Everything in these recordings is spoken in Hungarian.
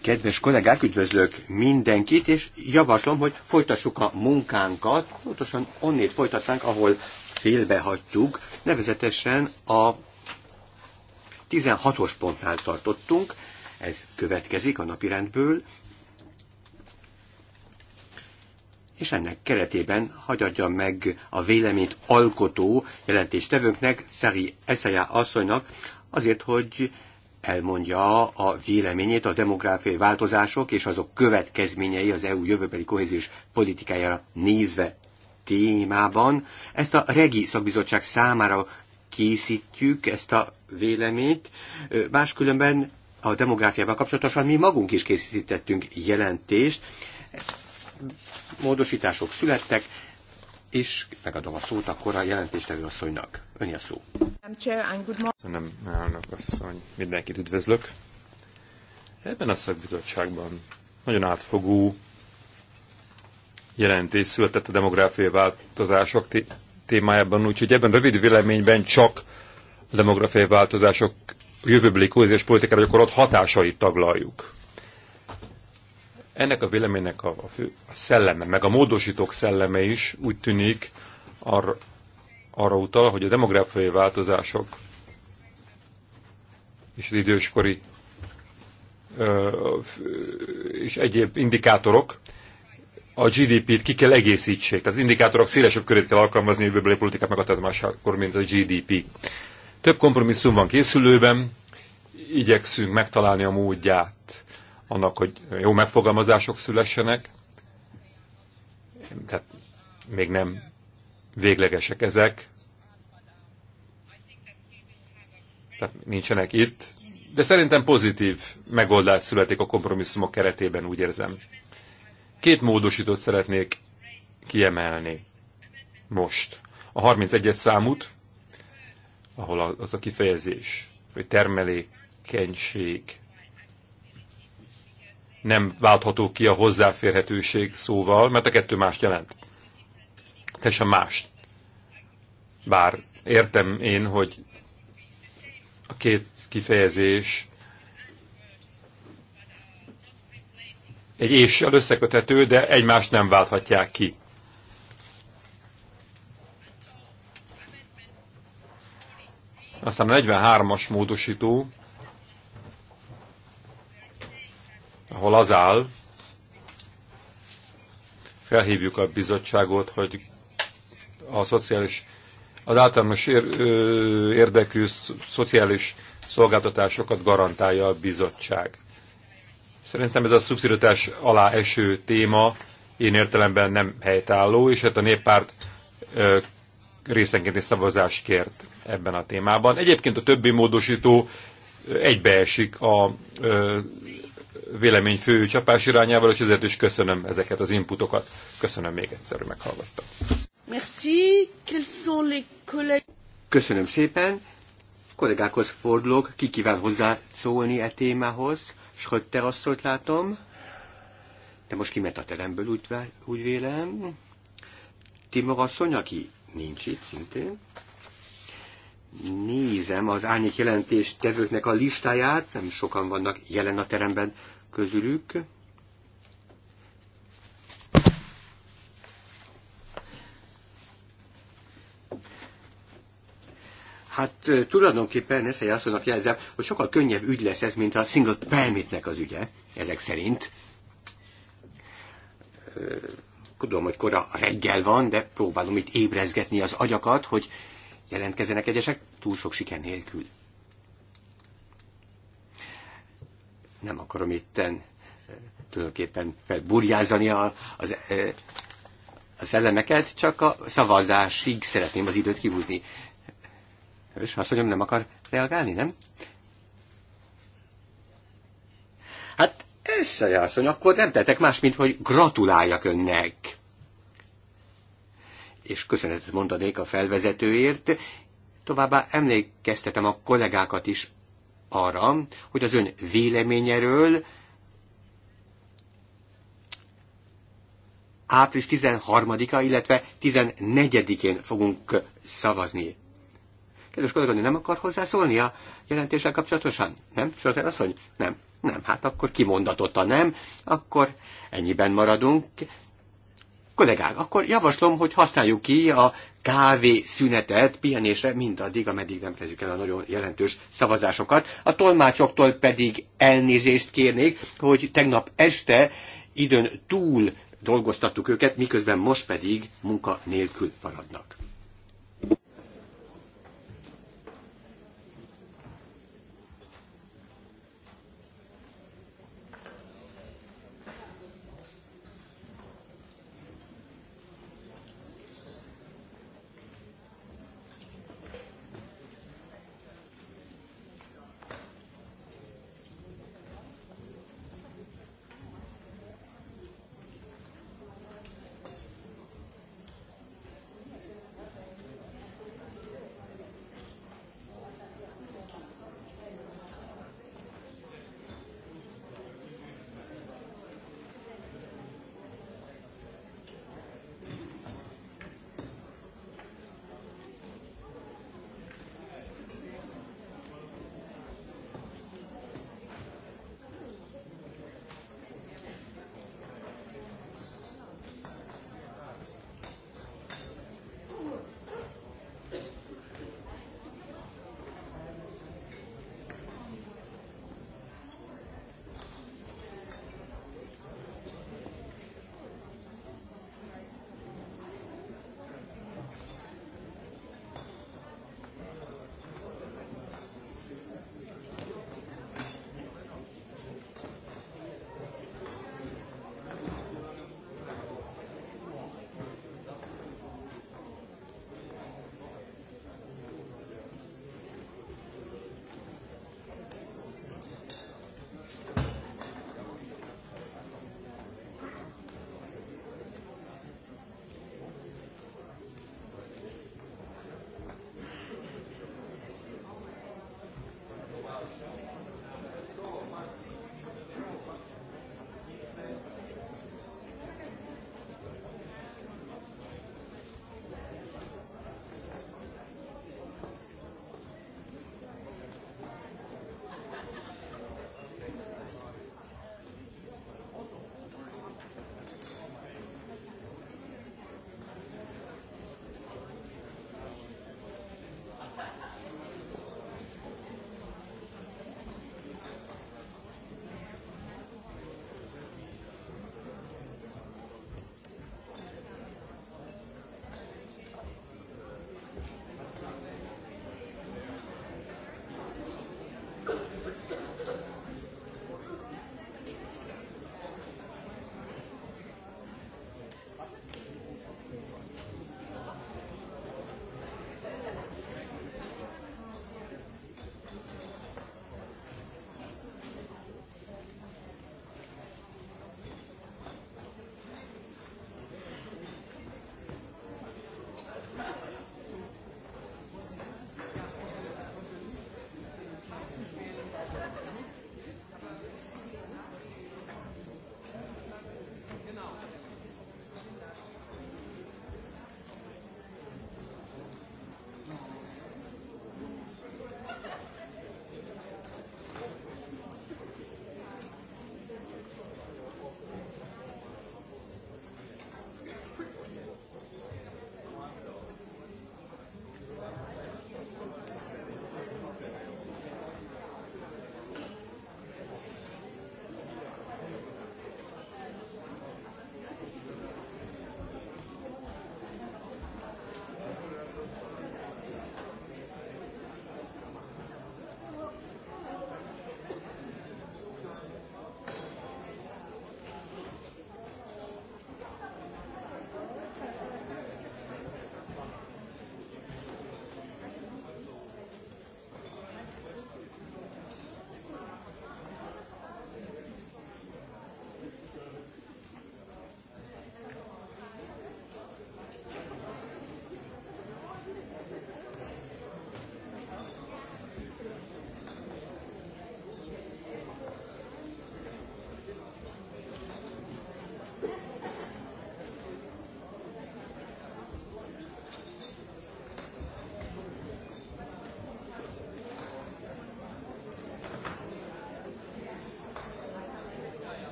Kedves kollégák, üdvözlök mindenkit, és javaslom, hogy folytassuk a munkánkat, pontosan onnét folytatnánk, ahol félbehagytuk, nevezetesen a 16-os pontnál tartottunk, ez következik a napirendből, és ennek keretében hagyadja meg a véleményt alkotó jelentéstevőknek, Szeri Eszeja asszonynak azért, hogy elmondja a véleményét a demográfiai változások és azok következményei az EU jövőbeli kohéziós politikájára nézve témában. Ezt a Regi Szakbizottság számára készítjük ezt a véleményt, máskülönben a demográfiával kapcsolatosan mi magunk is készítettünk jelentést, módosítások születtek, és megadom a szót akkor a jelentéstevő asszonynak. Önje szó. Köszönöm, elnök asszony. Mindenkit üdvözlök. Ebben a szakbizottságban nagyon átfogó jelentés született a demográfiai változások témájában, úgyhogy ebben rövid véleményben csak a demográfiai változások jövőbeli kohéziós politikára gyakorolt hatásait taglaljuk. Ennek a véleménynek a, a, fő, a szelleme, meg a módosítók szelleme is úgy tűnik arra, arra utal, hogy a demográfiai változások és az időskori ö, és egyéb indikátorok a GDP-t ki kell egészítsék. Tehát az indikátorok szélesebb körét kell alkalmazni jövőbeli politikák meghatározásakor, mint a GDP. Több kompromisszum van készülőben, igyekszünk megtalálni a módját annak, hogy jó megfogalmazások szülessenek, tehát még nem véglegesek ezek, tehát nincsenek itt, de szerintem pozitív megoldás születik a kompromisszumok keretében, úgy érzem. Két módosítót szeretnék kiemelni most. A 31 számút, ahol az a kifejezés, hogy termelékenység nem váltható ki a hozzáférhetőség szóval, mert a kettő mást jelent. Teljesen mást. Bár értem én, hogy a két kifejezés egy éssel összekötető, de egymást nem válthatják ki. Aztán a 43-as módosító ahol az áll, felhívjuk a bizottságot, hogy a szociális, az általános ér, ö, érdekű szociális szolgáltatásokat garantálja a bizottság. Szerintem ez a szubszidiotás alá eső téma én értelemben nem helytálló, és hát a néppárt ö, részenkénti szavazást kért ebben a témában. Egyébként a többi módosító egybeesik a ö, vélemény fő csapás irányával, és ezért is köszönöm ezeket az inputokat. Köszönöm még egyszer, hogy meghallgattam. Merci. sont les collègues? Köszönöm szépen. Kollégákhoz fordulok, ki kíván hozzászólni e témához. Schröter asszonyt látom. De most kiment a teremből, úgy, úgy vélem. Timor asszony, aki nincs itt szintén. Nézem az árnyék jelentést tevőknek a listáját, nem sokan vannak jelen a teremben közülük Hát tulajdonképpen a asszonynak jelzem, hogy sokkal könnyebb ügy lesz ez, mint a single permitnek az ügye, ezek szerint. Tudom, hogy kora reggel van, de próbálom itt ébrezgetni az agyakat, hogy jelentkezzenek egyesek túl sok siker nélkül. Nem akarom itten eh, tulajdonképpen felburjázani az, eh, az szellemeket, csak a szavazásig szeretném az időt kihúzni. És azt mondjam, nem akar reagálni, nem? Hát ezt asszony, akkor nem tettek más, mint hogy gratuláljak önnek. És köszönetet mondanék a felvezetőért, továbbá emlékeztetem a kollégákat is arra, hogy az ön véleményéről április 13-a, illetve 14-én fogunk szavazni. Kedves kollégani, nem akar hozzászólni a jelentéssel kapcsolatosan? Nem? Sőt, asszony? Nem. Nem. Hát akkor kimondatotta nem. Akkor ennyiben maradunk. Kollégák, akkor javaslom, hogy használjuk ki a kávé szünetet, pihenésre mindaddig, ameddig nem kezdjük el a nagyon jelentős szavazásokat. A tolmácsoktól pedig elnézést kérnék, hogy tegnap este időn túl dolgoztattuk őket, miközben most pedig munka nélkül maradnak.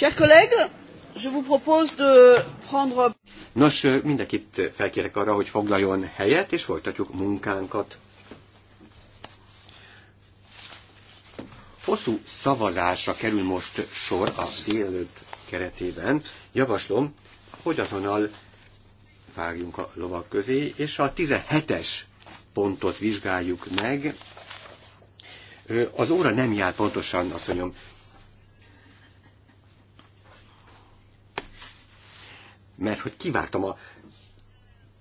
Chers collègues, je vous propose de prendre... Nos, mindenkit felkérek arra, hogy foglaljon helyet, és folytatjuk munkánkat. Hosszú szavazásra kerül most sor a délelőtt keretében. Javaslom, hogy azonnal vágjunk a lovak közé, és a 17-es pontot vizsgáljuk meg. Az óra nem jár pontosan, azt mondjam, kivártam a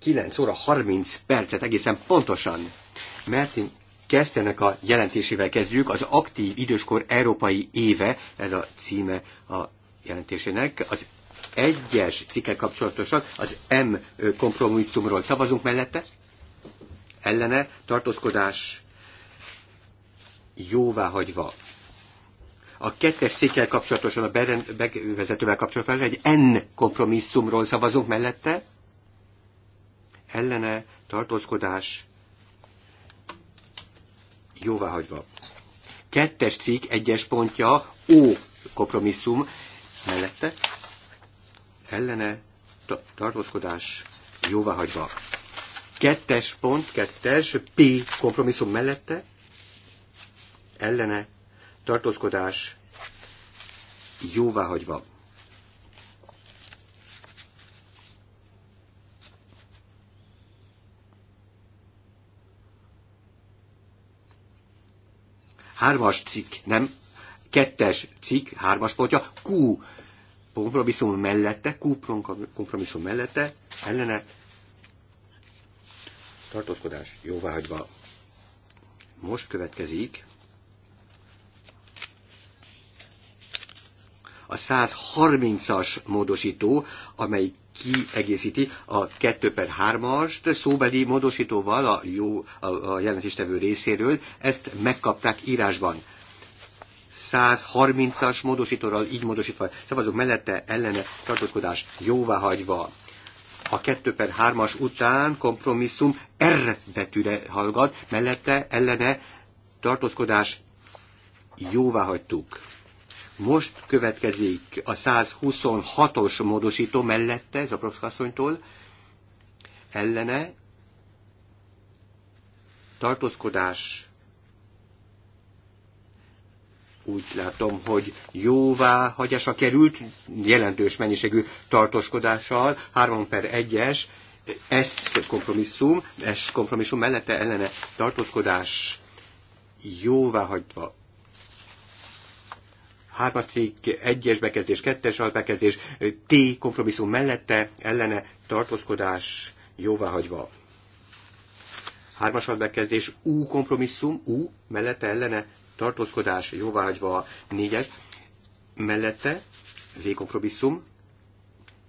9 óra 30 percet egészen pontosan, mert én Kesztenek a jelentésével kezdjük, az Aktív Időskor Európai Éve, ez a címe a jelentésének, az egyes cikkel kapcsolatosan az M kompromisszumról szavazunk mellette, ellene tartózkodás jóváhagyva a kettes székkel kapcsolatosan, a bevezetővel kapcsolatban egy N kompromisszumról szavazunk mellette. Ellene tartózkodás jóváhagyva. Kettes cikk egyes pontja O kompromisszum mellette ellene tartózkodás jóváhagyva. Kettes pont, kettes P kompromisszum mellette ellene tartózkodás jóváhagyva. Hármas cikk, nem? Kettes cikk, hármas pontja, Q kompromisszum mellette, Q kompromisszum mellette, ellene tartózkodás jóváhagyva. Most következik a 130-as módosító, amely kiegészíti a 2 per 3-ast szóbeli módosítóval a, jó, a, a jelentéstevő részéről, ezt megkapták írásban. 130-as módosítóral így módosítva szavazók mellette ellene tartózkodás jóváhagyva. A 2 per 3-as után kompromisszum R betűre hallgat, mellette ellene tartózkodás jóváhagytuk. Most következik a 126-os módosító mellette, ez a profkasszonytól, ellene tartózkodás úgy látom, hogy jóvá hagyása került, jelentős mennyiségű tartózkodással, 3 per 1-es, S kompromisszum, S kompromisszum mellette ellene tartózkodás jóvá hagyva hármas cikk, egyes bekezdés, kettes albekezdés, T kompromisszum mellette ellene tartózkodás jóváhagyva. Hármas albekezdés, U kompromisszum, U mellette ellene tartózkodás jóváhagyva. Négyes mellette V kompromisszum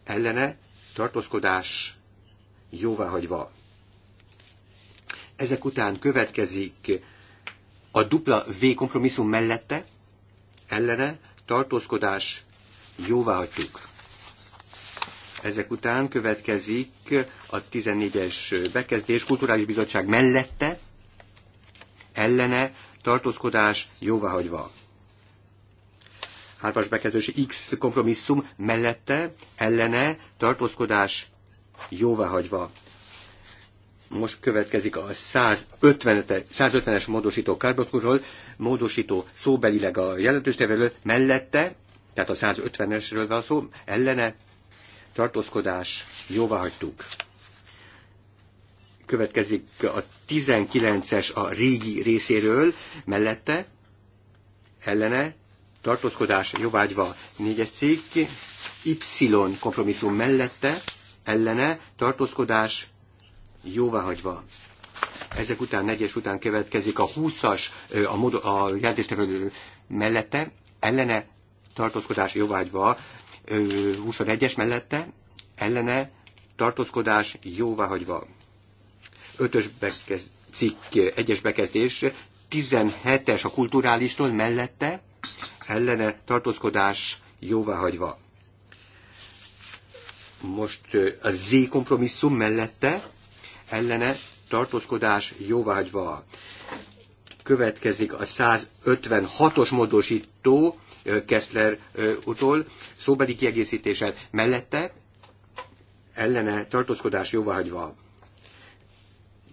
ellene tartózkodás jóváhagyva. Ezek után következik a dupla V kompromisszum mellette, ellene tartózkodás jóvá hagytuk. Ezek után következik a 14-es bekezdés Kulturális Bizottság mellette ellene tartózkodás hagyva. Hármas bekezdés X kompromisszum mellette ellene tartózkodás hagyva. Most következik a 150-es módosító Kárbaszkurról, módosító szóbelileg a jelentős mellette, tehát a 150-esről van szó, ellene tartózkodás, jóvá hagytuk. Következik a 19-es a régi részéről, mellette, ellene, tartózkodás jóvágyva, négyes cikk, Y kompromisszum mellette, ellene, tartózkodás jóváhagyva. Ezek után, negyes után következik a 20-as, a, mod, a jelentéstevő mellette, ellene tartózkodás jóváhagyva, 21-es mellette, ellene tartózkodás jóváhagyva. 5-ös bekez, cikk, 1-es bekezdés, 17-es a kulturálistól mellette, ellene tartózkodás jóváhagyva. Most a Z kompromisszum mellette ellene tartózkodás jóvágyva. Következik a 156-os módosító Kessler utól, szóbeli kiegészítése mellette ellene tartózkodás jóvágyva.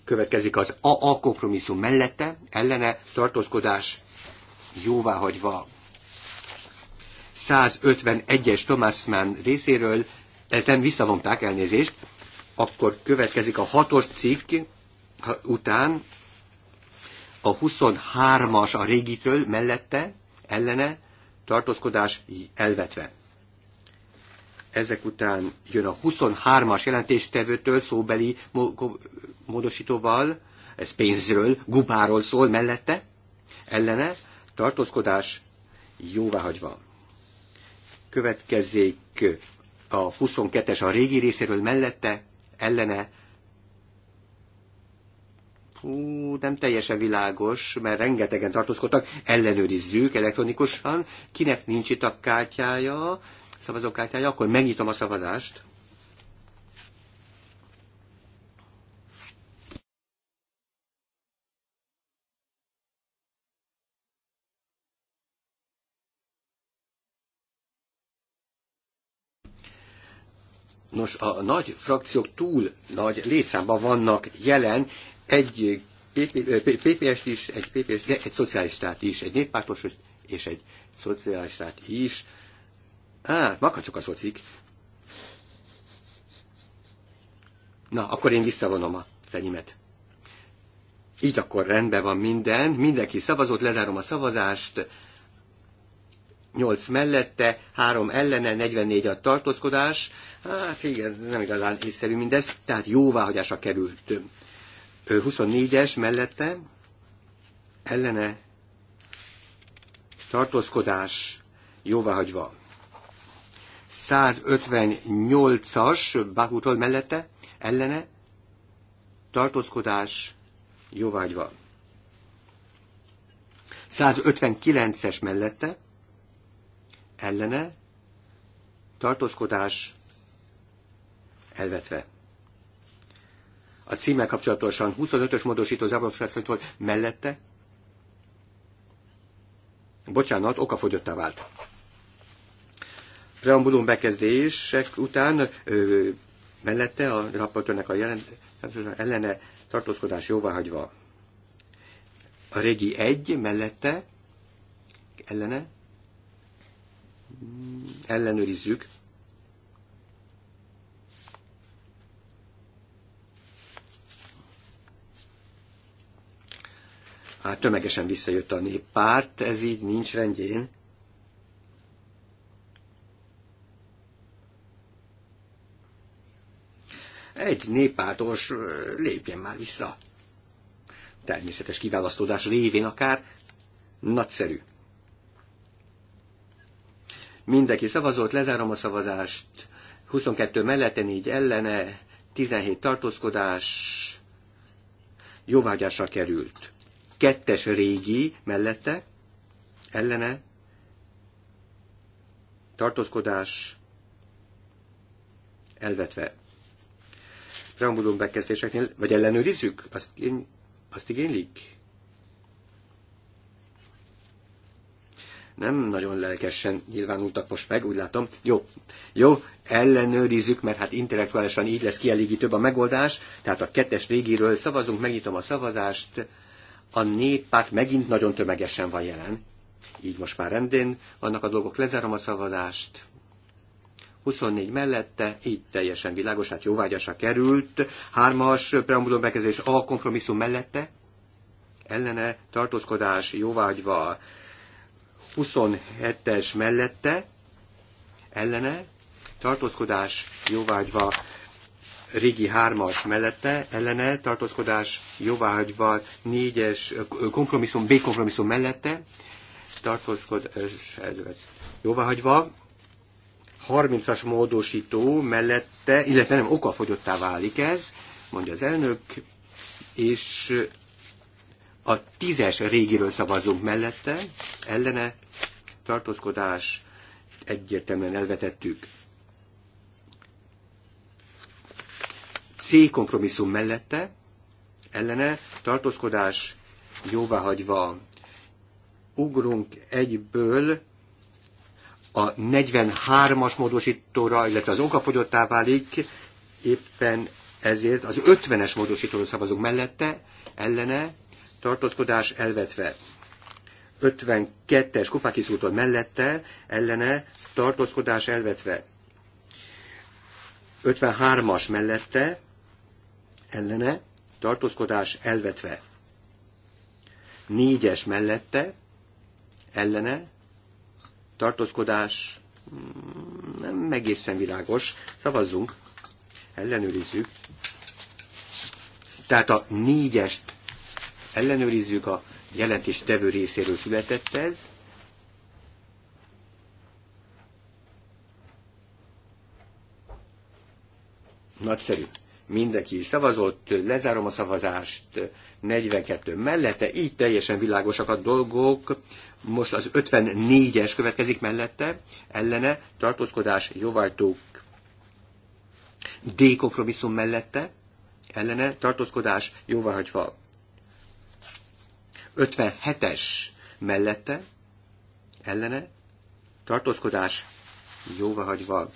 Következik az AA kompromisszum mellette ellene tartózkodás jóváhagyva. 151-es Thomas Mann részéről, ezt nem visszavonták elnézést, akkor következik a hatos cikk után, a 23-as a régitől mellette, ellene, tartózkodás elvetve. Ezek után jön a 23-as jelentéstevőtől szóbeli módosítóval, ez pénzről, gubáról szól mellette, ellene, tartózkodás jóváhagyva. Következik a 22-es a régi részéről mellette, ellene hú, nem teljesen világos, mert rengetegen tartózkodtak, ellenőrizzük elektronikusan, kinek nincs itt a kártyája, szavazókártyája, akkor megnyitom a szavazást. Nos, a nagy frakciók túl nagy létszámban vannak jelen, egy eh, PPS-t eh, is, egy PPS, egy szocialistát is, egy néppártos és egy szocialistát is. Á, makacsok a szocik. Na, akkor én visszavonom a fenyimet. Így akkor rendben van minden, mindenki szavazott, lezárom a szavazást. 8 mellette, 3 ellene, 44 a tartózkodás. Hát igen, nem igazán észszerű mindez, tehát jóváhagyásra került. 24-es mellette, ellene, tartózkodás, jóváhagyva. 158-as Bakútól mellette, ellene, tartózkodás, jóváhagyva. 159-es mellette, ellene tartózkodás elvetve. A címmel kapcsolatosan 25-ös módosító záboroszászonytól mellette bocsánat, okafogyottá vált. Preambulum bekezdések után ö, mellette a rapportőrnek a jelent, ellene tartózkodás jóváhagyva. A régi egy mellette ellene ellenőrizzük. Hát tömegesen visszajött a néppárt, ez így nincs rendjén. Egy néppártos lépjen már vissza. Természetes kiválasztódás révén akár nagyszerű. Mindenki szavazott, lezárom a szavazást. 22 mellette, 4 ellene, 17 tartózkodás jóvágyásra került. Kettes régi mellette, ellene, tartózkodás elvetve. Preambulum bekezdéseknél, vagy ellenőrizzük? Azt, igény, azt igénylik? nem nagyon lelkesen nyilvánultak most meg, úgy látom. Jó, jó, ellenőrizzük, mert hát intellektuálisan így lesz kielégítőbb a megoldás. Tehát a kettes végéről szavazunk, megnyitom a szavazást. A néppárt megint nagyon tömegesen van jelen. Így most már rendén vannak a dolgok, lezárom a szavazást. 24 mellette, így teljesen világos, hát jóvágyásra került. Hármas preambulum bekezdés A kompromisszum mellette, ellene tartózkodás jóvágyva 27-es mellette ellene tartózkodás jóvágyva régi hármas mellette ellene tartózkodás jóvágyva négyes kompromisszum, B kompromisszum mellette tartózkodás jóvágyva 30-as módosító mellette, illetve nem okafogyottá válik ez, mondja az elnök, és a tízes régiről szavazunk mellette, ellene tartózkodás egyértelműen elvetettük. C kompromisszum mellette, ellene tartózkodás jóváhagyva. Ugrunk egyből a 43-as módosítóra, illetve az okafogyottá válik, éppen ezért az 50-es módosítóra szavazunk mellette, ellene tartózkodás elvetve. 52-es Kupakis úton mellette, ellene, tartózkodás elvetve. 53-as mellette, ellene, tartózkodás elvetve. 4-es mellette, ellene, tartózkodás mm, nem egészen világos. Szavazzunk, ellenőrizzük. Tehát a négyest ellenőrizzük a jelentés tevő részéről született ez. Nagyszerű. Mindenki szavazott, lezárom a szavazást, 42 mellette, így teljesen világosak a dolgok. Most az 54-es következik mellette, ellene, tartózkodás, jóvajtók, D kompromisszum mellette, ellene, tartózkodás, jóváhagyva. 57-es mellette, ellene, tartózkodás jóvahagyva.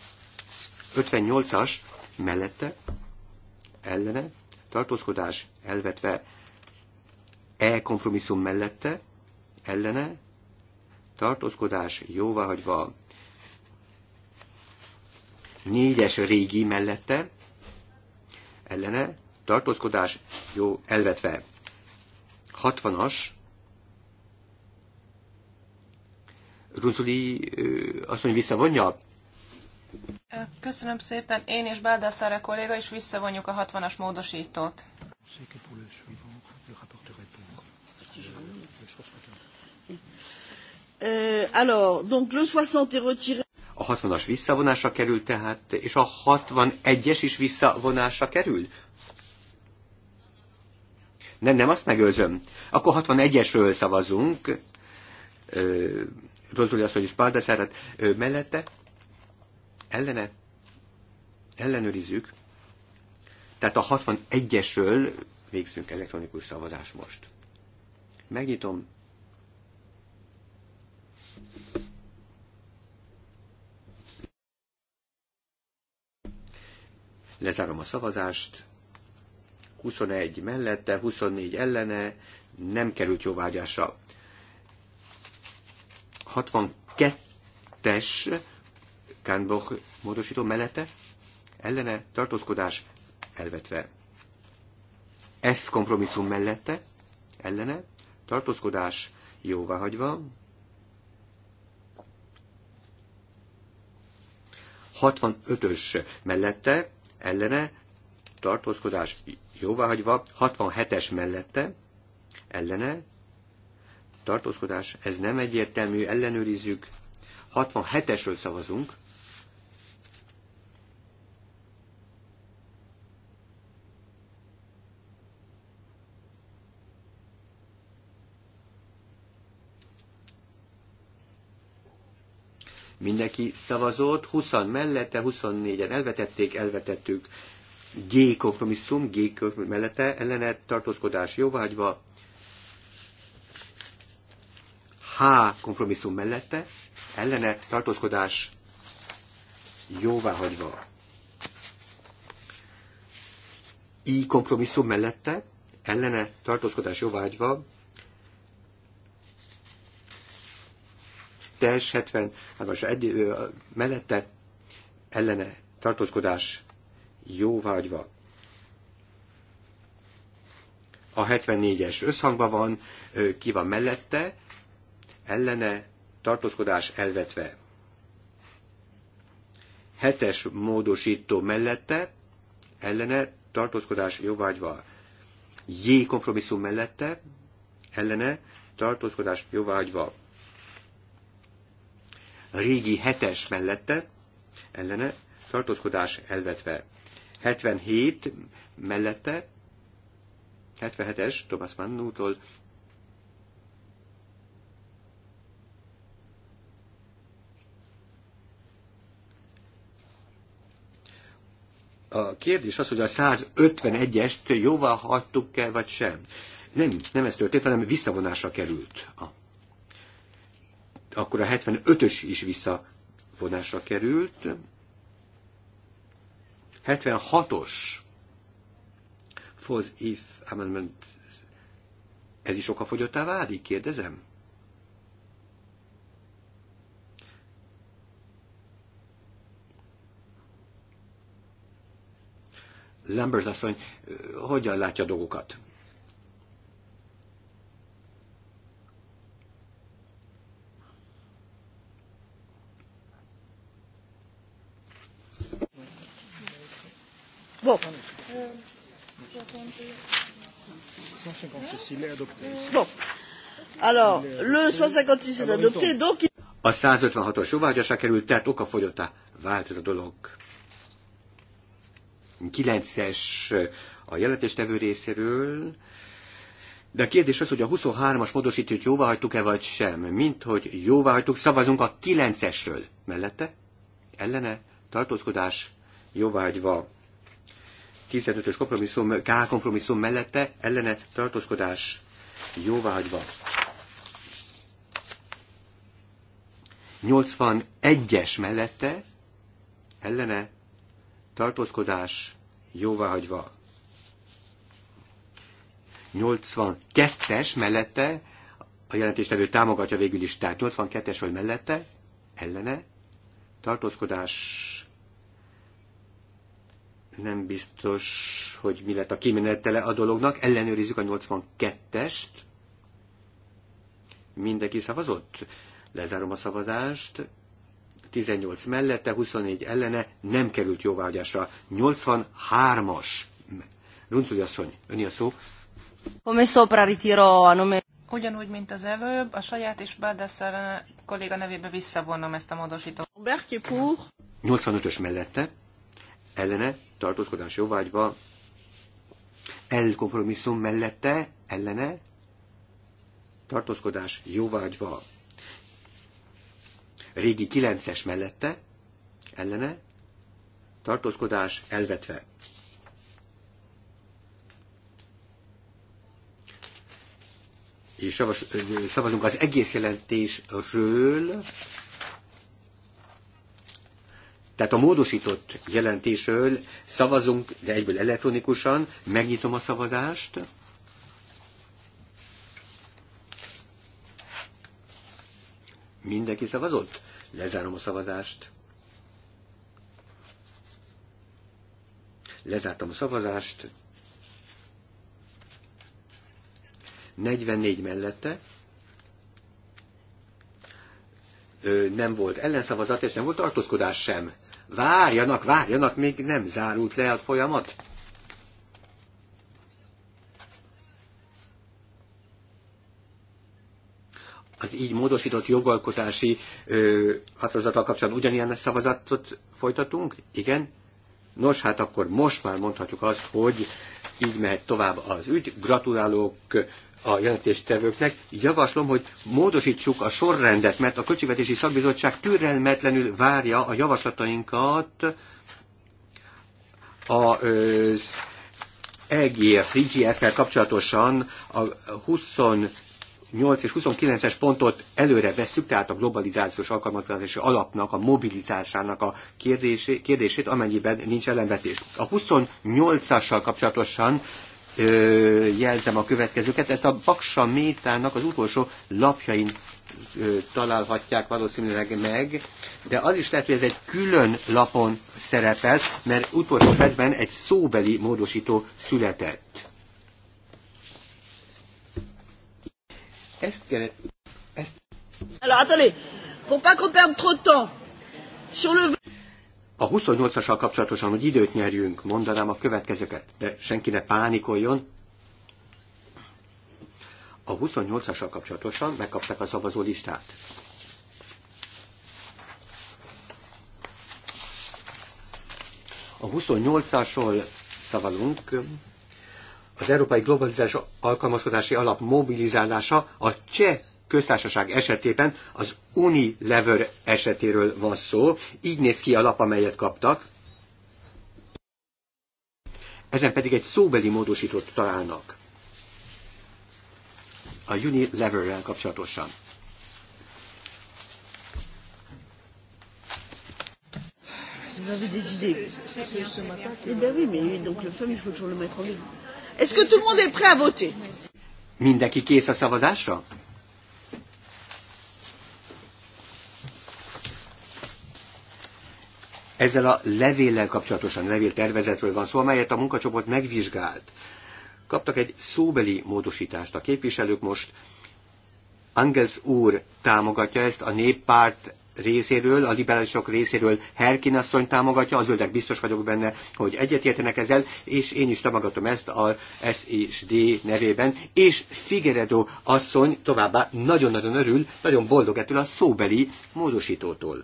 58-as mellette, ellene, tartózkodás elvetve. E kompromisszum mellette, ellene, tartózkodás 4-es régi mellette, ellene tartózkodás jó elvetve. 60-as, Runzuli mondja, visszavonja? Köszönöm szépen. Én és Báldászára kolléga is visszavonjuk a 60-as módosítót. A 60-as visszavonásra került tehát, és a 61-es is visszavonásra került? Nem, nem, azt megőrzöm. Akkor 61-esről szavazunk. Rozuli hogy is Baldaszárat mellette. Ellene. Ellenőrizzük. Tehát a 61-esről végzünk elektronikus szavazást most. Megnyitom. Lezárom a szavazást. 21 mellette, 24 ellene nem került jóvágyásra. 62-es Kánboch módosító mellette, ellene tartózkodás elvetve. F kompromisszum mellette, ellene tartózkodás jóváhagyva. 65-ös mellette, ellene tartózkodás jóváhagyva, 67-es mellette, ellene, tartózkodás, ez nem egyértelmű, ellenőrizzük, 67-esről szavazunk, Mindenki szavazott, 20 mellette, 24-en elvetették, elvetettük, G kompromisszum, G mellette ellene tartózkodás jóvágyva, H kompromisszum mellette ellene tartózkodás jóváhagyva. I kompromisszum mellette ellene tartózkodás jóvágyva, hát most egy, ö, mellette ellene tartózkodás jóvágyva. A 74-es összhangban van, ki van mellette, ellene tartózkodás elvetve. Hetes módosító mellette, ellene tartózkodás jóvágyva. J kompromisszum mellette, ellene tartózkodás jóvágyva. Régi hetes mellette, ellene tartózkodás elvetve. 77 mellette, 77-es Thomas Mannútól A kérdés az, hogy a 151-est jóvá hagytuk-e, vagy sem. Nem, nem ez történt, hanem visszavonásra került. A, akkor a 75-ös is visszavonásra került. 76-os foz If Amendment ez is okafogyottá válik, kérdezem? Lambert asszony, hogyan látja a dolgokat? Bon. Bon. Alors, le 156 est adopté, donc... A 156-os jóvágyasra került, tehát Vált ez a dolog. 9-es a jelentéstevő részéről. De a kérdés az, hogy a 23-as jóvá jóváhagytuk-e vagy sem. Mint hogy jóváhagytuk, szavazunk a 9-esről. Mellette? Ellene? Tartózkodás? Jóváhagyva. 15-ös kompromisszum, K kompromisszum mellette ellene tartózkodás jóváhagyva. 81-es mellette ellene tartózkodás jóváhagyva. 82-es mellette a jelentéstevő támogatja végül is, tehát 82-es vagy mellette ellene tartózkodás nem biztos, hogy mi lett a kimenetele a dolognak. Ellenőrizzük a 82-est. Mindenki szavazott? Lezárom a szavazást. 18 mellette, 24 ellene nem került jóvágyásra. 83-as. Runcúli asszony, öni a szó. Come sopra ritiro a nome Ugyanúgy, mint az előbb, a saját és Baldassar kolléga nevébe visszavonom ezt a módosítót. 85-ös mellette, ellene tartózkodás jóvágyva, elkompromisszum kompromisszum mellette, ellene, tartózkodás jóvágyva, régi kilences mellette, ellene, tartózkodás elvetve. És szavazunk az egész jelentésről, tehát a módosított jelentésről szavazunk, de egyből elektronikusan. Megnyitom a szavazást. Mindenki szavazott? Lezárom a szavazást. Lezártam a szavazást. 44 mellette. Ö, nem volt ellenszavazat, és nem volt tartózkodás sem várjanak, várjanak, még nem zárult le a folyamat. az így módosított jogalkotási ö, határozattal kapcsolatban ugyanilyen szavazatot folytatunk? Igen? Nos, hát akkor most már mondhatjuk azt, hogy így mehet tovább az ügy. Gratulálok a jelentéstevőknek. Javaslom, hogy módosítsuk a sorrendet, mert a Költségvetési Szakbizottság türelmetlenül várja a javaslatainkat a EGF, IGF-fel kapcsolatosan a 20 8 és 29-es pontot előre veszük, tehát a globalizációs alkalmazási alapnak, a mobilitásának a kérdését, amennyiben nincs ellenvetés. A 28-assal kapcsolatosan ö, jelzem a következőket. Ezt a Baksa Métának az utolsó lapjain ö, találhatják valószínűleg meg, de az is lehet, hogy ez egy külön lapon szerepel, mert utolsó percben egy szóbeli módosító született. Ezt kellett... Ezt... Alors, attendez, pour pas qu'on perde trop de temps, sur le... A 28-assal kapcsolatosan, hogy időt nyerjünk, mondanám a következőket, de senki ne pánikoljon. A 28-assal kapcsolatosan megkapták a szavazó listát. A 28-asról szavalunk. Az Európai Globalizáció Alkalmazkodási Alap mobilizálása a cseh köztársaság esetében az Unilever esetéről van szó. Így néz ki a lap, amelyet kaptak. Ezen pedig egy szóbeli módosítót találnak. A Unileverrel kapcsolatosan. Vous avez des idées ce matin Eh bien oui, mais donc le femme, il faut toujours le mettre en ligne. Est-ce que tout le monde est prêt à voter Mindenki kész a szavazásra? Ezzel a levéllel kapcsolatosan, levéltervezetről van szó, amelyet a munkacsoport megvizsgált. Kaptak egy szóbeli módosítást a képviselők most. Angels úr támogatja ezt, a néppárt részéről, a liberálisok részéről Herkin asszony támogatja, az öldek biztos vagyok benne, hogy egyetértenek ezzel, és én is támogatom ezt a S és D nevében, és Figueredo asszony továbbá nagyon-nagyon örül, nagyon boldog ettől a szóbeli módosítótól.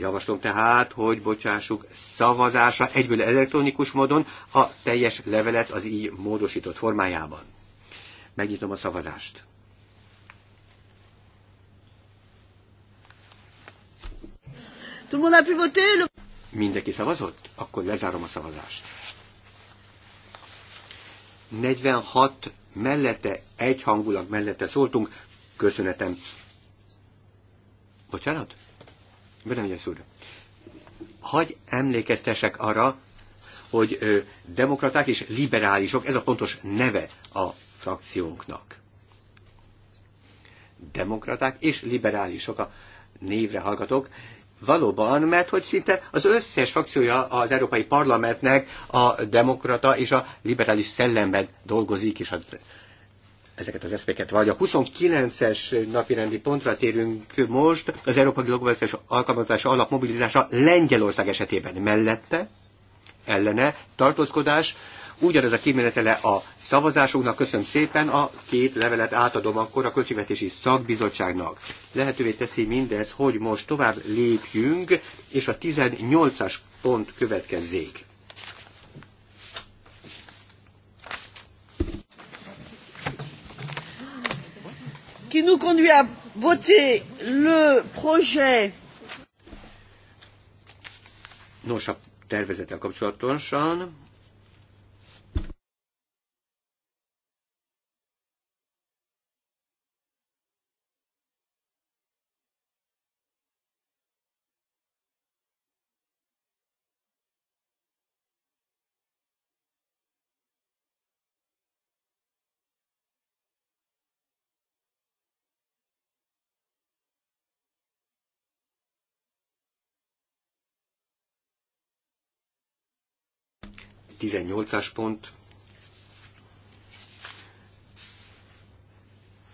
Javaslom tehát, hogy bocsássuk szavazásra egyből elektronikus módon a teljes levelet az így módosított formájában. Megnyitom a szavazást. Mindenki szavazott? Akkor lezárom a szavazást. 46 mellette, egyhangulag mellette szóltunk. Köszönetem. Bocsánat? Bönelményes úr, hagy emlékeztesek arra, hogy ö, demokraták és liberálisok, ez a pontos neve a frakciónknak. Demokraták és liberálisok a névre hallgatok, Valóban, mert hogy szinte az összes frakciója az Európai Parlamentnek a demokrata és a liberális szellemben dolgozik, és a ezeket az eszméket. Vagy a 29-es napirendi pontra térünk most, az Európai Globalizációs Alkalmazása Alap mobilizása Lengyelország esetében mellette, ellene tartózkodás, ugyanez a kimenetele a szavazásunknak. Köszönöm szépen, a két levelet átadom akkor a Költségvetési Szakbizottságnak. Lehetővé teszi mindez, hogy most tovább lépjünk, és a 18-as pont következzék. qui nous conduit à voter le projet. Nos, a tervezettel kapcsolatosan 18-as pont.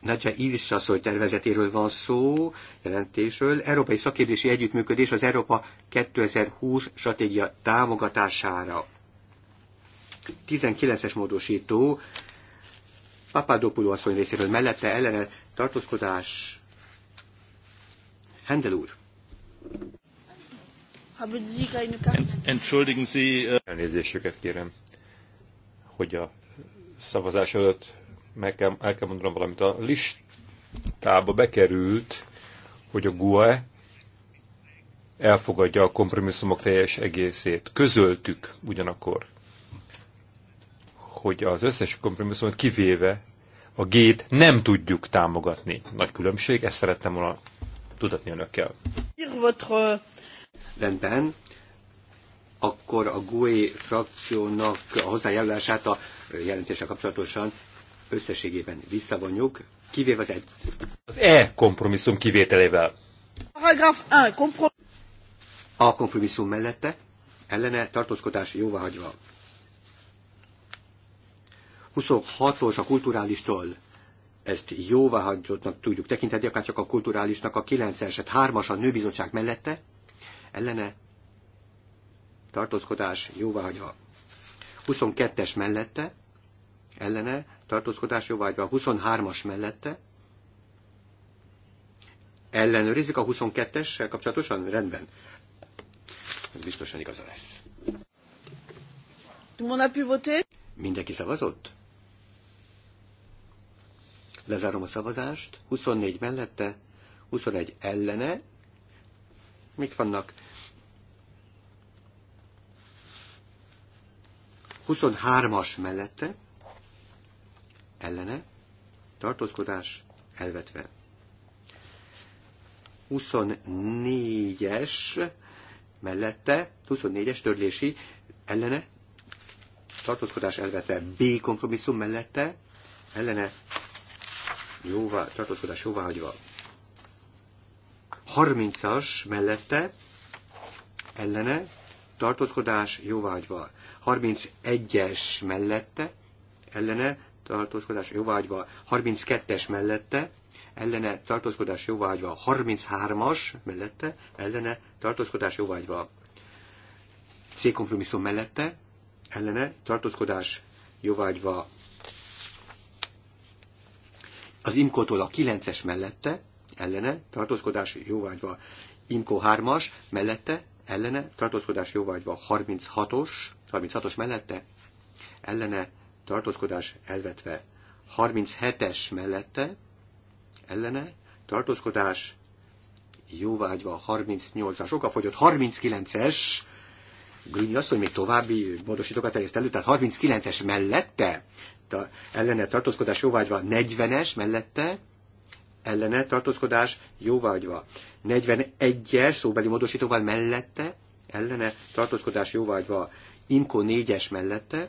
Nagyja Ivis asszony tervezetéről van szó, jelentésről. Európai Szakérdési Együttműködés az Európa 2020 stratégia támogatására. 19-es módosító, Papadopoulou asszony részéről mellette ellene tartózkodás. Hendel úr. Entschuldigen Sie. Äh, Elnézésüket kérem, hogy a szavazás előtt meg kell, el kell mondanom valamit. A listába bekerült, hogy a GUE elfogadja a kompromisszumok teljes egészét. Közöltük ugyanakkor, hogy az összes kompromisszumot kivéve a gét nem tudjuk támogatni. Nagy különbség, ezt szerettem volna tudatni önökkel. Rendben. Akkor a GUE frakciónak a hozzájárulását a jelentéssel kapcsolatosan összességében visszavonjuk, kivéve az E. Az E kompromisszum kivételével. A kompromisszum mellette ellene tartózkodás jóváhagyva. 26-os a kulturálistól ezt jóváhagyottnak tudjuk tekinteni, akár csak a kulturálisnak a 9-eset, hát 3-as a nőbizottság mellette, ellene tartózkodás jóváhagyva. 22-es mellette ellene tartózkodás jóváhagyva. 23-as mellette ellenőrizik a 22-essel kapcsolatosan? Rendben. Ez biztosan igaza lesz. Mindenki szavazott? Lezárom a szavazást. 24 mellette, 21 ellene. Mit vannak? 23-as mellette ellene tartózkodás elvetve. 24-es mellette, 24-es törlési ellene tartózkodás elvetve. B kompromisszum mellette ellene jóvá, tartózkodás jóváhagyva. 30-as mellette ellene tartózkodás jóvágyva. 31-es mellette, ellene tartózkodás jóvágyva. 32-es mellette, ellene tartózkodás jóvágyva. 33-as mellette, ellene tartózkodás jóvágyva. C kompromisszum mellette, ellene tartózkodás jóvágyva. Az imkótól a 9-es mellette, ellene tartózkodás jóvágyva. Imko 3-as mellette, ellene, tartózkodás jóvágyva 36-os, 36-os mellette, ellene, tartózkodás elvetve 37-es mellette, ellene, tartózkodás jóvágyva 38-as, oka fogyott 39-es, Grüni azt, hogy még további módosítókat terjeszt elő, tehát 39-es mellette, ta, ellene tartózkodás jóvágyva 40-es mellette, ellene tartózkodás jóvágyva. 41-es szóbeli módosítóval mellette ellene tartózkodás jóvágyva. Imko 4-es mellette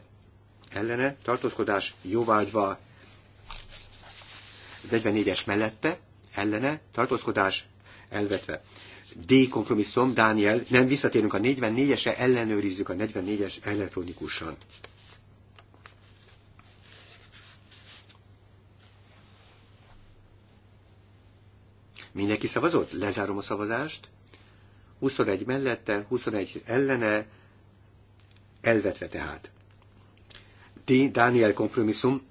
ellene tartózkodás jóvágyva. 44-es mellette ellene tartózkodás elvetve. D kompromisszum, Dániel, nem visszatérünk a 44-esre, ellenőrizzük a 44-es elektronikusan. Mindenki szavazott? Lezárom a szavazást. 21 mellette, 21 ellene, elvetve tehát. D. Dániel kompromisszum,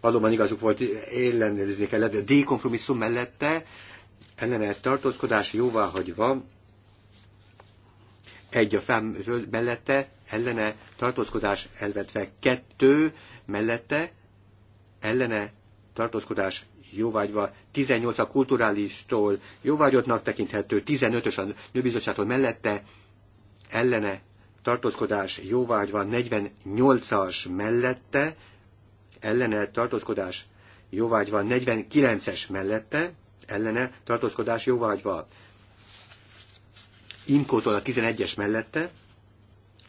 valóban igazuk volt, ellenőrizni kellett, de D. kompromisszum mellette, ellene tartózkodás hagyva, egy a fám mellette, ellene tartózkodás elvetve, kettő mellette, ellene tartózkodás jóvágyva, 18 a kulturálistól jóvágyottnak tekinthető, 15-ös a nőbizottságtól mellette, ellene tartózkodás jóvágyva, 48-as mellette, ellene tartózkodás jóvágyva, 49-es mellette, ellene tartózkodás jóvágyva. Imkótól a 11-es mellette,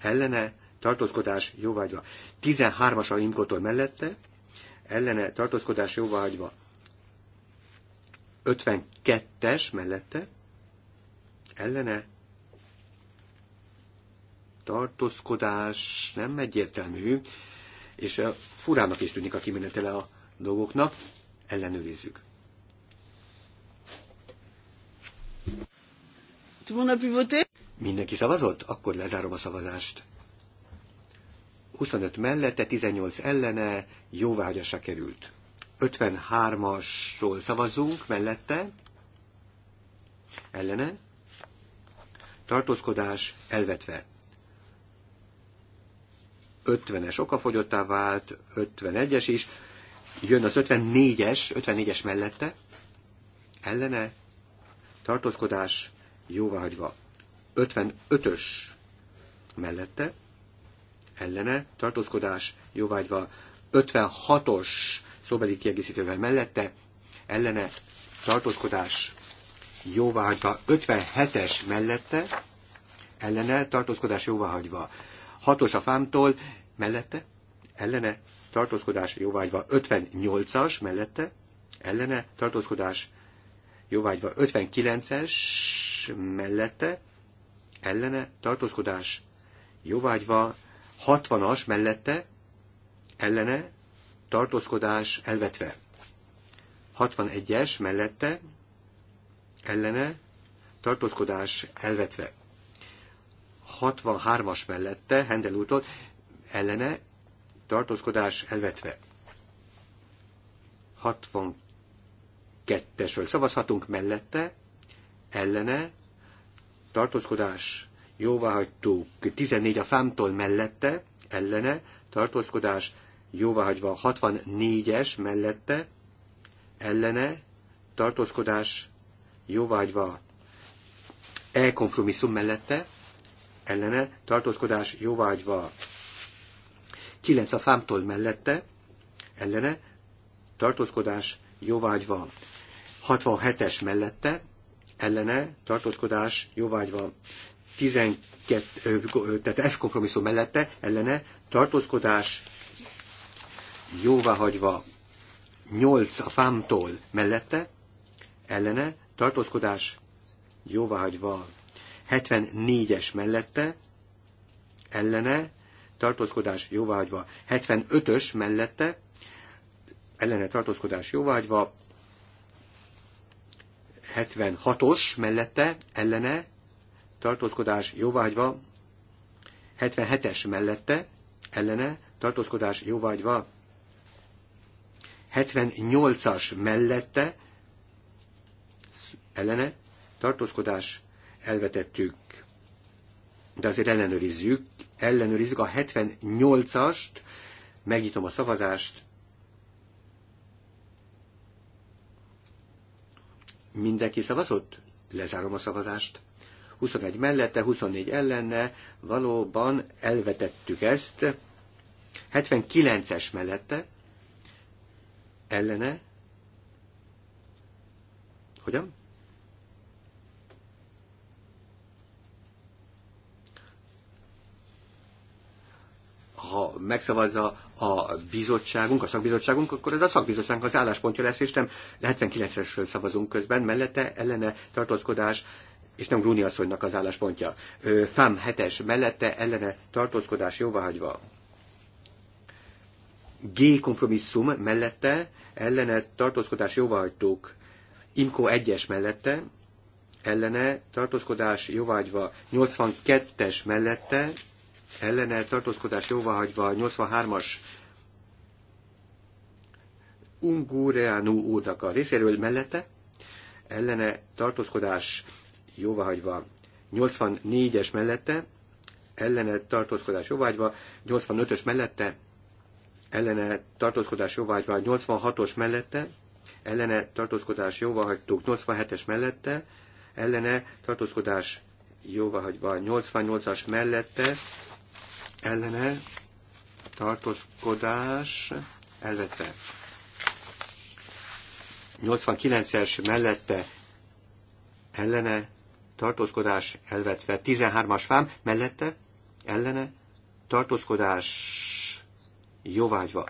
ellene tartózkodás jóvágyva. 13-as a Imkótól mellette, ellene tartózkodás jóváhagyva 52-es mellette ellene tartózkodás nem egyértelmű, és furának is tűnik a kimenetele a dolgoknak, ellenőrizzük. Mindenki szavazott? Akkor lezárom a szavazást. 25 mellette, 18 ellene, jóvágyasa került. 53-asról szavazunk mellette, ellene, tartózkodás elvetve. 50-es okafogyottá vált, 51-es is, jön az 54-es, 54-es mellette, ellene, tartózkodás jóváhagyva. 55-ös mellette, ellene, tartózkodás jóvágyva 56-os szóbeli kiegészítővel mellette, ellene, tartózkodás jóvágyva 57-es mellette, ellene, tartózkodás jóvágyva 6-os a fámtól, mellette, ellene, tartózkodás jóvágyva 58-as mellette, ellene, tartózkodás jóvágyva 59-es mellette, ellene, tartózkodás jóvágyva 60-as mellette ellene tartózkodás elvetve. 61-es mellette ellene tartózkodás elvetve. 63-as mellette Hendel úton ellene tartózkodás elvetve. 62-esről szavazhatunk mellette, ellene, tartózkodás elvetve jóvá hagytuk 14 a számtól mellette, ellene, tartózkodás jóváhagyva 64-es mellette, ellene, tartózkodás jóváhagyva e kompromisszum mellette, ellene, tartózkodás jóváhagyva 9 a fámtól mellette, ellene, tartózkodás jóváhagyva 67-es mellette, ellene, tartózkodás jóváhagyva 12, tehát F kompromisszum mellette ellene tartózkodás jóváhagyva 8 a fámtól mellette ellene tartózkodás jóváhagyva 74-es mellette ellene tartózkodás jóváhagyva 75-ös mellette ellene tartózkodás jóváhagyva 76-os mellette ellene tartózkodás jóvágyva, 77-es mellette, ellene, tartózkodás jóvágyva, 78-as mellette, ellene, tartózkodás elvetettük, de azért ellenőrizzük, ellenőrizzük a 78-ast, megnyitom a szavazást, mindenki szavazott? Lezárom a szavazást. 21 mellette, 24 ellenne, valóban elvetettük ezt, 79-es mellette, ellene, hogyan? ha megszavazza a bizottságunk, a szakbizottságunk, akkor ez a szakbizottságunk az álláspontja lesz, és nem 79-esről szavazunk közben, mellette ellene tartózkodás és nem Grúni asszonynak az álláspontja. FAM 7-es mellette ellene tartózkodás jóváhagyva. G kompromisszum mellette ellene tartózkodás jóváhagytuk. Imko 1-es mellette ellene tartózkodás jóváhagyva. 82-es mellette ellene tartózkodás jóváhagyva. 83-as Ungureanu úrnak a részéről mellette ellene tartózkodás jóváhagyva 84-es mellette, ellene tartózkodás jóváhagyva 85-ös mellette, ellene tartózkodás jóváhagyva 86-os mellette, ellene tartózkodás jóváhagytuk 87-es mellette, ellene tartózkodás jóváhagyva 88-as mellette, ellene tartózkodás elvetve. 89-es mellette ellene tartózkodás elvetve. 13-as fám mellette ellene tartózkodás jóvágyva.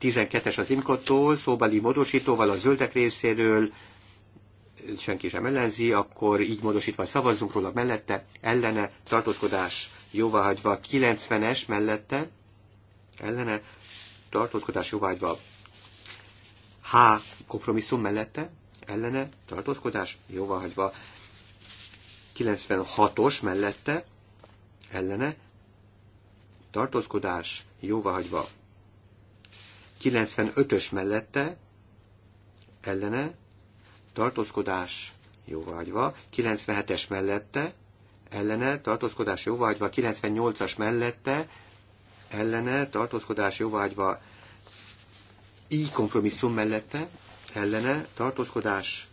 12-es az imkottól, szóbeli módosítóval a zöldek részéről, senki sem ellenzi, akkor így módosítva szavazzunk róla mellette, ellene, tartózkodás jóváhagyva, 90-es mellette, ellene, tartózkodás jóváhagyva, H kompromisszum mellette, ellene, tartózkodás jóváhagyva, 96-os mellette ellene tartózkodás jóváhagyva. 95-ös mellette ellene tartózkodás jóváhagyva. 97-es mellette ellene tartózkodás jóváhagyva. 98-as mellette ellene tartózkodás jóváhagyva. Így kompromisszum mellette ellene tartózkodás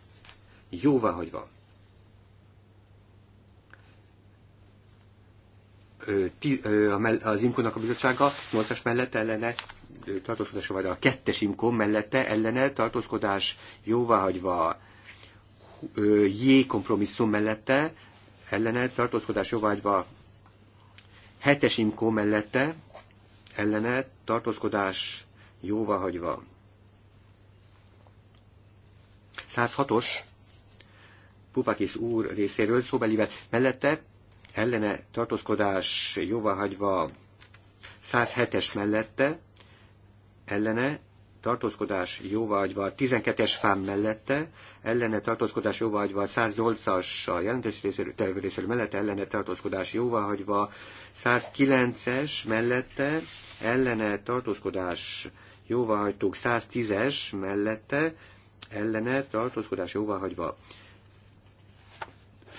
jóváhagyva. az Imkónak a bizottsága 8-as mellett ellene tartózkodása, vagy a kettes Imkó mellette ellene tartózkodás jóváhagyva J kompromisszum mellette ellene tartózkodás jóváhagyva hetes Imkó mellette ellene tartózkodás jóváhagyva 106-os Pupakis úr részéről szóbelivel mellette ellene tartózkodás jóváhagyva 107-es mellette, ellene tartózkodás jóváhagyva 12-es fám mellette, ellene tartózkodás jóváhagyva 108-as a jelentős részéről mellette, ellene tartózkodás jóváhagyva 109-es mellette, ellene tartózkodás jóváhagytuk 110-es mellette, ellene tartózkodás jóváhagyva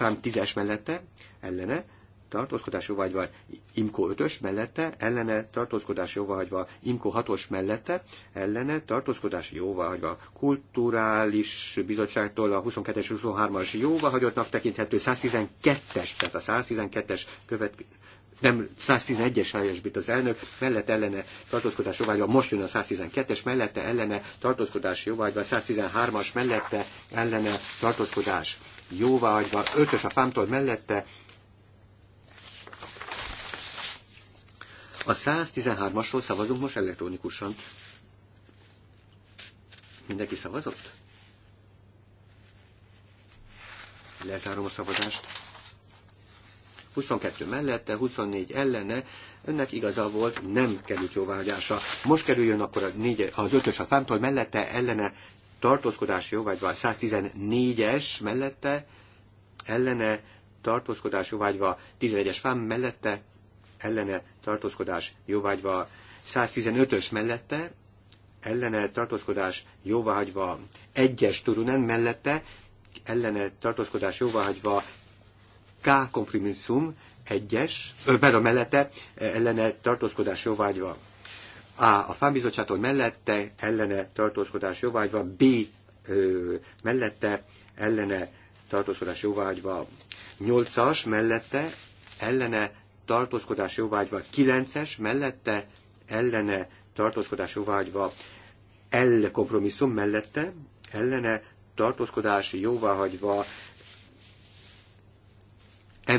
szám 10-es mellette, ellene, tartózkodás jóvágyva, IMKO 5-ös mellette, ellene tartózkodás jóváhagyva, IMKO 6-os mellette, ellene tartózkodás jóváhagyva, kulturális bizottságtól a 22-es 23-as jóváhagyottnak tekinthető 112-es, tehát a 112-es követ, nem 111-es helyesbít az elnök, mellett ellene tartózkodás jóvágyva, most jön a 112-es, mellette ellene tartózkodás jóvágyva, 113-as mellette ellene tartózkodás jóváhagyva, ötös a fámtól mellette, a 113-asról szavazunk most elektronikusan. Mindenki szavazott? Lezárom a szavazást. 22 mellette, 24 ellene, önnek igaza volt, nem került jóvágyása. Most kerüljön akkor a, négy, az ötös a fámtól mellette, ellene tartózkodási jóvágyva 114-es mellette, ellene tartózkodás jóvágyva 11-es fám mellette, ellene tartózkodás jóvágyva 115-ös mellette, ellene tartózkodás jóvágyva 1-es turunen mellette, ellene tartózkodás jóvágyva K komprimisszum 1-es, például mellette ellene tartózkodás jóvágyva a. A fámbizottságtól mellette ellene tartózkodás jóvágyva, B. Ö, mellette ellene tartózkodás jóvágyva, 8-as mellette ellene tartózkodás jóvágyva, 9-es mellette ellene tartózkodás jóvágyva, L kompromisszum mellette ellene tartózkodás jóváhagyva,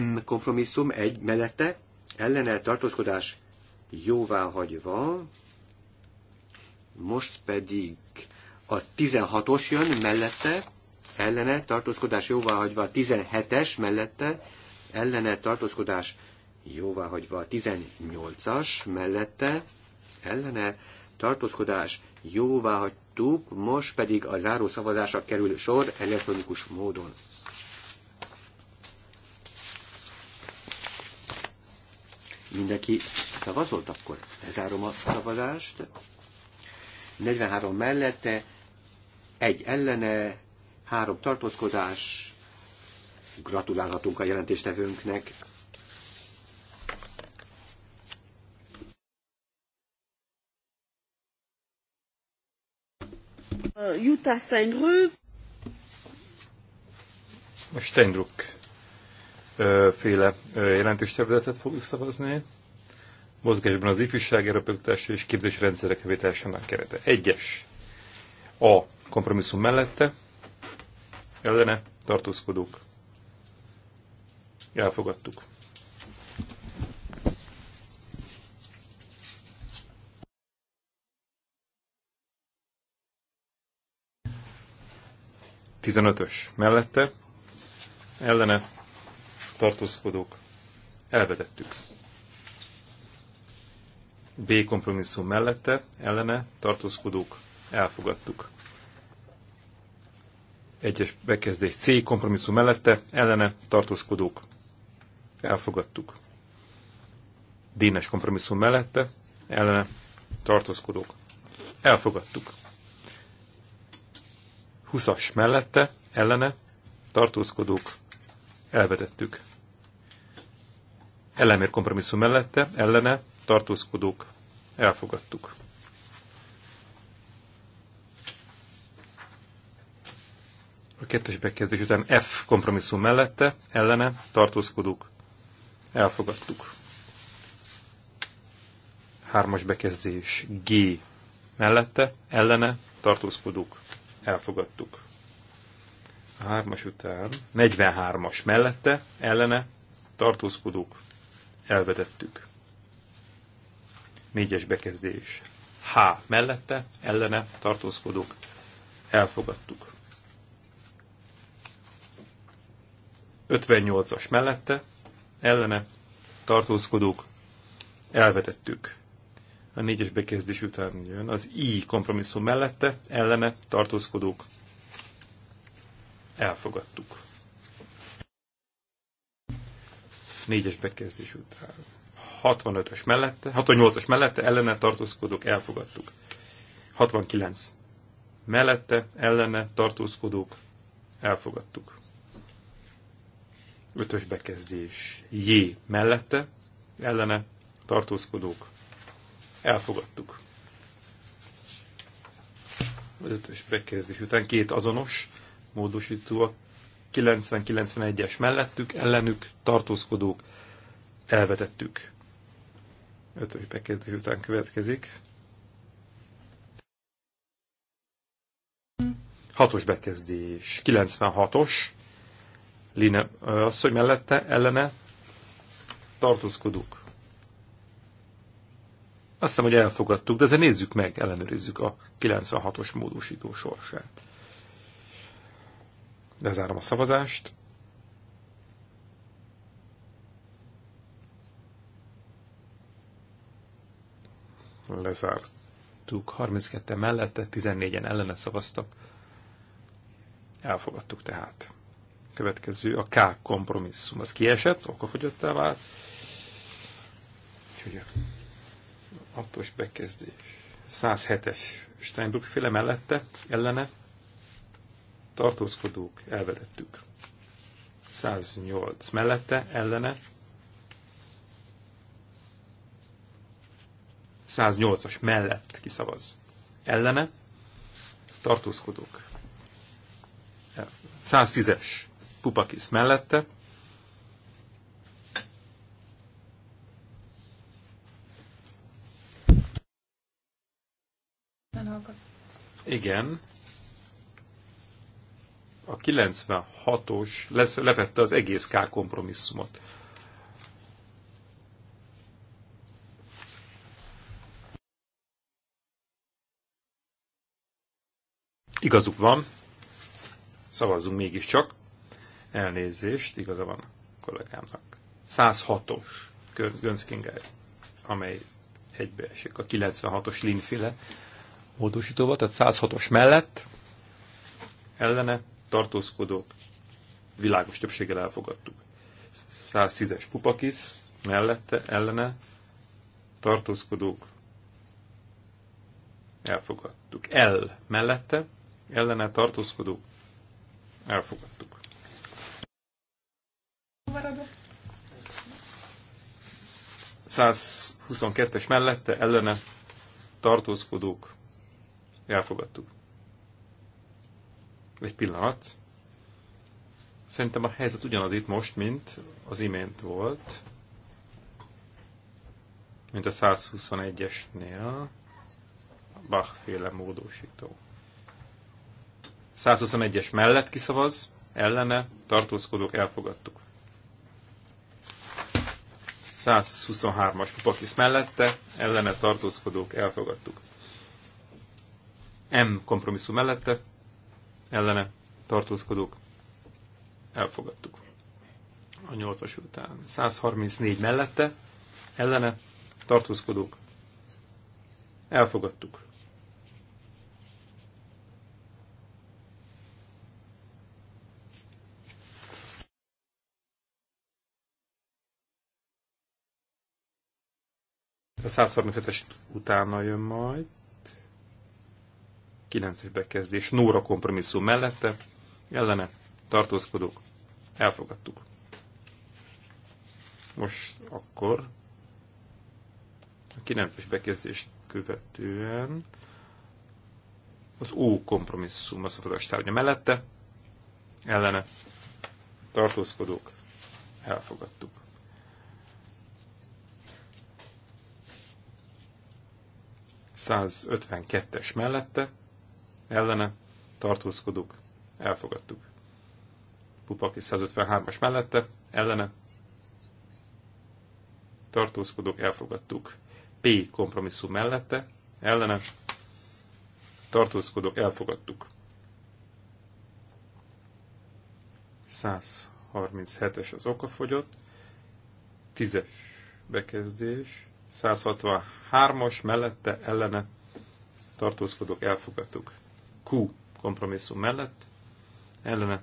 M kompromisszum egy mellette ellene tartózkodás jóvá hagyva, most pedig a 16-os jön mellette, ellene tartózkodás hagyva, a 17-es mellette, ellene tartózkodás hagyva, a 18-as mellette, ellene tartózkodás hagytuk. most pedig a záró szavazásra kerül sor elektronikus módon. Mindenki szavazott, akkor lezárom a szavazást. 43 mellette, egy ellene, három tartózkodás. Gratulálhatunk a jelentéstevőnknek. Jutta Steinrück. Steinruck féle jelentős területet fogjuk szavazni. Mozgásban az ifjúság, erőpöktetési és képzési rendszerek javításának kerete. Egyes. A. Kompromisszum mellette. Ellene tartózkodók. Elfogadtuk. Tizenötös mellette, ellene tartózkodók, elvetettük. B kompromisszum mellette, ellene, tartózkodók, elfogadtuk. Egyes bekezdés C kompromisszum mellette, ellene, tartózkodók, elfogadtuk. d kompromisszum mellette, ellene, tartózkodók, elfogadtuk. 20-as mellette, ellene, tartózkodók, elvetettük ellenmér kompromisszum mellette, ellene, tartózkodók, elfogadtuk. A kettes bekezdés után F kompromisszum mellette, ellene, tartózkodók, elfogadtuk. Hármas bekezdés G mellette, ellene, tartózkodók, elfogadtuk. A hármas után 43-as mellette, ellene, tartózkodók, elvetettük. Négyes bekezdés. H. Mellette, ellene, tartózkodók, elfogadtuk. 58-as mellette, ellene, tartózkodók, elvetettük. A négyes bekezdés után jön az I kompromisszum mellette, ellene, tartózkodók, elfogadtuk. négyes bekezdés után. 65-ös mellette, 68-as mellette ellene tartózkodók elfogadtuk. 69 mellette ellene tartózkodók elfogadtuk. 5-ös bekezdés J mellette ellene tartózkodók elfogadtuk. Az ötös bekezdés után két azonos módosító a 90-91-es mellettük, ellenük tartózkodók elvetettük. Ötös bekezdés után következik. Hatos bekezdés, 96-os. Line, az, hogy mellette, ellene tartózkodók. Azt hiszem, hogy elfogadtuk, de ezzel nézzük meg, ellenőrizzük a 96-os módosító sorsát. Lezárom a szavazást. Lezártuk. 32 mellette, 14-en ellene szavaztak. Elfogadtuk tehát. Következő a K kompromisszum. Az kiesett, okafogyottá vált. Úgyhogy is bekezdés. 107-es Steinbrück féle mellette, ellene tartózkodók, elvetettük. 108 mellette, ellene. 108-as mellett kiszavaz. Ellene, tartózkodók. 110-es Pupakis mellette. Igen, a 96-os lesz, levette az egész K kompromisszumot. Igazuk van, szavazzunk mégiscsak. Elnézést, igaza van a kollégámnak. 106-os Gönzkinger, amely egybeesik a 96-os linféle módosítóval, tehát 106-os mellett ellene tartózkodók, világos többséggel elfogadtuk. 110-es Pupakis, mellette, ellene, tartózkodók, elfogadtuk. El, mellette, ellene, tartózkodók, elfogadtuk. Maradok. 122-es mellette ellene tartózkodók elfogadtuk. Egy pillanat. Szerintem a helyzet ugyanaz itt most, mint az imént volt. Mint a 121-esnél. Bach-féle módosító. 121-es mellett kiszavaz, ellene, tartózkodók elfogadtuk. 123-as Pupakis mellette, ellene tartózkodók elfogadtuk. M kompromisszum mellette, ellene tartózkodók elfogadtuk. A nyolcas után 134 mellette ellene tartózkodók elfogadtuk. A 137-es utána jön majd. 9 bekezdés Nóra kompromisszum mellette, ellene tartózkodók, elfogadtuk. Most akkor a 9 bekezdést követően az ó kompromisszum a szabadás tárgya mellette, ellene tartózkodók, elfogadtuk. ...152-es mellette, ellene tartózkodók elfogadtuk. Pupaki 153-as mellette ellene tartózkodók elfogadtuk. P kompromisszum mellette ellene tartózkodók elfogadtuk. 137-es az okafogyott, 10-es bekezdés, 163-as mellette ellene tartózkodók elfogadtuk kompromisszum mellett, ellene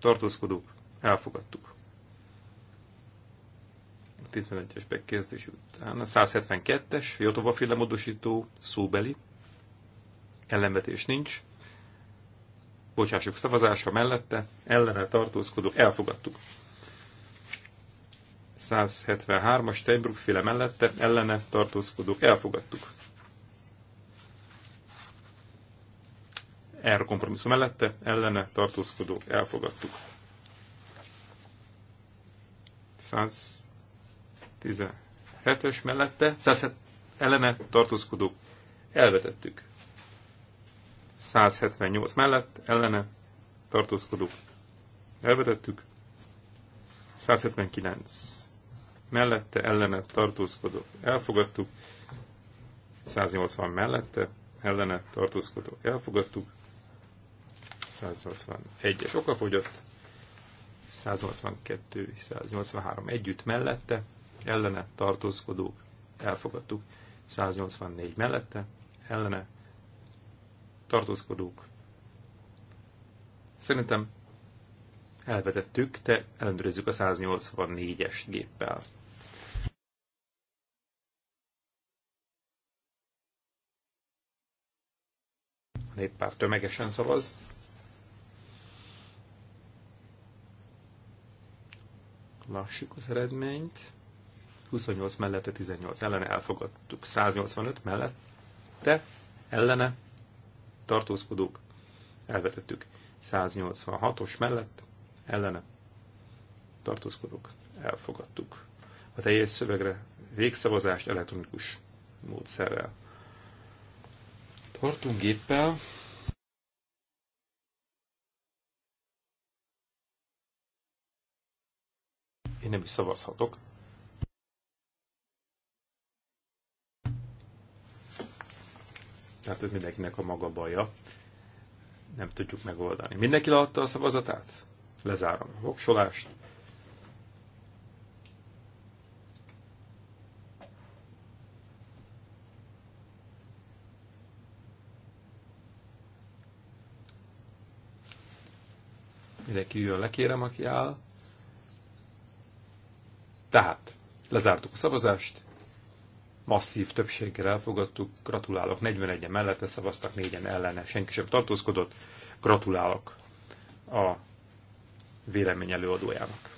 tartózkodók, elfogadtuk. A 11-es bekezdés után a 172-es, Jotova féle módosító, szóbeli, ellenvetés nincs, bocsássuk szavazása mellette, ellene tartózkodók, elfogadtuk. 173-as Steinbrück féle mellette, ellene tartózkodók, elfogadtuk. R kompromisszum mellette, ellene tartózkodók elfogadtuk. 117-es mellette, 107 ellene tartózkodók elvetettük. 178 mellett ellene tartózkodók elvetettük. 179 mellette ellene tartózkodók elfogadtuk. 180 mellette ellene tartózkodók elfogadtuk. 181-es okafogyott, 182 és 183 együtt mellette, ellene tartózkodók, elfogadtuk, 184 mellette, ellene tartózkodók. Szerintem elvetettük, de ellenőrizzük a 184-es géppel. néppár tömegesen szavaz. Lássuk az eredményt. 28 mellette, 18 ellene elfogadtuk. 185 mellette, ellene tartózkodók elvetettük. 186-os mellett, ellene tartózkodók elfogadtuk. A teljes szövegre végszavazást elektronikus módszerrel. Tartunk géppel. Én nem is szavazhatok. Tehát ez mindenkinek a maga baja. Nem tudjuk megoldani. Mindenki leadta a szavazatát? Lezárom a voksolást. Mindenki jön lekérem, aki áll. Tehát lezártuk a szavazást, masszív többséggel elfogadtuk, gratulálok, 41-en mellette szavaztak, 4-en ellene, senki sem tartózkodott, gratulálok a vélemény előadójának.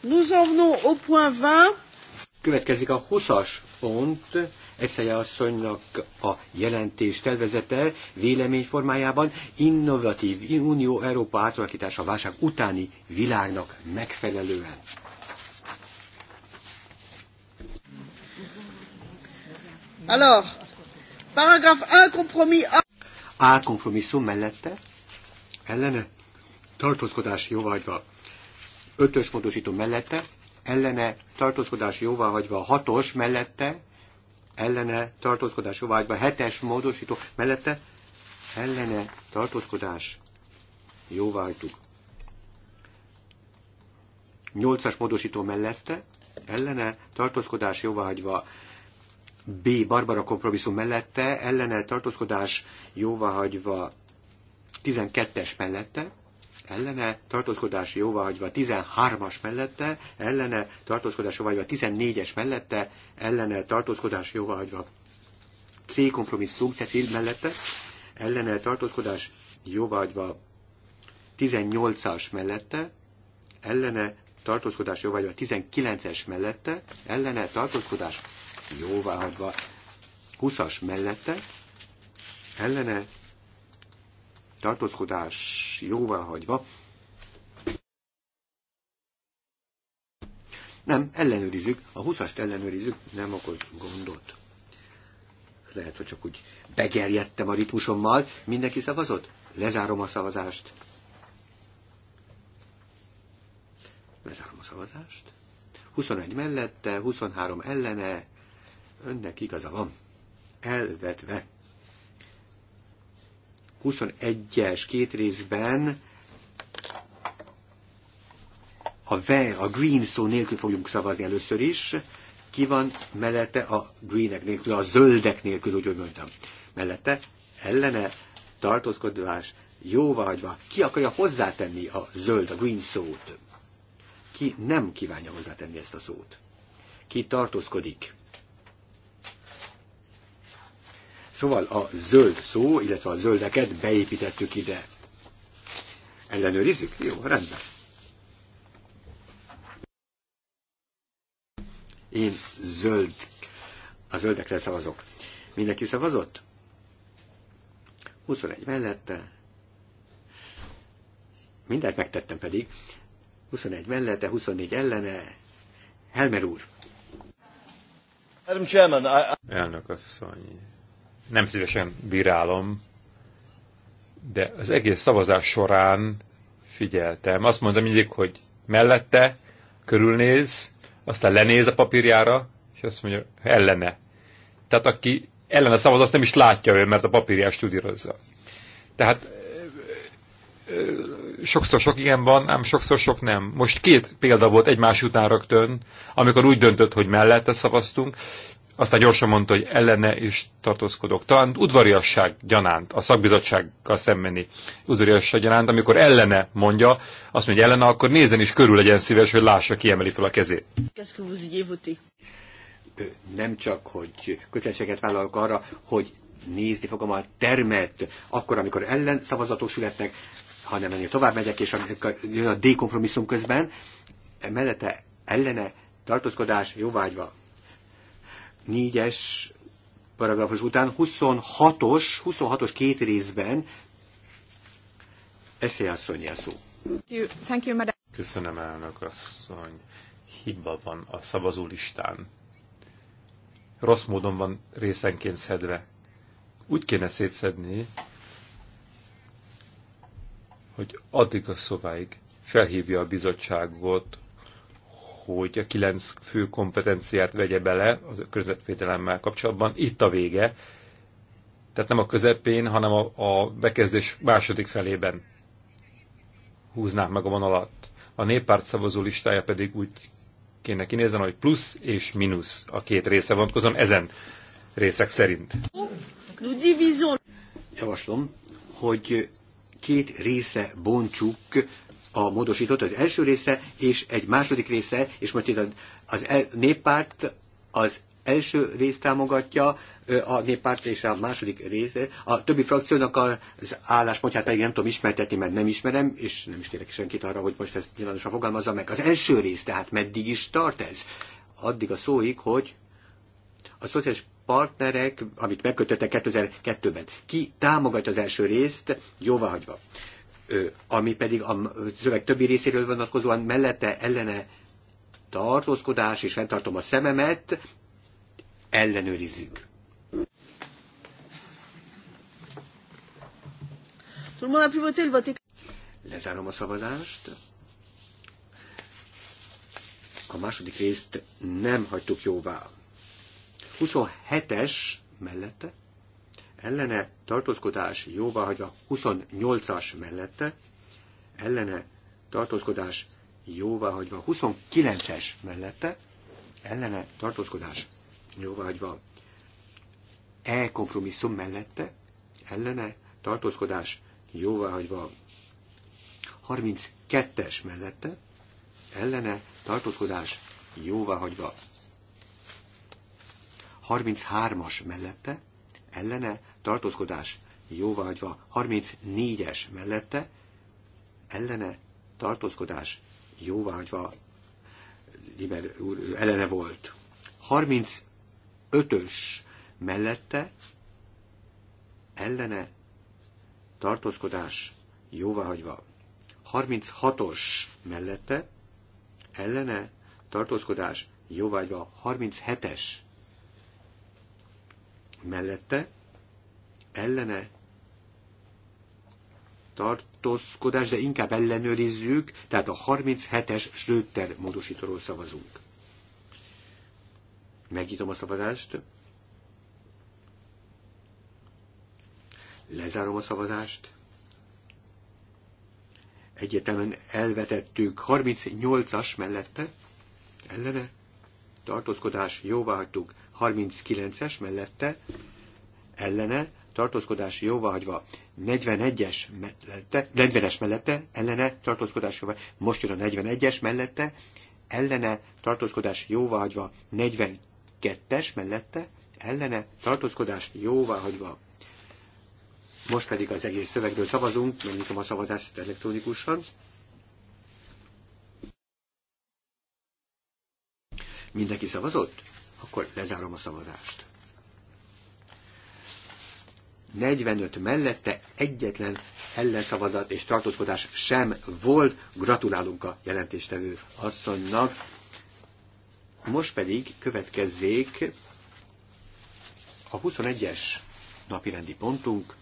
Nous au point 20. Következik a 20-as pont, Eszeje asszonynak a jelentés tervezete vélemény formájában innovatív Unió Európa átalakítása a válság utáni világnak megfelelően. Alors, paragraf 1, compromis A. A kompromisszum mellette, ellene, tartózkodás jóvágyva. Ötös módosító mellette, ellene, tartózkodás jóváhagyva. Hatos mellette, ellene tartózkodás jóvágyva, hetes módosító mellette ellene tartózkodás jóvágytuk. Nyolcas módosító mellette ellene tartózkodás jóvágyva, B. Barbara kompromisszum mellette ellene tartózkodás jóváhagyva 12-es mellette ellene tartózkodás jóváhagyva 13-as mellette, ellene tartózkodás jóváhagyva 14-es mellette, ellene tartózkodás jóváhagyva C kompromisszum Cecil mellette, ellene tartózkodás jóváhagyva 18-as mellette, ellene tartózkodás jóváhagyva 19-es mellette, ellene tartózkodás jóváhagyva 20-as mellette, ellene tartózkodás hagyva. Nem, ellenőrizzük, a 20-ast ellenőrizzük, nem okoz gondot. Lehet, hogy csak úgy begerjedtem a ritmusommal. Mindenki szavazott? Lezárom a szavazást. Lezárom a szavazást. 21 mellette, 23 ellene. Önnek igaza van. Elvetve. 21-es két részben a ver, a green szó nélkül fogjuk szavazni először is. Ki van mellette a greenek nélkül, a zöldek nélkül, úgy mondtam. Mellette ellene tartózkodás jóváhagyva. Ki akarja hozzátenni a zöld, a green szót? Ki nem kívánja hozzátenni ezt a szót? Ki tartózkodik? Szóval a zöld szó, illetve a zöldeket beépítettük ide. Ellenőrizzük? Jó, rendben. Én zöld, a zöldekre szavazok. Mindenki szavazott? 21 mellette. Mindent megtettem pedig. 21 mellette, 24 ellene. Helmer úr. Elnök asszony, nem szívesen bírálom, de az egész szavazás során figyeltem. Azt mondtam mindig, hogy mellette körülnéz, aztán lenéz a papírjára, és azt mondja, ellene. Tehát aki ellene szavaz, azt nem is látja ő, mert a papírját studírozza. Tehát sokszor sok igen van, ám sokszor sok nem. Most két példa volt egymás után rögtön, amikor úgy döntött, hogy mellette szavaztunk, aztán gyorsan mondta, hogy ellene is tartózkodok. Talán udvariasság gyanánt, a szakbizottsággal szembeni udvariasság gyanánt, amikor ellene mondja, azt mondja, ellene, akkor nézzen is körül legyen szíves, hogy lássa, ki emeli fel a kezét. Nem csak, hogy kötelességet vállalok arra, hogy nézni fogom a termet, akkor, amikor ellen szavazatok születnek, hanem ennél tovább megyek, és amikor jön a dékompromisszum közben, mellette ellene tartózkodás jóvágyva 4-es paragrafus után 26-os, 26-os két részben Eszély asszony szó. Thank you, madam. Köszönöm, elnök asszony. Hiba van a szavazó listán. Rossz módon van részenként szedve. Úgy kéne szétszedni, hogy addig a szobáig felhívja a bizottságot, hogy a kilenc fő kompetenciát vegye bele a környezetvédelemmel kapcsolatban. Itt a vége. Tehát nem a közepén, hanem a, a bekezdés második felében húznák meg a vonalat. A néppárt szavazó listája pedig úgy kéne kinézzen, hogy plusz és mínusz a két része vonatkozom ezen részek szerint. Javaslom, hogy két része bontsuk a módosított az első részre és egy második részre, és most itt az el, néppárt az első részt támogatja, a néppárt és a második része. A többi frakciónak az álláspontját pedig nem tudom ismertetni, mert nem ismerem, és nem is kérek senkit arra, hogy most ezt nyilvánosan fogalmazza meg. Az első rész, tehát meddig is tart ez? Addig a szóig, hogy a szociális partnerek, amit megkötöttek 2002-ben, ki támogatja az első részt, jóvá hagyva ami pedig a szöveg többi részéről vonatkozóan mellette ellene tartózkodás, és fenntartom a szememet, ellenőrizzük. Lezárom a szavazást. A második részt nem hagytuk jóvá. 27-es mellette ellene tartózkodás a 28-as mellette, ellene tartózkodás hagyva 29-es mellette, ellene tartózkodás hagyva E kompromisszum mellette, ellene tartózkodás hagyva 32-es mellette, ellene tartózkodás hagyva 33-as mellette, ellene tartózkodás jóváhagyva 34-es mellette, ellene tartózkodás jóváhagyva Liber úr ellene volt. 35-ös mellette ellene tartózkodás jóváhagyva. 36-os mellette ellene tartózkodás jóváhagyva. 37-es mellette ellene tartózkodás, de inkább ellenőrizzük, tehát a 37-es Schröter módosítóról szavazunk. Megnyitom a szavazást. Lezárom a szavazást. Egyetemen elvetettük 38-as mellette, ellene, tartózkodás, jóvá hagytuk 39-es mellette, ellene, tartózkodás jóváhagyva 41-es mellette, 40-es mellette, ellene tartózkodás jóvá, most jön a 41-es mellette, ellene tartózkodás jóváhagyva 42-es mellette, ellene tartózkodás jóváhagyva. Most pedig az egész szövegről szavazunk, megnyitom a szavazást elektronikusan. Mindenki szavazott? Akkor lezárom a szavazást. 45 mellette egyetlen ellenszavazat és tartózkodás sem volt. Gratulálunk a jelentéstevő asszonynak. Most pedig következzék a 21-es napirendi pontunk.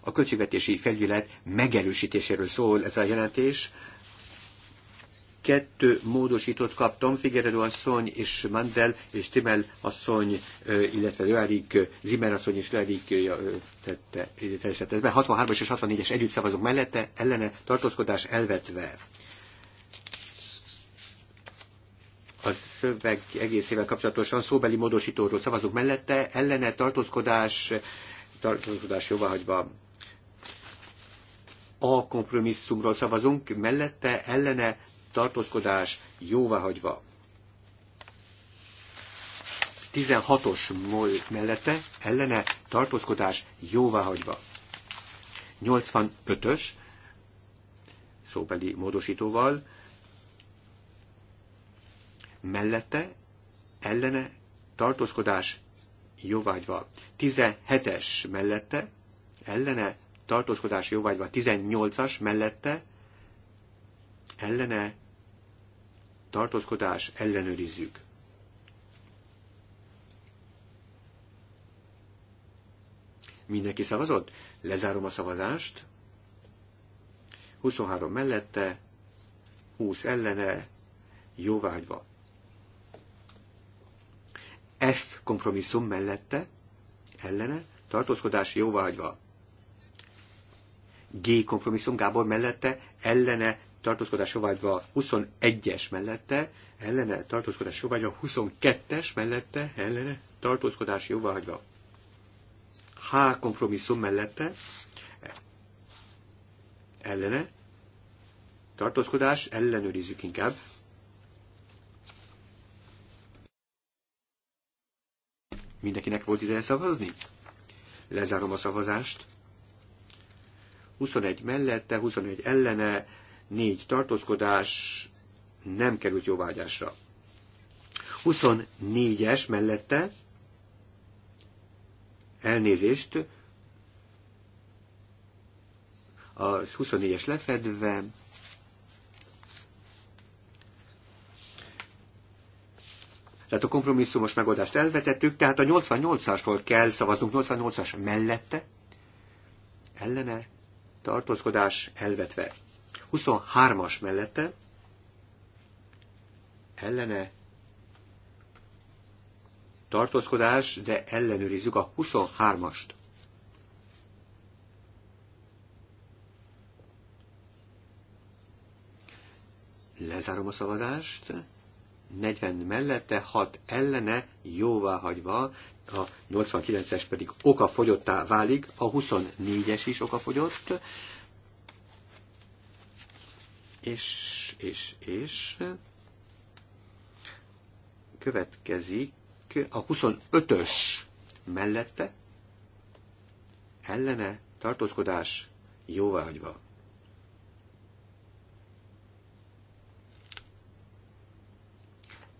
A költségvetési felület megerősítéséről szól ez a jelentés kettő módosítót kaptam, Figueredo asszony és Mandel és Timmel asszony, illetve Löerik, Zimmer asszony és Löerik tette, tette, 63-as és 64-es együtt szavazok mellette, ellene tartózkodás elvetve. a szöveg egészével kapcsolatosan szóbeli módosítóról szavazok mellette, ellene tartózkodás, tartózkodás jóváhagyva a kompromisszumról szavazunk, mellette ellene tartózkodás jóváhagyva. 16-os mellette ellene tartózkodás jóváhagyva. 85-ös szóbeli módosítóval mellette ellene tartózkodás jóvágyva. 17-es mellette ellene tartózkodás jóvágyva. 18-as mellette ellene tartózkodás, ellenőrizzük. Mindenki szavazott? Lezárom a szavazást. 23 mellette, 20 ellene, jóvágyva. F kompromisszum mellette, ellene, tartózkodás jóvágyva. G kompromisszum Gábor mellette, ellene, tartózkodás jóvágyva 21-es mellette, ellene tartózkodás jóvágyva 22-es mellette, ellene tartózkodás jóvágyva H kompromisszum mellette, ellene tartózkodás, ellenőrizzük inkább. Mindenkinek volt ideje szavazni? Lezárom a szavazást. 21 mellette, 21 ellene, négy tartózkodás nem került jóvágyásra. 24-es mellette elnézést, a 24-es lefedve, tehát a kompromisszumos megoldást elvetettük, tehát a 88-asról kell szavaznunk, 88-as mellette, ellene, tartózkodás elvetve. 23-as mellette ellene tartózkodás, de ellenőrizzük a 23-ast. Lezárom a szavazást. 40 mellette, 6 ellene, jóvá hagyva, a 89-es pedig okafogyottá válik, a 24-es is okafogyott, és, és, és következik a 25-ös mellette ellene tartózkodás jóváhagyva.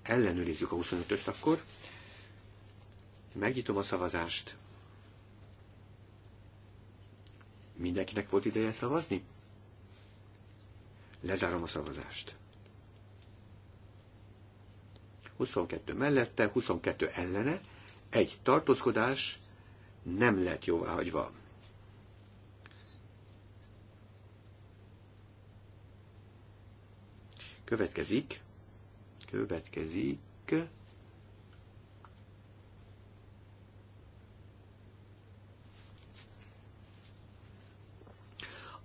Ellenőrizzük a 25-öst akkor. Megnyitom a szavazást. Mindenkinek volt ideje szavazni? Lezárom a szavazást. 22 mellette, 22 ellene, egy tartózkodás nem lett jóváhagyva. Következik, következik,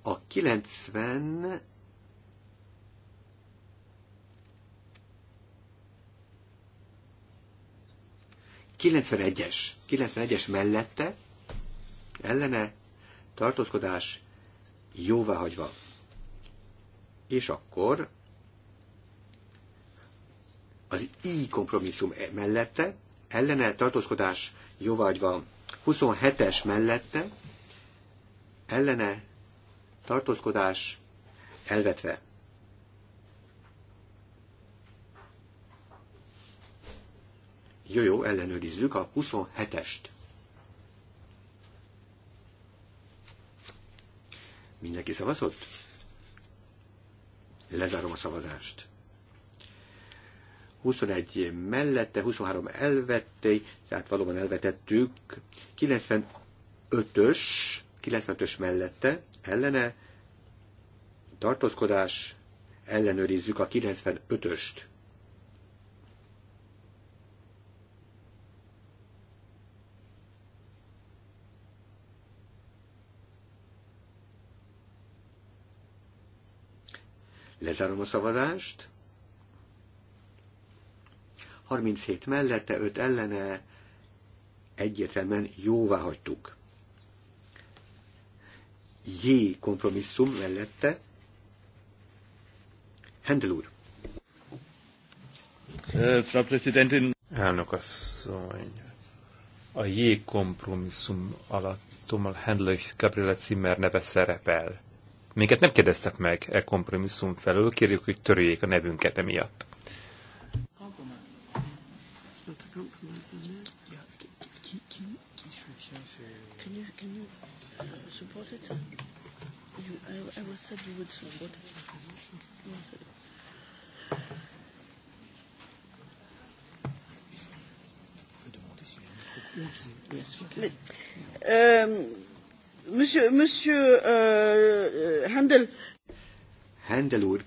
a 90 91-es, 91-es mellette ellene tartózkodás jóváhagyva. És akkor az I kompromisszum e mellette ellene tartózkodás jóváhagyva 27-es mellette ellene tartózkodás elvetve. Jó, jó, ellenőrizzük a 27-est. Mindenki szavazott? Lezárom a szavazást. 21 mellette, 23 elvette, tehát valóban elvetettük. 95-ös, 95-ös mellette, ellene, tartózkodás, ellenőrizzük a 95-öst. Lezárom a szavazást. 37 mellette, 5 ellene egyértelműen jóvá hagytuk. J kompromisszum mellette. Hendel úr. Frau Präsidentin. Elnök asszony. A J kompromisszum alatt Tommal és Gabriela Zimmer neve szerepel. Minket nem kérdeztek meg e kompromisszum felől, kérjük, hogy törjék a nevünket emiatt. Yes, yes, we can. um, Monsieur, Händel. Euh, uh, Handel. úr,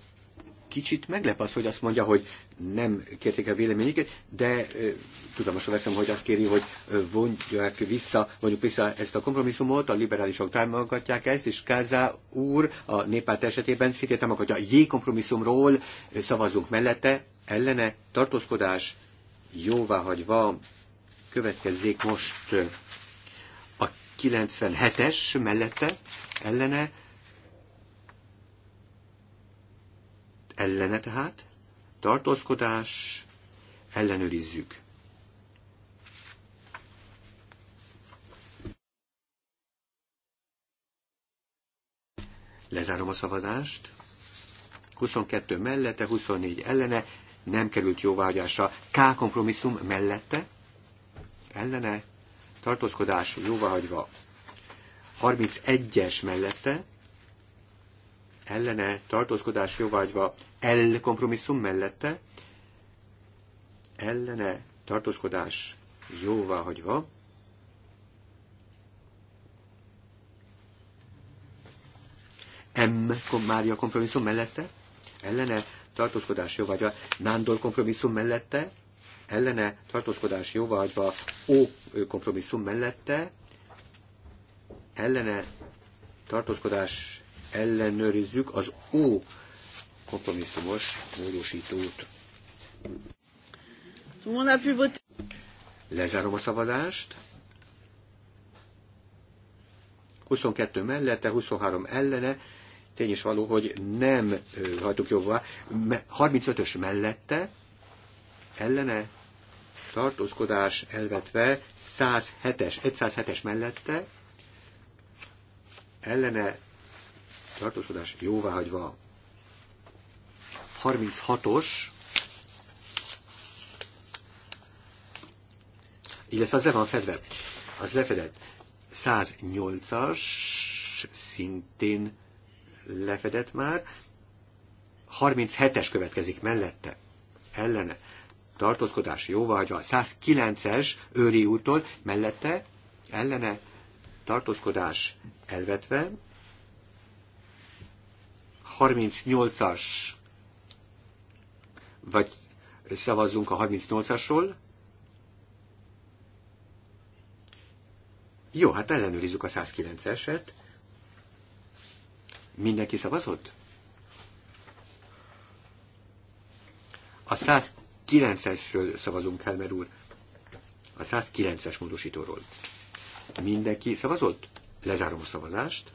kicsit meglep az, hogy azt mondja, hogy nem kérték a véleményüket, de tudomosan veszem, hogy azt kéri, hogy vonják vissza, mondjuk vissza ezt a kompromisszumot, a liberálisok támogatják ezt, és Kázá úr a néppárt esetében szintén támogatja a J kompromisszumról, szavazunk mellette, ellene tartózkodás jóváhagyva következzék most 97-es mellette ellene, ellene tehát, tartózkodás, ellenőrizzük. Lezárom a szavazást. 22 mellette, 24 ellene, nem került jóvágyásra. K kompromisszum mellette, ellene, tartózkodás jóváhagyva 31-es mellette, ellene tartózkodás jóváhagyva L kompromisszum mellette, ellene tartózkodás jóváhagyva M Mária kompromisszum mellette, ellene tartózkodás jóváhagyva Nándor kompromisszum mellette, ellene tartózkodás jóváhagyva ó kompromisszum mellette, ellene tartózkodás ellenőrizzük az ó kompromisszumos módosítót. Lezárom a szavazást. 22 mellette, 23 ellene, tény is való, hogy nem hajtuk jóvá. 35-ös mellette, ellene tartózkodás elvetve 107-es, 107-es mellette ellene tartózkodás jóváhagyva 36-os, illetve az le van fedve, az lefedett 108-as, szintén lefedett már, 37-es következik mellette, ellene tartózkodás jóváhagyva 109-es őri úttól, mellette ellene tartózkodás elvetve, 38-as, vagy szavazzunk a 38-asról. Jó, hát ellenőrizzük a 109-eset. Mindenki szavazott? A 109 109-esről szavazunk, Helmer úr. A 109-es módosítóról. Mindenki szavazott? Lezárom a szavazást.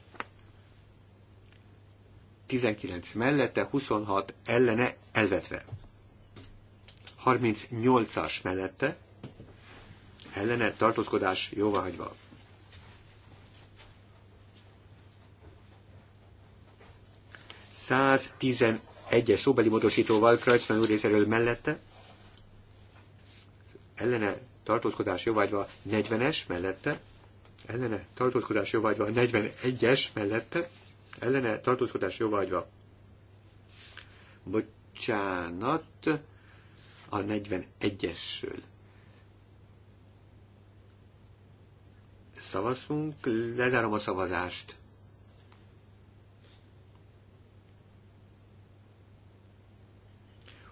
19 mellette, 26 ellene elvetve. 38-as mellette, ellene tartózkodás jóváhagyva. Száz tizenegyes szóbeli módosítóval Krajcmen úr részéről mellette, ellene tartózkodás jóvágyva 40-es mellette, ellene tartózkodás jóvágyva 41-es mellette, ellene tartózkodás jóvágyva. Bocsánat, a 41-esről. Szavazunk, lezárom a szavazást.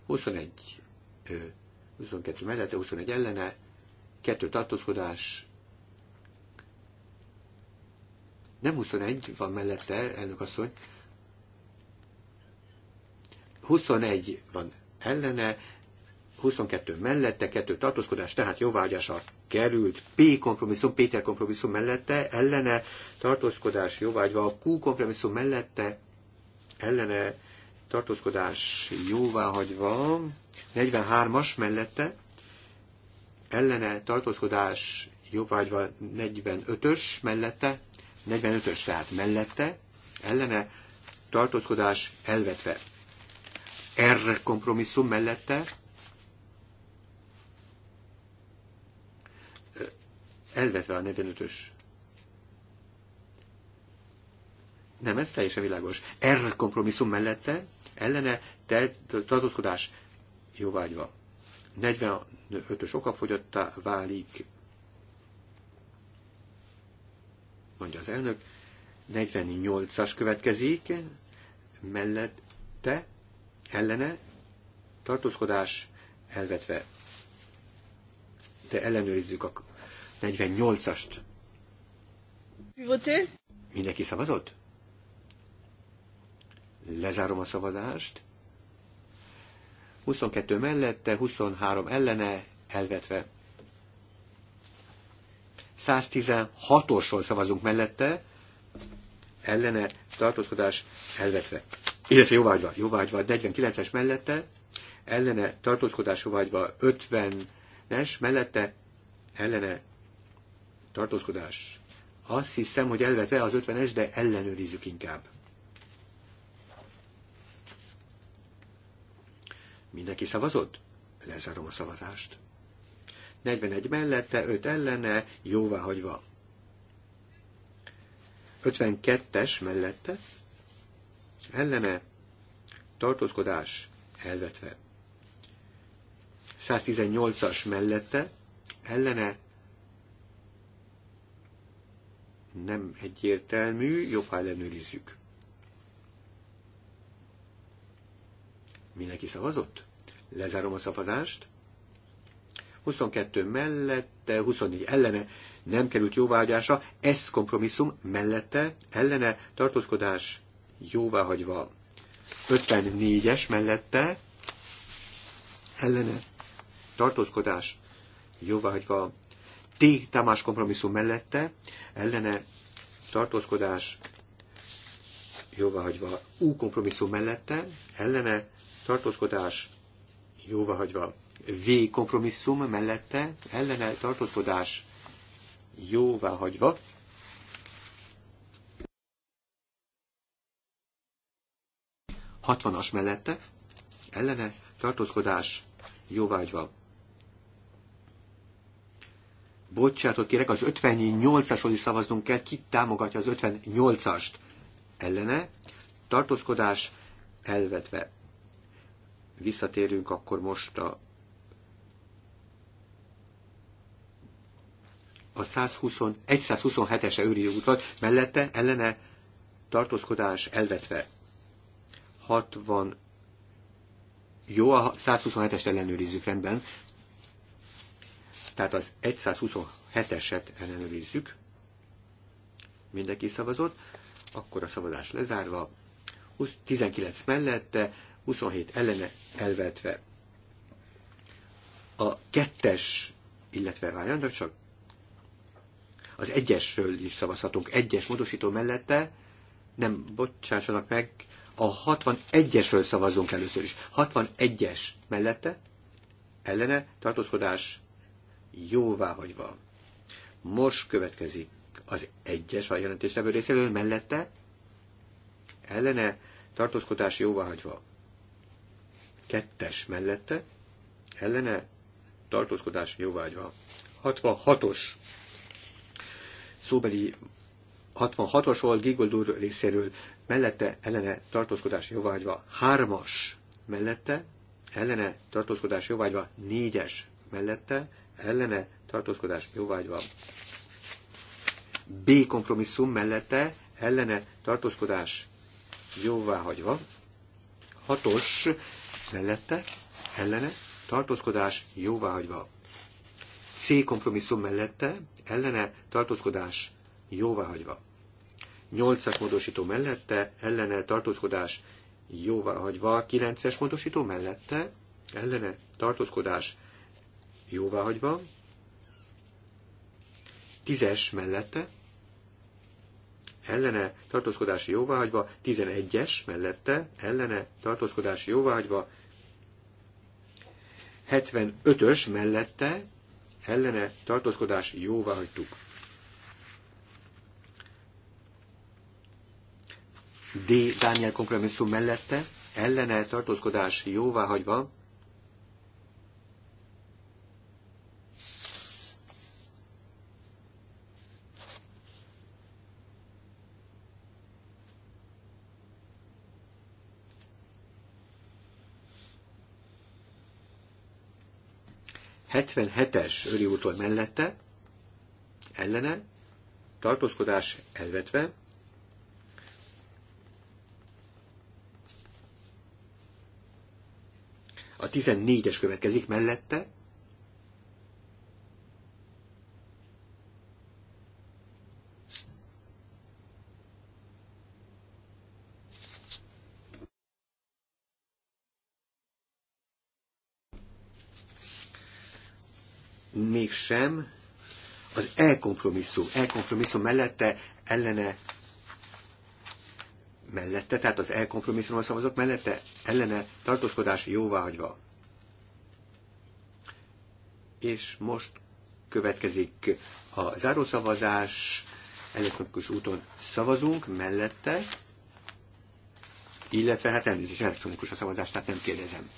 Huszonegy 22 mellette, 21 ellene, kettő tartózkodás, nem 21 van mellette, elnök asszony, 21 van ellene, 22 mellette, kettő tartózkodás, tehát jóvágyása került P kompromisszum, Péter kompromisszum mellette, ellene tartózkodás jóvágyva, Q kompromisszum mellette, ellene tartózkodás jóváhagyva, 43-as mellette ellene tartózkodás jóvágyva 45-ös mellette, 45-ös tehát mellette, ellene tartózkodás elvetve. R kompromisszum mellette elvetve a 45-ös. Nem, ez teljesen világos. R kompromisszum mellette ellene tartózkodás jóvágyva. 45-ös okafogyottá válik, mondja az elnök, 48-as következik, mellette, ellene, tartózkodás elvetve. De ellenőrizzük a 48-ast. Mindenki szavazott? Lezárom a szavazást. 22 mellette, 23 ellene, elvetve. 116-osról szavazunk mellette, ellene, tartózkodás, elvetve. Illetve jóvágyva, jóvágyva, 49-es mellette, ellene, tartózkodás jóvágyva, 50-es mellette, ellene, tartózkodás. Azt hiszem, hogy elvetve az 50-es, de ellenőrizzük inkább. Mindenki szavazott? Lezárom a szavazást. 41 mellette, 5 ellene, jóvá hagyva. 52-es mellette, ellene, tartózkodás, elvetve. 118-as mellette, ellene, nem egyértelmű, jobb, ha ellenőrizzük. Mindenki szavazott? Lezárom a szavazást. 22 mellette, 24 ellene nem került jóvágyása, ez kompromisszum mellette, ellene tartózkodás jóváhagyva. 54-es mellette, ellene tartózkodás jóváhagyva. T. Tamás kompromisszum mellette, ellene tartózkodás jóváhagyva. U kompromisszum mellette, ellene tartózkodás jóvahagyva. V kompromisszum mellette ellene tartózkodás hagyva. Hatvanas mellette ellene tartózkodás jóvágyva. Bocsátot kérek, az 58-asról is szavaznunk kell, ki támogatja az 58-ast ellene, tartózkodás elvetve visszatérünk akkor most a, a 127 es őri utat, mellette ellene tartózkodás elvetve. 60 jó, a 127-est ellenőrizzük rendben. Tehát az 127-eset ellenőrizzük. Mindenki szavazott. Akkor a szavazás lezárva. 19 mellette, 27 ellene elvetve. A kettes, illetve várjanak csak, az egyesről is szavazhatunk, egyes módosító mellette, nem, bocsássanak meg, a 61-esről szavazunk először is. 61-es mellette, ellene, tartózkodás hagyva. Most következik az egyes a jelentéstevő részéről mellette, ellene, tartózkodás hagyva kettes mellette ellene tartózkodás jóvágyva. 66-os szóbeli 66 os Gigold úr részéről mellette ellene tartózkodás jóvágyva. Hármas mellette ellene tartózkodás jóvágyva. négyes mellette ellene tartózkodás jóvágyva. B kompromisszum mellette ellene tartózkodás jóváhagyva. Hatos mellette, ellene, tartózkodás jóváhagyva. C kompromisszum mellette, ellene, tartózkodás jóváhagyva. 8-as módosító mellette, ellene, tartózkodás jóváhagyva. 9-es módosító mellette, ellene, tartózkodás jóváhagyva. 10-es mellette, ellene tartózkodás jóváhagyva, 11-es mellette ellene tartózkodás jóváhagyva, 75-ös mellette ellene tartózkodás jóvá hagytuk. D. Dániel kompromisszum mellette ellene tartózkodás jóvá hagyva 77-es Öri úton mellette, ellene, tartózkodás elvetve, a 14-es következik mellette, mégsem az elkompromisszum, elkompromisszum mellette ellene mellette, tehát az elkompromisszumra szavazok mellette ellene tartózkodás jóváhagyva. És most következik a zárószavazás, elektronikus úton szavazunk mellette, illetve hát elnézést, elektronikus a szavazás, tehát nem kérdezem.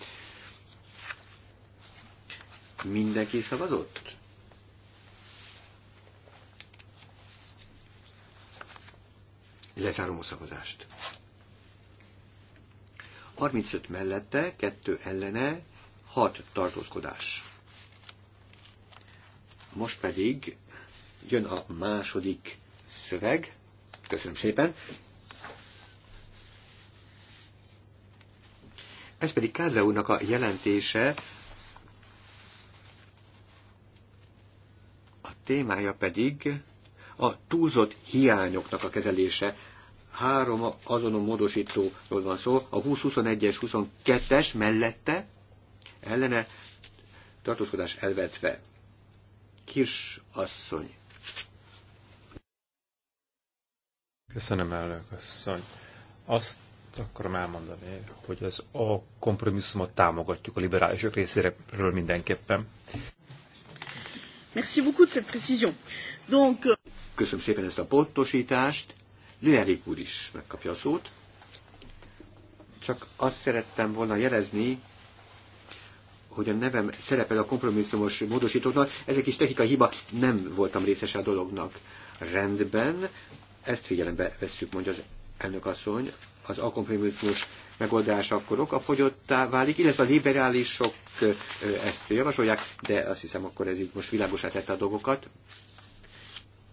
Mindenki szavazott? Lezárom a szavazást. 35 mellette, 2 ellene, 6 tartózkodás. Most pedig jön a második szöveg. Köszönöm szépen. Ez pedig Kázeónak a jelentése, a témája pedig a túlzott hiányoknak a kezelése. Három azonon módosítóról van szó, a 20-21-es, 22-es mellette ellene tartózkodás elvetve. Kis asszony. Köszönöm, elnök asszony. Azt akarom elmondani, hogy az a kompromisszumot támogatjuk a liberálisok részéről mindenképpen. Merci beaucoup de cette précision. Donc... Euh, Köszönöm szépen ezt a pontosítást. Lőerik úr is megkapja a szót. Csak azt szerettem volna jelezni, hogy a nevem szerepel a kompromisszumos módosítóknak. Ez egy kis technikai hiba, nem voltam részese a dolognak. Rendben, ezt figyelembe vesszük, mondja az elnök asszony, az akompromisszumos megoldás akkor okafogyottá válik, illetve a liberálisok ezt javasolják, de azt hiszem akkor ez így most világosá tette a dolgokat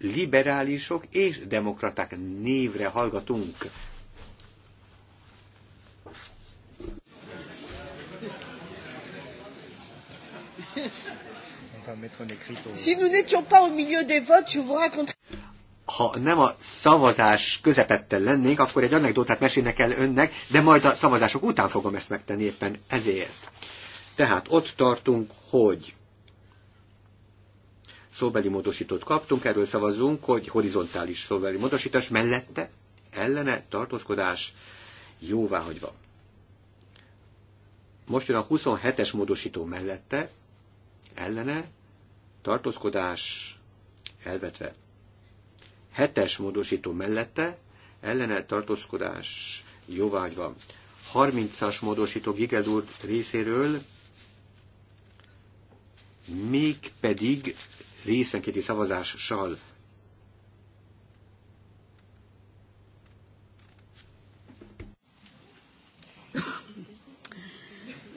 liberálisok és demokraták névre hallgatunk. ha nem a szavazás közepette lennénk, akkor egy anekdotát mesélnek el önnek, de majd a szavazások után fogom ezt megtenni éppen ezért. Tehát ott tartunk, hogy szóbeli módosítót kaptunk, erről szavazunk, hogy horizontális szóbeli módosítás mellette ellene tartózkodás jóváhagyva. Most jön a 27-es módosító mellette ellene tartózkodás elvetve. 7-es módosító mellette ellene tartózkodás jóváhagyva. 30-as módosító Gigel részéről még pedig részenkéti szavazással.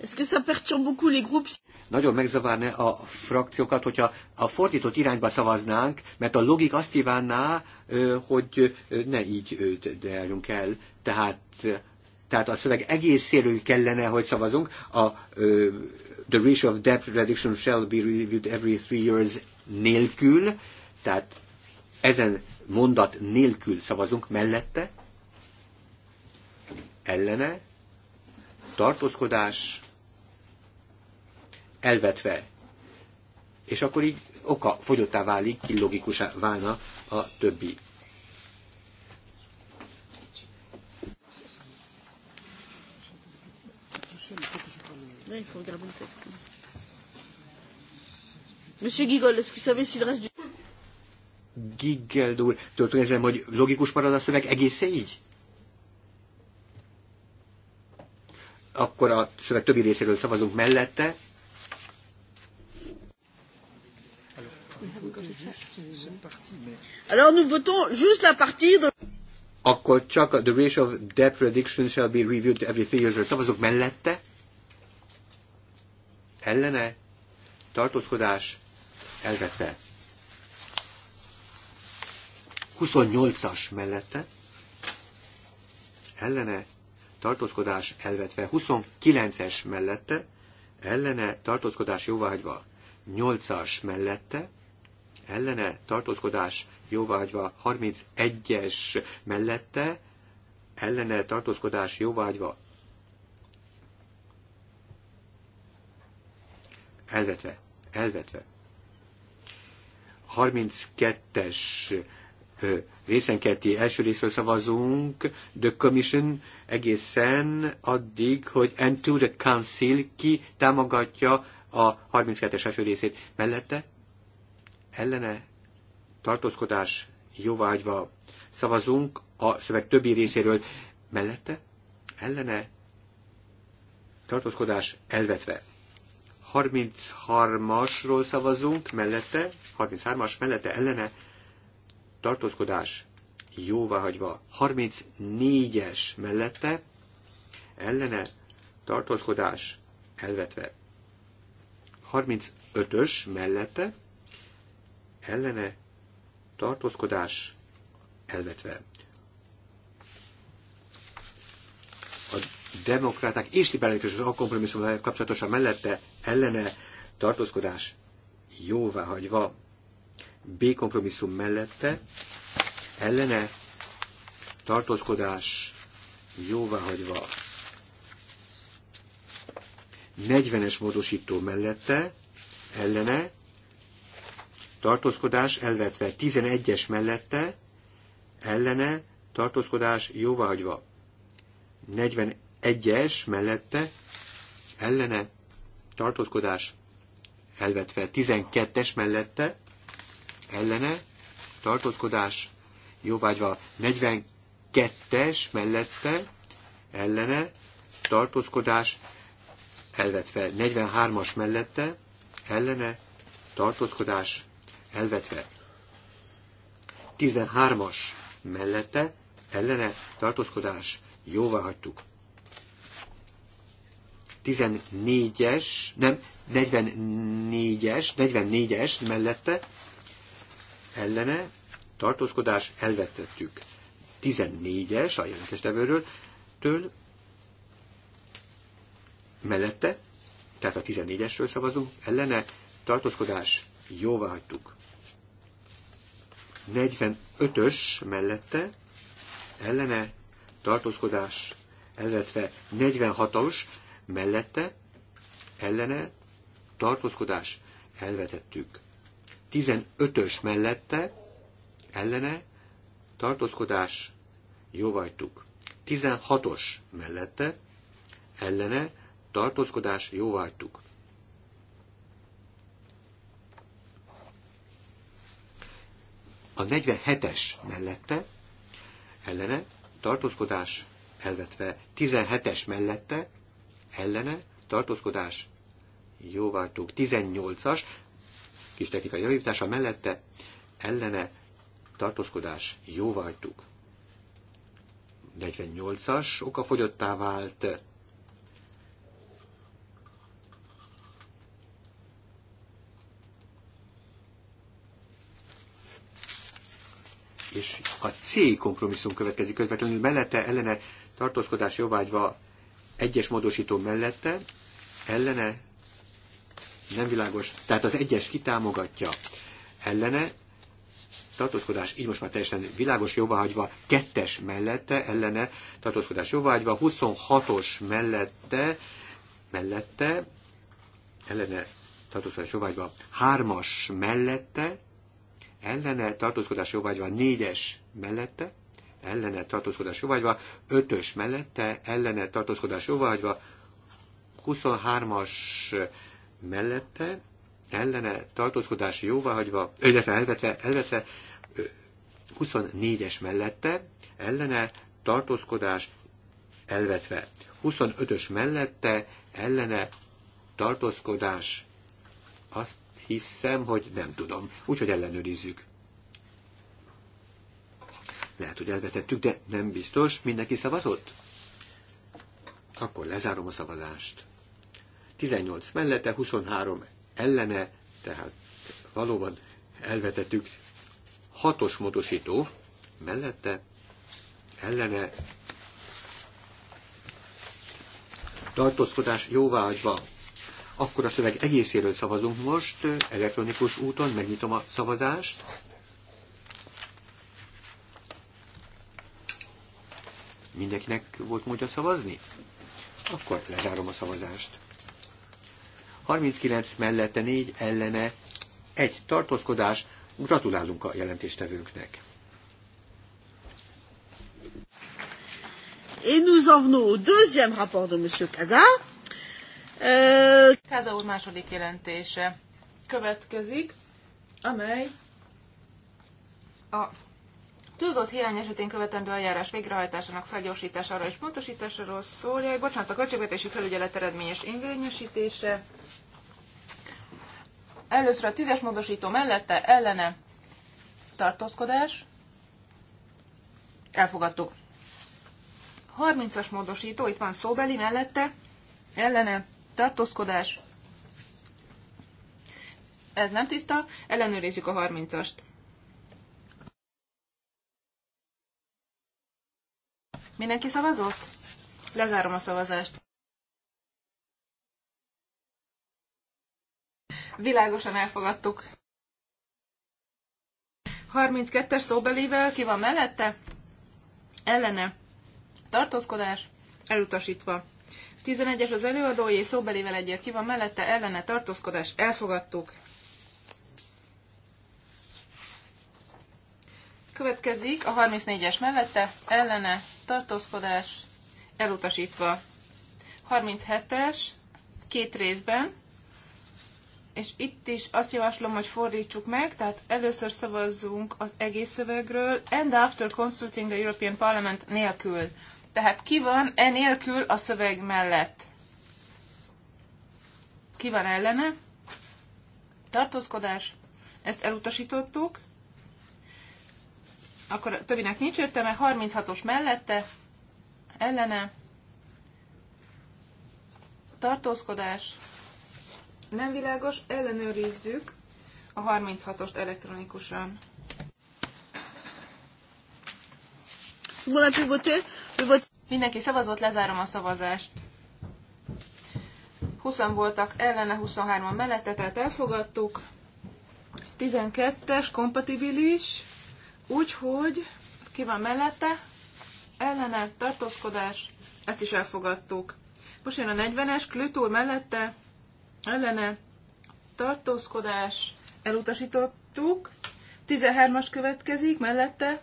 Est-ce que ça perturbe beaucoup les groupes nagyon megzavarná a frakciókat, hogyha a fordított irányba szavaznánk, mert a logik azt kívánná, hogy ne így deljünk el. Tehát, tehát a szöveg egészéről kellene, hogy szavazunk. A, the ratio of debt reduction shall be reviewed every three years nélkül, tehát ezen mondat nélkül szavazunk mellette, ellene, tartózkodás, elvetve. És akkor így oka fogyottá válik, illogikusá válna a többi. Il faut regarder le texte. Monsieur Giggle, est-ce que vous savez s'il reste du... Giggle, Giggold úr, tudom, hogy logikus marad a szöveg egészen így? Akkor a szöveg többi részéről szavazunk mellette. Alors nous votons juste la partie de... Akkor csak a the ratio of debt prediction shall be reviewed every three years. Szavazunk mellette. Ellene. Tartózkodás Elvette. 28-as mellette ellene tartózkodás elvetve, 29-es mellette ellene tartózkodás jóváhagyva, 8-as mellette ellene tartózkodás jóváhagyva, 31-es mellette ellene tartózkodás jóváhagyva, elvetve, elvetve. 32-es részenkénti első részről szavazunk, the commission egészen addig, hogy and to the council ki támogatja a 32-es első részét. Mellette ellene tartózkodás jóvágyva szavazunk a szöveg többi részéről. Mellette ellene tartózkodás elvetve. 33-asról szavazunk, mellette, 33-as mellette ellene tartózkodás jóváhagyva. 34-es mellette ellene tartózkodás elvetve. 35-ös mellette ellene tartózkodás elvetve. A demokraták és liberálisok és a kompromisszum kapcsolatosan mellette ellene tartózkodás jóváhagyva B kompromisszum mellette ellene tartózkodás jóváhagyva 40-es módosító mellette ellene tartózkodás elvetve 11-es mellette ellene tartózkodás jóváhagyva 41 egyes mellette ellene tartózkodás elvetve 12-es mellette ellene tartózkodás jóvágyva 42-es mellette ellene tartózkodás elvetve 43-as mellette ellene tartózkodás elvetve 13-as mellette ellene tartózkodás jóvá hagytuk. 14-es, nem, 44-es, 44-es mellette ellene tartózkodás elvetettük. 14-es a jelentéstevőről től mellette, tehát a 14-esről szavazunk, ellene tartózkodás jóvá hagytuk. 45-ös mellette ellene tartózkodás elvetve 46-os mellette, ellene, tartózkodás, elvetettük. 15-ös mellette, ellene, tartózkodás, jóvajtuk. 16-os mellette, ellene, tartózkodás, jóvajtuk. A 47-es mellette, ellene, tartózkodás elvetve, 17-es mellette, ellene, tartózkodás, jóváltók 18-as, kis technikai javítása mellette, ellene, tartózkodás, jóváltók. 48-as okafogyottá vált, és a C kompromisszum következik közvetlenül, mellette ellene tartózkodás jóvágyva egyes módosító mellette, ellene, nem világos, tehát az egyes kitámogatja ellene, tartózkodás, így most már teljesen világos jóváhagyva, kettes mellette, ellene, tartózkodás jóváhagyva, 26-os mellette, mellette, ellene, tartózkodás jóváhagyva, hármas mellette, ellene, tartózkodás jóváhagyva, négyes mellette, ellene tartózkodás jóvágyva, 5-ös mellette ellene tartózkodás jóvágyva, 23-as mellette ellene tartózkodás jóvágyva, illetve elvetve, elvetve 24-es mellette ellene tartózkodás elvetve, 25-ös mellette ellene tartózkodás azt hiszem, hogy nem tudom. Úgyhogy ellenőrizzük. Lehet, hogy elvetettük, de nem biztos. Mindenki szavazott? Akkor lezárom a szavazást. 18 mellette, 23 ellene, tehát valóban elvetettük. Hatos módosító mellette, ellene, tartózkodás jóváhagyva. Akkor a szöveg egészéről szavazunk most, elektronikus úton, megnyitom a szavazást. Mindenkinek volt módja szavazni? Akkor lezárom a szavazást. 39 mellette 4 ellene egy tartózkodás. Gratulálunk a jelentéstevőnknek. Et nous en venons au deuxième rapport de Monsieur Kaza. Euh, Kaza úr második jelentése következik, amely a Túlzott hiány esetén követendő eljárás végrehajtásának felgyorsítására és pontosításáról szól. Jaj, bocsánat, a költségvetési felügyelet eredményes érvényesítése. Először a tízes módosító mellette ellene tartózkodás. Elfogadtuk. 30-as módosító, itt van szóbeli mellette, ellene tartózkodás. Ez nem tiszta, ellenőrizzük a 30-ast. Mindenki szavazott? Lezárom a szavazást. Világosan elfogadtuk. 32-es szóbelével ki van mellette? Ellene. Tartózkodás. Elutasítva. 11-es az előadói, szóbelével egyet ki van mellette, ellene tartózkodás, elfogadtuk. Következik a 34-es mellette, ellene tartózkodás elutasítva. 37-es, két részben, és itt is azt javaslom, hogy fordítsuk meg, tehát először szavazzunk az egész szövegről, and after consulting the European Parliament nélkül. Tehát ki van e nélkül a szöveg mellett? Ki van ellene? Tartózkodás. Ezt elutasítottuk akkor a többinek nincs értelme, 36-os mellette, ellene, tartózkodás, nem világos, ellenőrizzük a 36-ost elektronikusan. Mindenki szavazott, lezárom a szavazást. 20 voltak ellene, 23-an mellette, tehát elfogadtuk. 12-es kompatibilis Úgyhogy ki van mellette, ellene, tartózkodás, ezt is elfogadtuk. Most jön a 40-es, Klütúr mellette, ellene, tartózkodás, elutasítottuk. 13-as következik, mellette,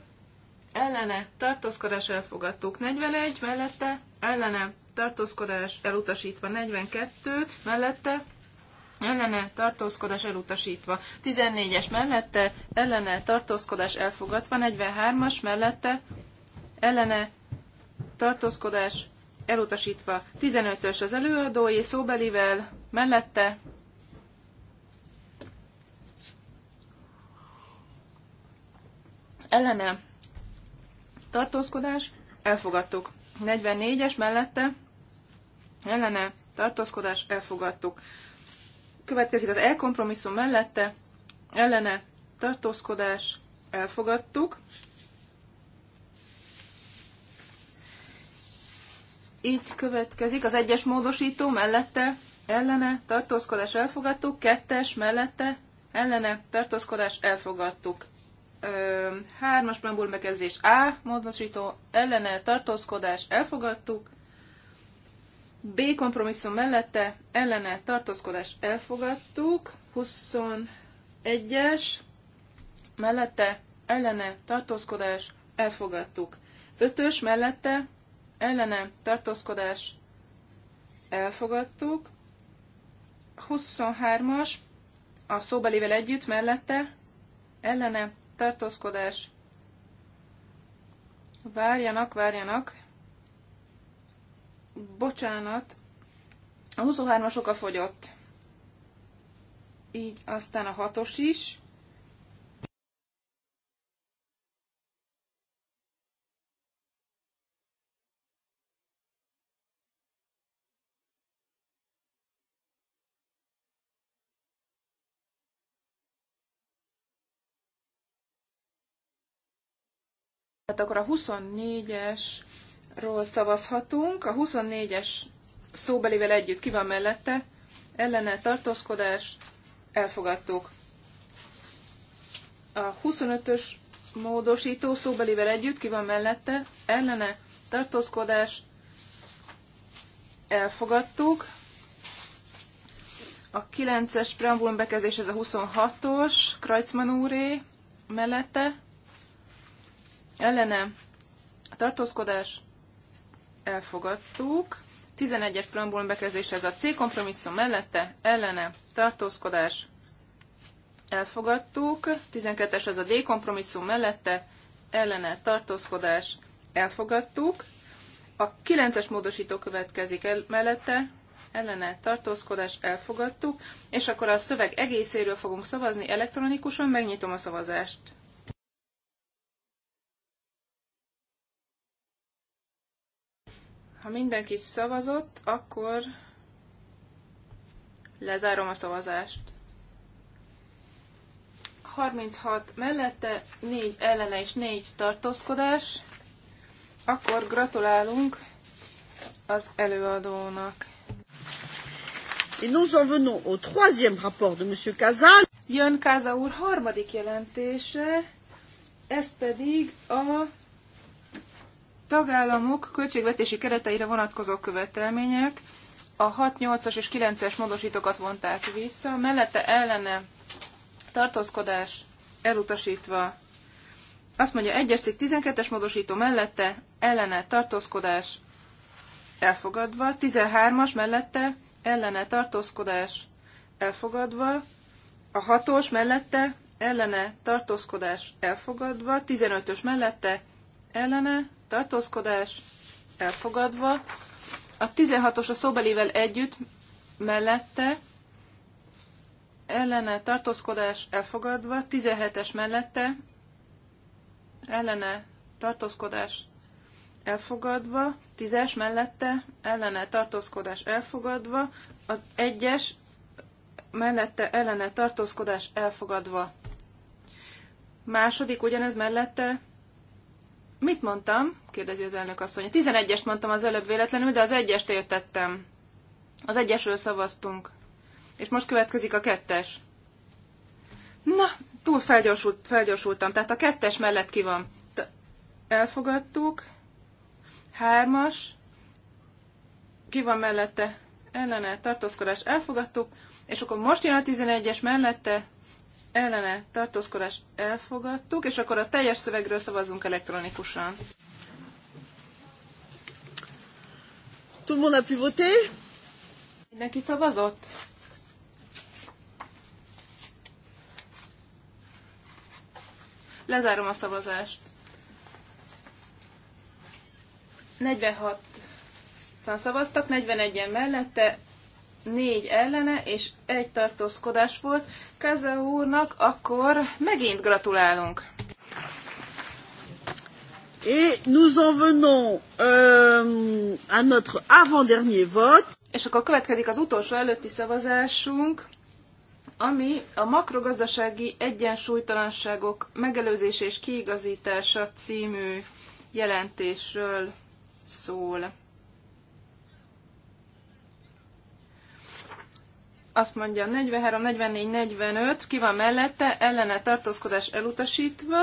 ellene, tartózkodás, elfogadtuk. 41, mellette, ellene, tartózkodás, elutasítva. 42, mellette, ellene tartózkodás elutasítva, 14-es mellette ellene tartózkodás elfogadva, 43-as mellette ellene tartózkodás elutasítva, 15-ös az előadói szóbelivel mellette ellene tartózkodás elfogadtuk, 44-es mellette ellene tartózkodás elfogadtuk. Következik az elkompromisszum mellette, ellene tartózkodás, elfogadtuk. Így következik az egyes módosító mellette, ellene tartózkodás, elfogadtuk. Kettes mellette, ellene tartózkodás, elfogadtuk. Hármas preambul bekezdés A, módosító, ellene tartózkodás, elfogadtuk. B kompromisszum mellette ellene tartózkodás elfogadtuk, 21-es mellette ellene tartózkodás elfogadtuk, 5-ös mellette ellene tartózkodás elfogadtuk, 23-as a szóbelével együtt mellette ellene tartózkodás várjanak, várjanak, Bocsánat, a 23-as oka fogyott. Így aztán a 6-os is. Tehát akkor a 24-es ról szavazhatunk. A 24-es szóbelivel együtt ki van mellette, ellene tartózkodás, elfogadtuk. A 25-ös módosító szóbelivel együtt ki van mellette, ellene tartózkodás, elfogadtuk. A 9-es preambulum bekezés ez a 26-os, Kreutzmann úré mellette, ellene tartózkodás, elfogadtuk. 11-es preambulum bekezdés ez a C kompromisszum mellette, ellene, tartózkodás, elfogadtuk. 12-es ez a D kompromisszum mellette, ellene, tartózkodás, elfogadtuk. A 9-es módosító következik el, mellette, ellene, tartózkodás, elfogadtuk. És akkor a szöveg egészéről fogunk szavazni elektronikusan, megnyitom a szavazást. Ha mindenki szavazott, akkor lezárom a szavazást. 36 mellette, 4 ellene és 4 tartózkodás. Akkor gratulálunk az előadónak. Et nous en venons au troisième rapport de M. Kazan. Jön Kaza úr harmadik jelentése, ez pedig a tagállamok költségvetési kereteire vonatkozó követelmények a 6, 8-as és 9-es módosítókat vonták vissza, mellette ellene tartózkodás elutasítva. Azt mondja, 1-es cikk 12-es módosító mellette ellene tartózkodás elfogadva, 13-as mellette ellene tartózkodás elfogadva, a 6-os mellette ellene tartózkodás elfogadva, 15-ös mellette ellene tartózkodás elfogadva. A 16-os a szóbelivel együtt mellette ellene tartózkodás elfogadva, 17-es mellette ellene tartózkodás elfogadva, 10-es mellette ellene tartózkodás elfogadva, az 1-es mellette ellene tartózkodás elfogadva. Második ugyanez mellette Mit mondtam? kérdezi az elnök asszony. 11-est mondtam az előbb véletlenül, de az egyest értettem. Az egyesről szavaztunk. És most következik a kettes. Na, túl felgyorsult, felgyorsultam. Tehát a kettes mellett ki van. elfogadtuk. Hármas. Ki van mellette? Ellene, tartózkodás, elfogadtuk. És akkor most jön a 11-es mellette, ellene tartózkodás elfogadtuk, és akkor a teljes szövegről szavazunk elektronikusan. Tout le monde a pu voter? Mindenki szavazott? Lezárom a szavazást. 46-an szavaztak, 41-en mellette, négy ellene és egy tartózkodás volt Keze úrnak, akkor megint gratulálunk. Et nous en venons euh, à notre avant-dernier vote. És akkor következik az utolsó előtti szavazásunk, ami a makrogazdasági egyensúlytalanságok megelőzése és kiigazítása című jelentésről szól. azt mondja 43, 44, 45, ki van mellette, ellene tartózkodás elutasítva.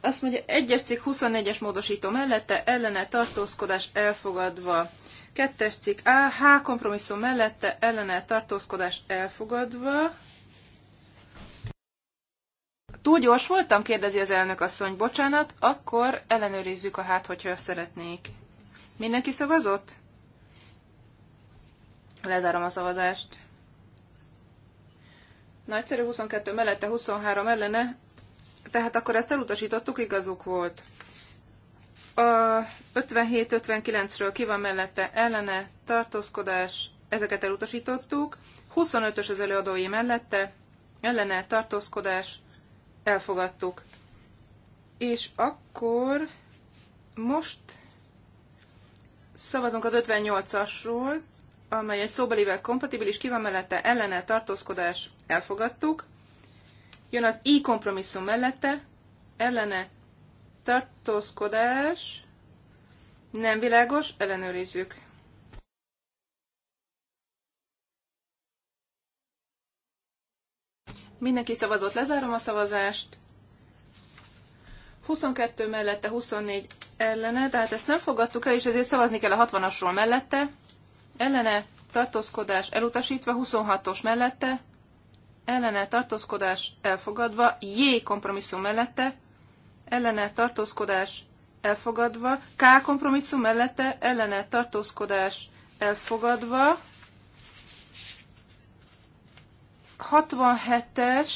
Azt mondja, 1-es cikk 24-es módosító mellette, ellene tartózkodás elfogadva. 2-es cikk A, H kompromisszum mellette, ellene tartózkodás elfogadva. Túl gyors voltam, kérdezi az elnök asszony, bocsánat, akkor ellenőrizzük a hát, hogyha szeretnék. Mindenki szavazott? Lezárom a szavazást. Nagyszerű 22 mellette, 23 ellene. Tehát akkor ezt elutasítottuk, igazuk volt. A 57-59-ről ki van mellette ellene, tartózkodás, ezeket elutasítottuk. 25-ös az előadói mellette, ellene, tartózkodás, elfogadtuk. És akkor most szavazunk az 58-asról, amely egy szóbelivel kompatibilis, ki van mellette ellene tartózkodás, elfogadtuk. Jön az i kompromisszum mellette, ellene tartózkodás, nem világos, ellenőrizzük. Mindenki szavazott, lezárom a szavazást. 22 mellette, 24 ellene, tehát ezt nem fogadtuk el, és ezért szavazni kell a 60-asról mellette, ellene tartózkodás elutasítva, 26-os mellette, ellene tartózkodás elfogadva, J kompromisszum mellette, ellene tartózkodás elfogadva, K kompromisszum mellette, ellene tartózkodás elfogadva, 67-es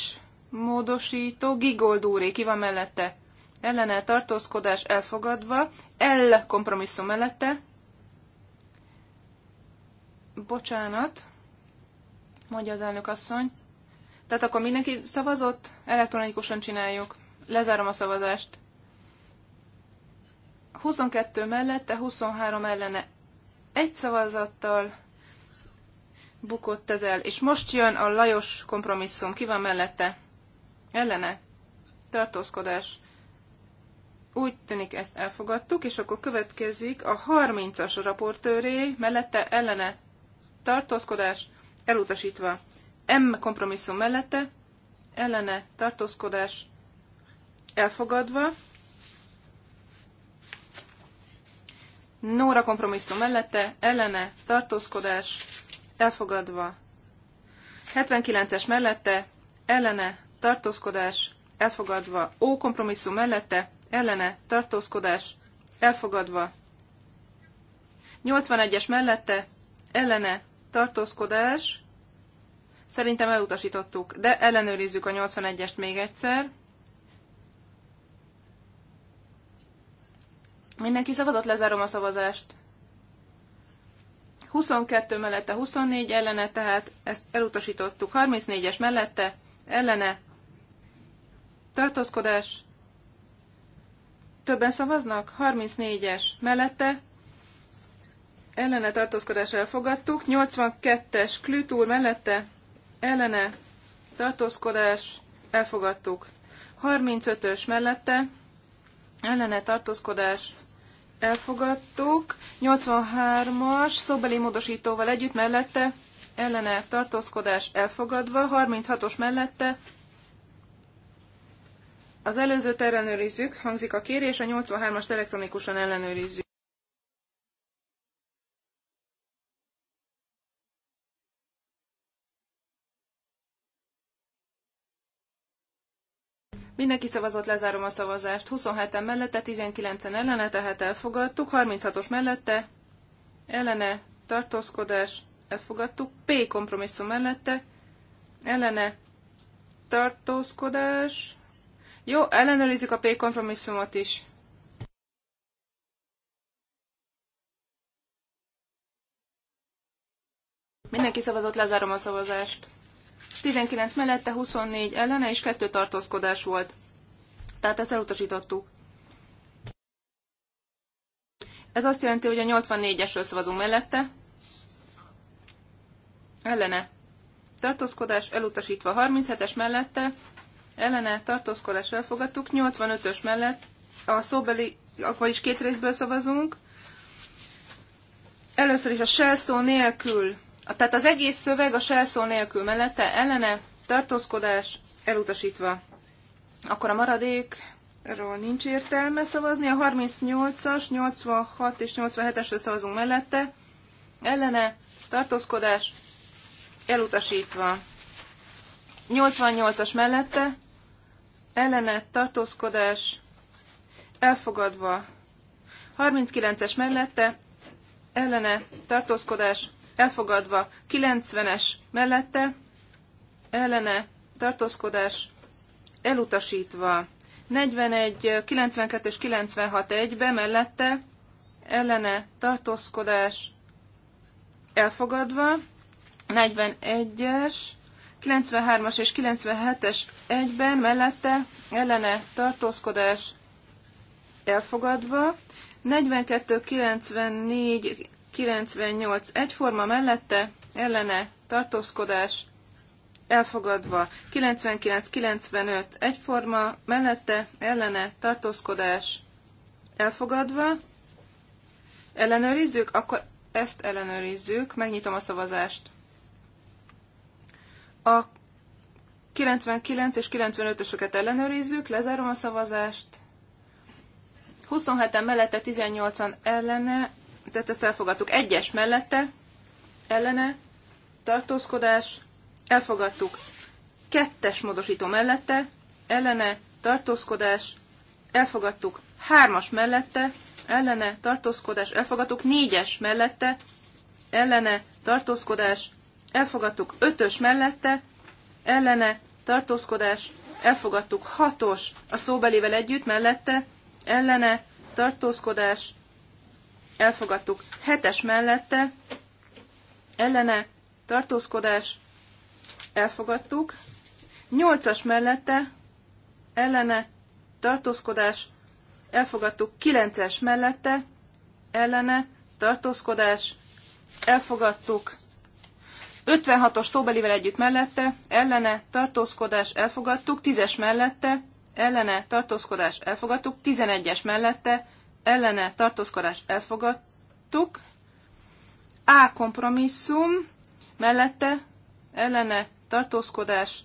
módosító, Gigoldúré, ki van mellette? Ellene tartózkodás elfogadva, L kompromisszum mellette, Bocsánat, mondja az elnök asszony. Tehát akkor mindenki szavazott? Elektronikusan csináljuk. Lezárom a szavazást. 22 mellette, 23 ellene egy szavazattal bukott ez el. És most jön a Lajos kompromisszum. Ki van mellette? Ellene? Tartózkodás. Úgy tűnik, ezt elfogadtuk, és akkor következik a 30-as raportőré, mellette ellene tartózkodás elutasítva. M kompromisszum mellette, ellene tartózkodás elfogadva. Nóra kompromisszum mellette, ellene tartózkodás elfogadva. 79-es mellette, ellene tartózkodás elfogadva. Ó kompromisszum mellette, ellene tartózkodás elfogadva. 81-es mellette, ellene tartózkodás, szerintem elutasítottuk, de ellenőrizzük a 81-est még egyszer. Mindenki szavazott, lezárom a szavazást. 22 mellette, 24 ellene, tehát ezt elutasítottuk. 34-es mellette, ellene, tartózkodás. Többen szavaznak? 34-es mellette, ellene tartózkodás elfogadtuk, 82-es klütúr mellette ellene tartózkodás elfogadtuk, 35-ös mellette ellene tartózkodás elfogadtuk, 83-as szóbeli módosítóval együtt mellette ellene tartózkodás elfogadva, 36-os mellette az előzőt ellenőrizzük, hangzik a kérés, a 83-ast elektronikusan ellenőrizzük. Mindenki szavazott, lezárom a szavazást. 27-en mellette, 19-en ellene, tehát elfogadtuk. 36-os mellette, ellene, tartózkodás, elfogadtuk. P kompromisszum mellette, ellene, tartózkodás. Jó, ellenőrizzük a P kompromisszumot is. Mindenki szavazott, lezárom a szavazást. 19 mellette, 24 ellene és 2 tartózkodás volt. Tehát ezt elutasítottuk. Ez azt jelenti, hogy a 84-esről szavazunk mellette. Ellene. Tartózkodás elutasítva 37-es mellette. Ellene tartózkodás elfogadtuk. 85-ös mellett a szóbeli, vagyis két részből szavazunk. Először is a shell szó nélkül tehát az egész szöveg a selszó nélkül mellette ellene tartózkodás elutasítva. Akkor a maradékról nincs értelme szavazni. A 38-as, 86 és 87-esre szavazunk mellette. Ellene tartózkodás elutasítva. 88-as mellette ellene tartózkodás elfogadva. 39-es mellette ellene tartózkodás elfogadva 90-es mellette, ellene tartózkodás elutasítva 41, 92 és 96 egybe mellette, ellene tartózkodás elfogadva 41-es, 93-as és 97-es egyben mellette, ellene tartózkodás elfogadva, 42, 94, 98 egyforma mellette, ellene, tartózkodás, elfogadva. 99-95 egyforma mellette, ellene, tartózkodás, elfogadva. Ellenőrizzük? Akkor ezt ellenőrizzük. Megnyitom a szavazást. A 99 és 95-ösöket ellenőrizzük, lezárom a szavazást. 27-en mellette 18-an ellene tehát ezt elfogadtuk. Egyes mellette, ellene, tartózkodás, elfogadtuk. Kettes módosító mellette, ellene, tartózkodás, elfogadtuk. Hármas mellette, ellene, tartózkodás, elfogadtuk. Négyes mellette, ellene, tartózkodás, elfogadtuk. Ötös mellette, ellene, tartózkodás, elfogadtuk. Hatos a szóbelével együtt mellette, ellene, tartózkodás, elfogadtuk. Hetes mellette ellene tartózkodás elfogadtuk. Nyolcas mellette ellene tartózkodás elfogadtuk. Kilences mellette ellene tartózkodás elfogadtuk. 56-os szóbelivel együtt mellette, ellene, tartózkodás, elfogadtuk, 10-es mellette, ellene, tartózkodás, elfogadtuk, 11-es mellette, ellene tartózkodást elfogadtuk. A kompromisszum mellette ellene tartózkodás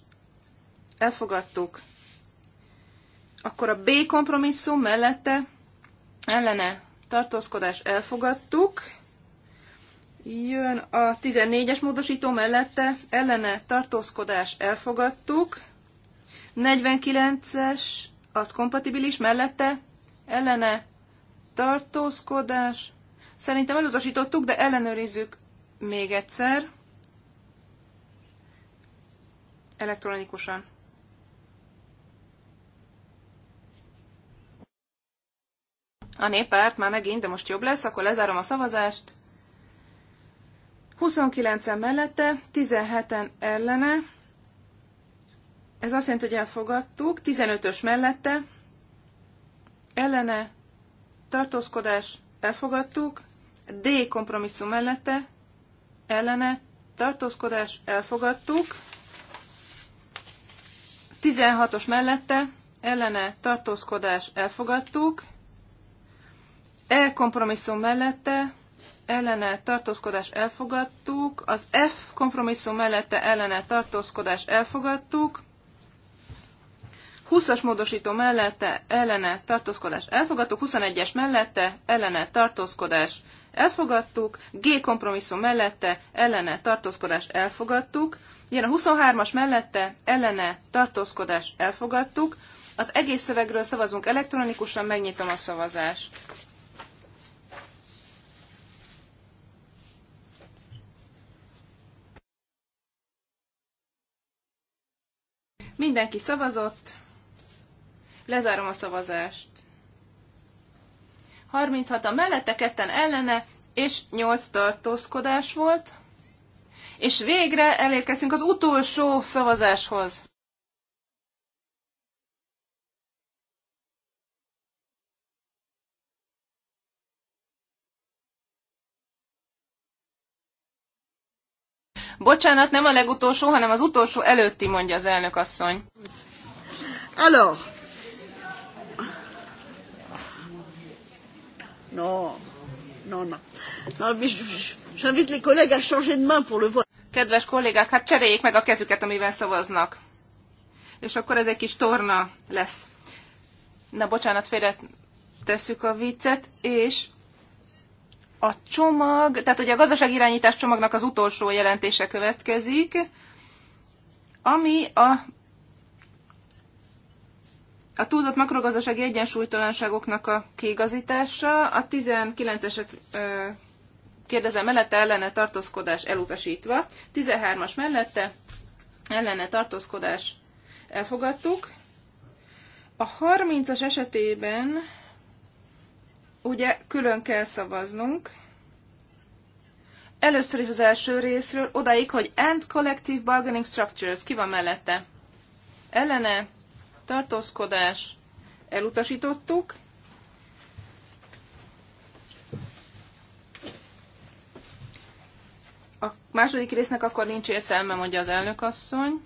elfogadtuk. Akkor a B kompromisszum mellette ellene tartózkodás elfogadtuk. Jön a 14-es módosító mellette ellene tartózkodás elfogadtuk. 49-es az kompatibilis mellette ellene tartózkodás. Szerintem elutasítottuk, de ellenőrizzük még egyszer elektronikusan. A néppárt már megint, de most jobb lesz, akkor lezárom a szavazást. 29-en mellette, 17-en ellene. Ez azt jelenti, hogy elfogadtuk. 15-ös mellette, ellene, tartózkodás, elfogadtuk, D kompromisszum mellette, ellene, tartózkodás, elfogadtuk, 16-os mellette, ellene, tartózkodás, elfogadtuk, E kompromisszum mellette, ellene tartózkodás elfogadtuk, az F kompromisszum mellette ellene tartózkodás elfogadtuk, 20-as módosító mellette ellene tartózkodás elfogadtuk, 21-es mellette ellene tartózkodás elfogadtuk, G kompromisszum mellette ellene tartózkodás elfogadtuk, jön a 23-as mellette ellene tartózkodás elfogadtuk, az egész szövegről szavazunk elektronikusan, megnyitom a szavazást. Mindenki szavazott. Lezárom a szavazást. 36 a mellette, ketten ellene, és 8 tartózkodás volt. És végre elérkeztünk az utolsó szavazáshoz. Bocsánat, nem a legutolsó, hanem az utolsó előtti, mondja az elnök asszony. Alors, Non, non, non. non mais j'invite les collègues à changer de main pour le vote. Kedves kollégák, hát cseréljék meg a kezüket, amivel szavaznak. És akkor ez egy kis torna lesz. Na, bocsánat, félre tesszük a viccet, és a csomag, tehát ugye a gazdaságirányítás csomagnak az utolsó jelentése következik, ami a a túlzott makrogazdasági egyensúlytalanságoknak a kiigazítása, a 19-eset kérdezem mellette ellene tartózkodás elutasítva, 13-as mellette ellene tartózkodás elfogadtuk. A 30-as esetében ugye külön kell szavaznunk, Először is az első részről, odaig, hogy and collective bargaining structures, ki van mellette? Ellene tartózkodás, elutasítottuk. A második résznek akkor nincs értelme, mondja az elnök asszony.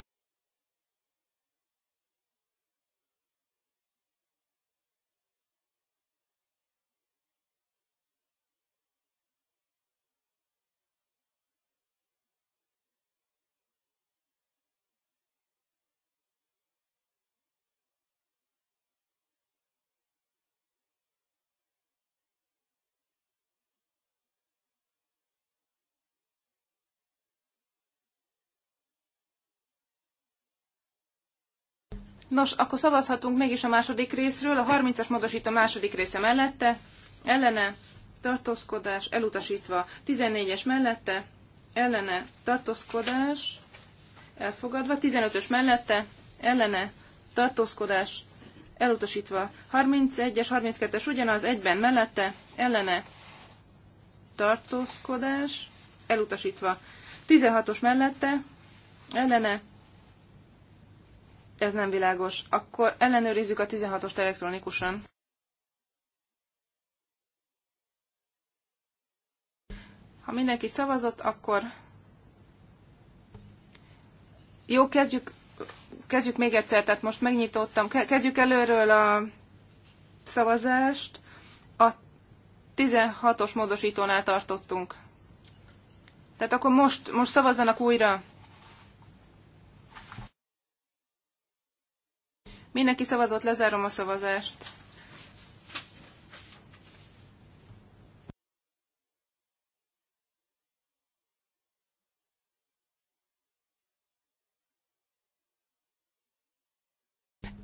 Nos, akkor szavazhatunk mégis a második részről. A 30-as módosító második része mellette, ellene, tartózkodás, elutasítva. 14-es mellette, ellene, tartózkodás, elfogadva. 15-ös mellette, ellene, tartózkodás, elutasítva. 31-es, 32-es ugyanaz, egyben mellette, ellene, tartózkodás, elutasítva. 16-os mellette, ellene, ez nem világos. Akkor ellenőrizzük a 16-ost elektronikusan. Ha mindenki szavazott, akkor... Jó, kezdjük, kezdjük még egyszer, tehát most megnyitottam. Kezdjük előről a szavazást. A 16-os módosítónál tartottunk. Tehát akkor most, most szavazzanak újra. Mindenki szavazott, lezárom a szavazást.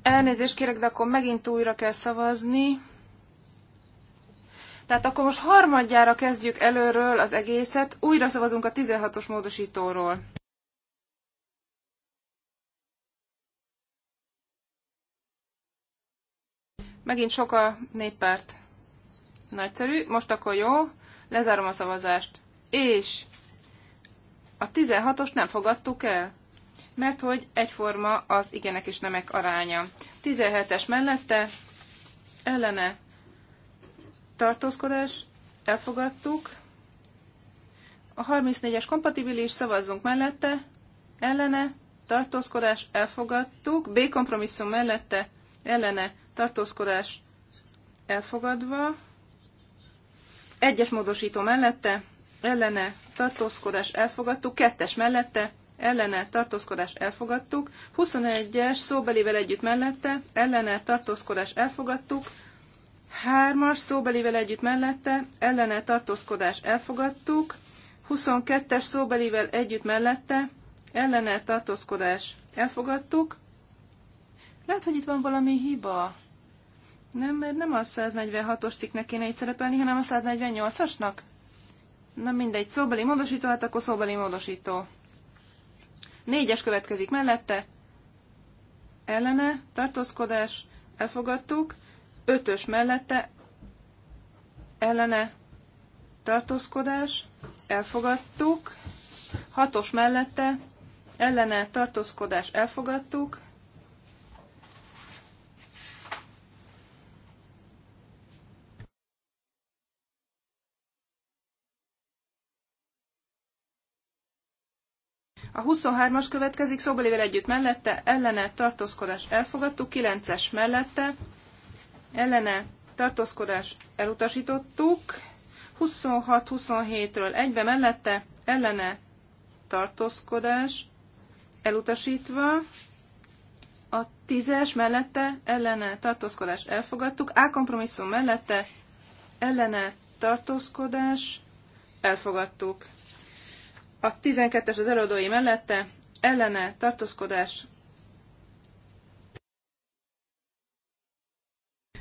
Elnézést kérek, de akkor megint újra kell szavazni. Tehát akkor most harmadjára kezdjük előről az egészet, újra szavazunk a 16-os módosítóról. Megint sok a néppárt. Nagyszerű. Most akkor jó, lezárom a szavazást. És a 16-ost nem fogadtuk el, mert hogy egyforma az igenek és nemek aránya. 17-es mellette ellene tartózkodás elfogadtuk. A 34-es kompatibilis szavazzunk mellette, ellene tartózkodás elfogadtuk. B kompromisszum mellette ellene tartózkodás elfogadva, egyes módosító mellette, ellene tartózkodás elfogadtuk, kettes mellette, ellene tartózkodás elfogadtuk, 21-es szóbelivel együtt mellette, ellene tartózkodás elfogadtuk, 3-as szóbelivel együtt mellette, ellene tartózkodás elfogadtuk, 22-es szóbelivel együtt mellette, ellene tartózkodás elfogadtuk. Lehet, hogy itt van valami hiba. Nem, mert nem a 146-os cikknek kéne így szerepelni, hanem a 148-asnak. Na mindegy, szóbeli módosító, hát akkor szóbeli módosító. Négyes következik mellette. Ellene, tartózkodás, elfogadtuk. Ötös mellette, ellene, tartózkodás, elfogadtuk. Hatos mellette, ellene, tartózkodás, elfogadtuk. A 23-as következik Szobolivel együtt mellette, ellene tartózkodás elfogadtuk, 9-es mellette, ellene tartózkodás elutasítottuk, 26-27-ről egybe mellette, ellene tartózkodás elutasítva, a 10-es mellette, ellene tartózkodás elfogadtuk, A kompromisszum mellette, ellene tartózkodás elfogadtuk. A 12-es az előadói mellette, ellene tartózkodás.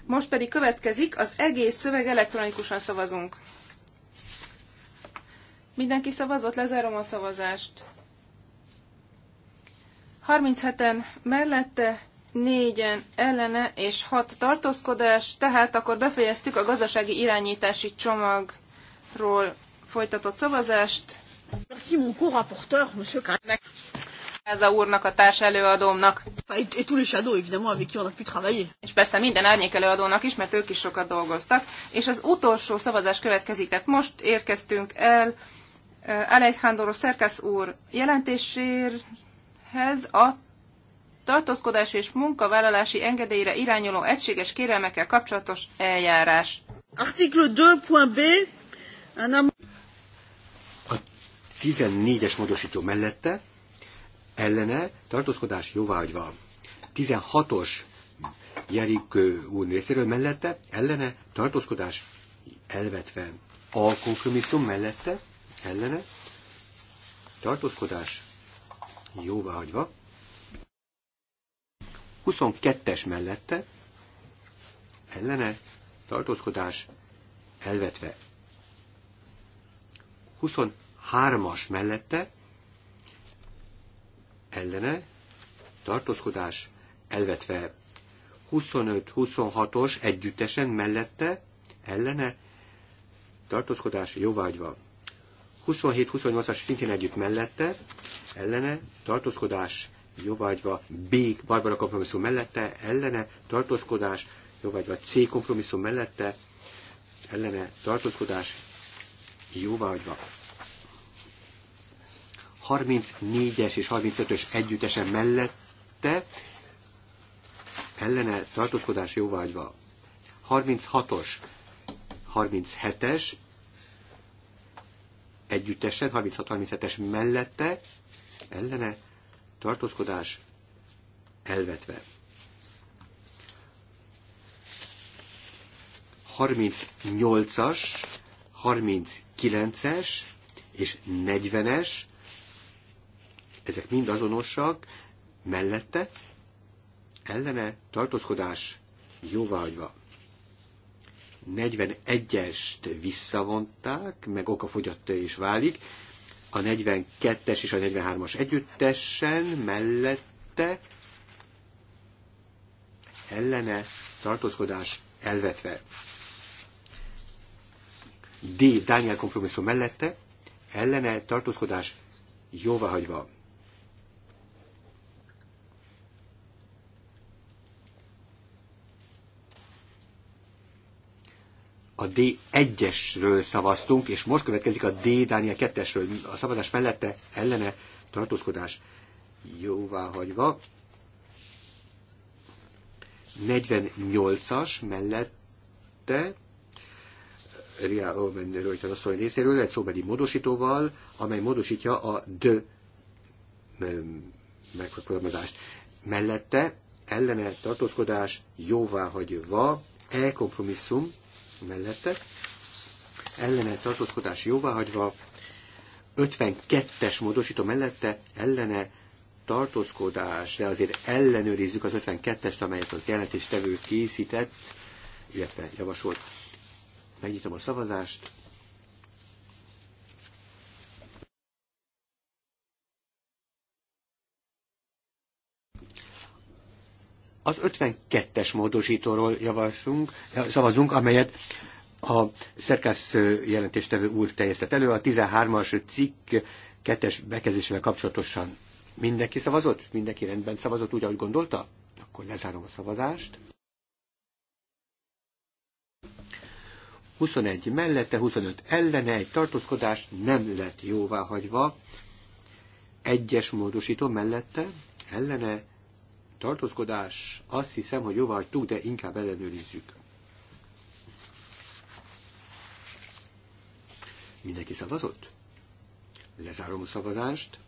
Most pedig következik, az egész szöveg elektronikusan szavazunk. Mindenki szavazott, lezárom a szavazást. 37-en mellette, 4-en ellene és 6 tartózkodás, tehát akkor befejeztük a gazdasági irányítási csomagról folytatott szavazást. Merci mon co-rapporteur, monsieur ez a úrnak, a társ előadómnak. Et tous les shadows, évidemment, avec qui on a pu travailler. És persze minden árnyék előadónak is, mert ők is sokat dolgoztak. És az utolsó szavazás következik, tehát most érkeztünk el eh, Alejandro Szerkesz úr jelentéséhez a tartózkodás és munkavállalási engedélyre irányuló egységes kérelmekkel kapcsolatos eljárás. Artikel 2.b 14-es módosító mellette ellene tartózkodás jóvágyva. 16-os Jerik úr részéről mellette ellene tartózkodás elvetve. A kompromisszum mellette ellene tartózkodás jóváhagyva. 22-es mellette ellene tartózkodás elvetve hármas mellette ellene tartózkodás elvetve 25-26-os együttesen mellette ellene tartózkodás jóvágyva. 27-28-as szintén együtt mellette ellene tartózkodás jóvágyva. B. Barbara kompromisszum mellette ellene tartózkodás jóvágyva. C. kompromisszum mellette ellene tartózkodás jóvágyva. 34-es és 35-ös együttese mellette ellene tartózkodás jóvágyva. 36-os, 37-es együttesen, 36-37-es mellette ellene tartózkodás elvetve. 38-as, 39-es és 40-es ezek mind azonosak, mellette ellene tartózkodás jóváhagyva. 41-est visszavonták, meg okafogyatta is válik, a 42-es és a 43-as együttesen, mellette ellene tartózkodás elvetve. D. Dániel kompromisszum mellette ellene tartózkodás jóváhagyva. a D1-esről szavaztunk, és most következik a D Dániel 2-esről. A szavazás mellette ellene tartózkodás jóváhagyva. 48-as mellette Ria Omen Reuters asszony részéről egy szóbeli módosítóval, amely módosítja a D megfogalmazást. Mellette ellene tartózkodás jóváhagyva E kompromisszum mellette, ellene tartózkodás jóváhagyva, 52-es módosító mellette, ellene tartózkodás, de azért ellenőrizzük az 52-est, amelyet az jelentéstevő készített, illetve javasolt. Megnyitom a szavazást, Az 52-es módosítóról javaslunk, szavazunk, amelyet a szerkász jelentéstevő úr teljesített elő a 13-as cikk kettes bekezésével kapcsolatosan. Mindenki szavazott? Mindenki rendben szavazott, úgy, ahogy gondolta? Akkor lezárom a szavazást. 21 mellette, 25 ellene, egy tartózkodás nem lett jóváhagyva. Egyes módosító mellette, ellene, tartózkodás, azt hiszem, hogy vagy, túl, de inkább ellenőrizzük. Mindenki szavazott? Lezárom a szavazást.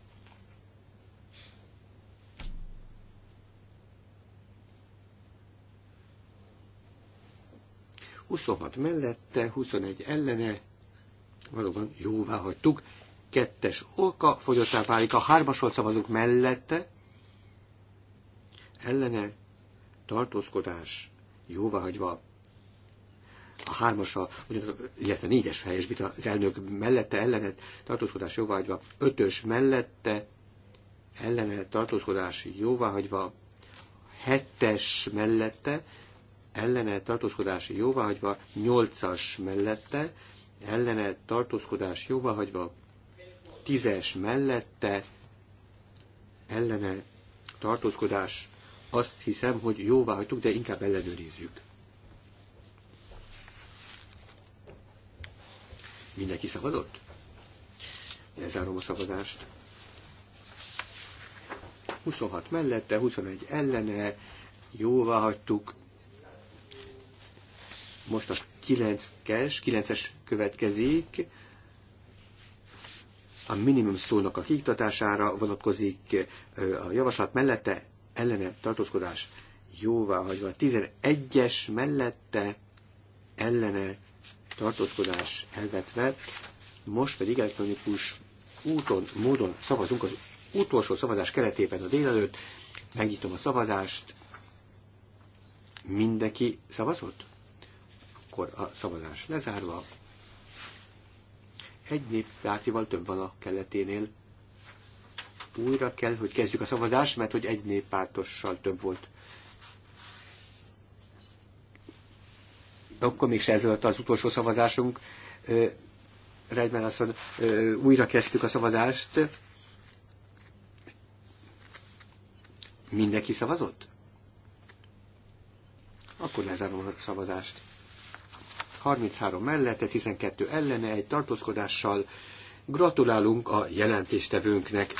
Huszonhat mellette, 21 ellene, valóban jóvá hagytuk. Kettes oka, fogyottá válik a hármasolt szavazók mellette, ellene tartózkodás jóváhagyva a hármasa, illetve négyes helyesbít az elnök mellette ellene tartózkodás jóváhagyva, ötös mellette ellene tartózkodás jóváhagyva, hetes mellette ellene tartózkodás jóváhagyva, nyolcas mellette ellene tartózkodás jóváhagyva, tízes mellette ellene tartózkodás azt hiszem, hogy jóvá hagytuk, de inkább ellenőrizzük. Mindenki szabadott? Lezárom a szavazást. 26 mellette, 21 ellene, jóvá hagytuk. Most a 9-es, 9-es következik, a minimum szónak a kiiktatására vonatkozik a javaslat mellette ellene tartózkodás jóvá hagyva. 11-es mellette ellene tartózkodás elvetve. Most pedig elektronikus úton, módon szavazunk az utolsó szavazás keretében a délelőtt. Megnyitom a szavazást. Mindenki szavazott? Akkor a szavazás lezárva. Egy néppártival több van a keleténél újra kell, hogy kezdjük a szavazást, mert hogy egy néppártossal több volt. Akkor még se ez volt az utolsó szavazásunk. azt azon újra kezdtük a szavazást. Mindenki szavazott? Akkor lezárom a szavazást. 33 mellette, 12 ellene, egy tartózkodással. Gratulálunk a jelentéstevőnknek.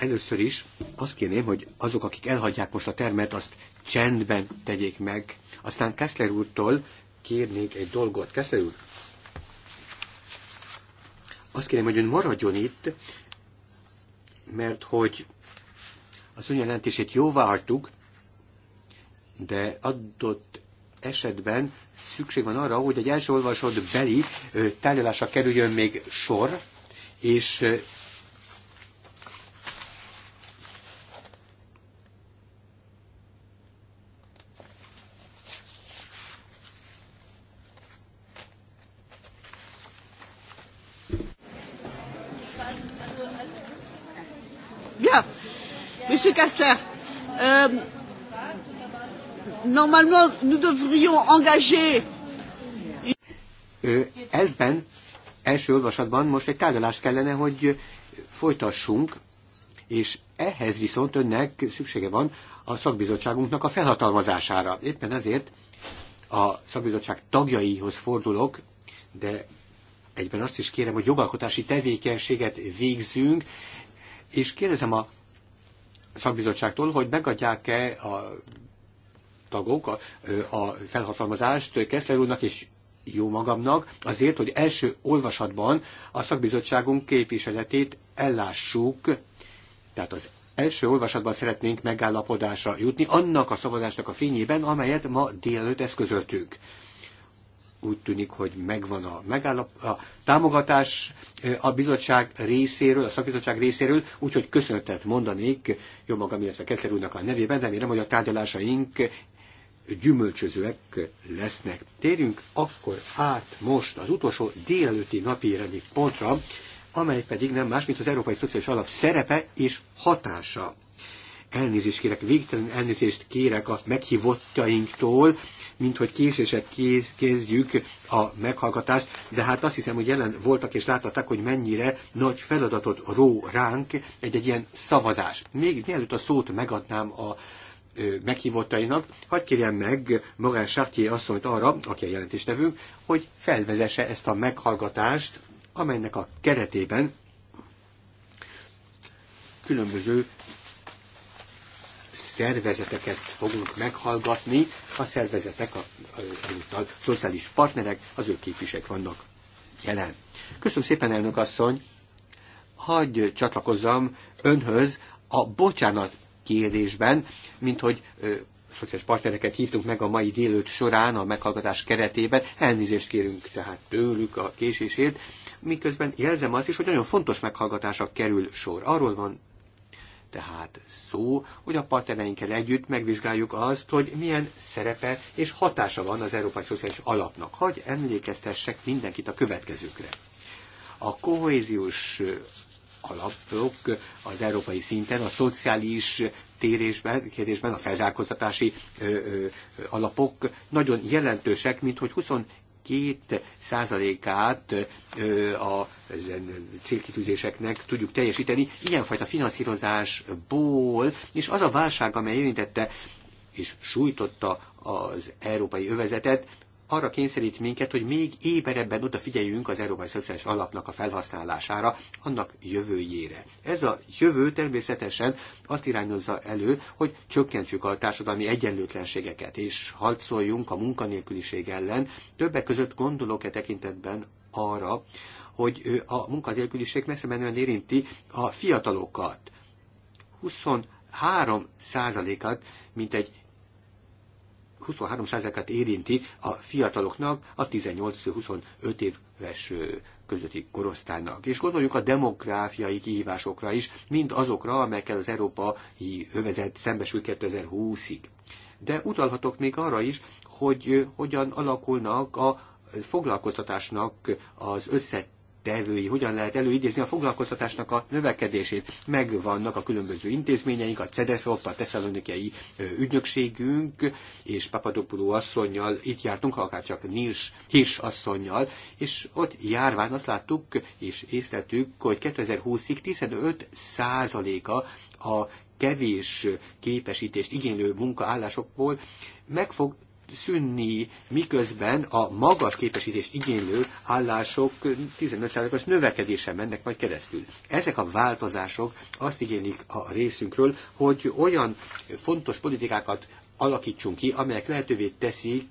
Először is azt kérném, hogy azok, akik elhagyják most a termet, azt csendben tegyék meg. Aztán Kessler úrtól kérnék egy dolgot. Kessler úr, azt kérem, hogy ön maradjon itt, mert hogy az jelentését jóvá hagytuk, de adott esetben szükség van arra, hogy egy első olvasott beli tárgyalásra kerüljön még sor, és nous devrions engager... első olvasatban most egy tárgyalást kellene, hogy folytassunk, és ehhez viszont önnek szüksége van a szakbizottságunknak a felhatalmazására. Éppen ezért a szakbizottság tagjaihoz fordulok, de egyben azt is kérem, hogy jogalkotási tevékenységet végzünk, és kérdezem a szakbizottságtól, hogy megadják-e a tagok a, a felhatalmazást Keszler úrnak és jó magamnak azért, hogy első olvasatban a szakbizottságunk képviseletét ellássuk, tehát az első olvasatban szeretnénk megállapodásra jutni annak a szavazásnak a fényében, amelyet ma délelőtt eszközöltünk. Úgy tűnik, hogy megvan a, megállap, a támogatás a bizottság részéről, a szakbizottság részéről, úgyhogy köszönetet mondanék jó magam, illetve Keszler úrnak a nevében, de remélem, hogy a tárgyalásaink gyümölcsözőek lesznek. Térjünk akkor át most az utolsó délelőtti napi pontra, amely pedig nem más, mint az Európai Szociális Alap szerepe és hatása. Elnézést kérek, végtelen elnézést kérek a meghívottainktól, mint hogy késéset kezdjük a meghallgatást, de hát azt hiszem, hogy jelen voltak és láttak, hogy mennyire nagy feladatot ró ránk egy-egy ilyen szavazás. Még mielőtt a szót megadnám a meghívottainak, Hagyj kérjem meg Morán Sartier asszonyt arra, aki a jelentéstevünk, hogy felvezesse ezt a meghallgatást, amelynek a keretében különböző szervezeteket fogunk meghallgatni, a szervezetek, a, a, a, a szociális partnerek, az ő képvisek vannak jelen. Köszönöm szépen, elnök asszony! Hagy csatlakozzam önhöz a bocsánat kérdésben, mint hogy szociális partnereket hívtunk meg a mai délőtt során a meghallgatás keretében, elnézést kérünk tehát tőlük a késésért, miközben jelzem azt is, hogy nagyon fontos meghallgatásra kerül sor. Arról van tehát szó, hogy a partnereinkkel együtt megvizsgáljuk azt, hogy milyen szerepe és hatása van az Európai Szociális Alapnak. Hogy emlékeztessek mindenkit a következőkre. A kohéziós alapok az európai szinten, a szociális térésben, kérdésben a felzárkóztatási alapok nagyon jelentősek, mint hogy 22 százalékát a célkitűzéseknek tudjuk teljesíteni ilyenfajta finanszírozásból, és az a válság, amely érintette és sújtotta az európai övezetet, arra kényszerít minket, hogy még éberebben odafigyeljünk az Európai Szociális Alapnak a felhasználására, annak jövőjére. Ez a jövő természetesen azt irányozza elő, hogy csökkentsük a társadalmi egyenlőtlenségeket, és harcoljunk a munkanélküliség ellen. Többek között gondolok-e tekintetben arra, hogy a munkanélküliség messze menően érinti a fiatalokat. 23 százalékat, mint egy 23%-át érinti a fiataloknak a 18-25 éves közötti korosztálynak. És gondoljuk a demográfiai kihívásokra is, mind azokra, amelyekkel az európai övezet szembesül 2020-ig. De utalhatok még arra is, hogy hogyan alakulnak a foglalkoztatásnak az összetett tevői, hogyan lehet előidézni a foglalkoztatásnak a növekedését. Megvannak a különböző intézményeink, a CEDEFOP, a tesszalonikai ügynökségünk, és Papadopoulou asszonynal itt jártunk, akár csak Nils Hirs asszonynal, és ott járván azt láttuk és észleltük, hogy 2020-ig 15 százaléka a kevés képesítést igénylő munkaállásokból meg fog szűnni, miközben a magas képesítést igénylő állások 15%-os növekedése mennek majd keresztül. Ezek a változások azt igénylik a részünkről, hogy olyan fontos politikákat alakítsunk ki, amelyek lehetővé teszik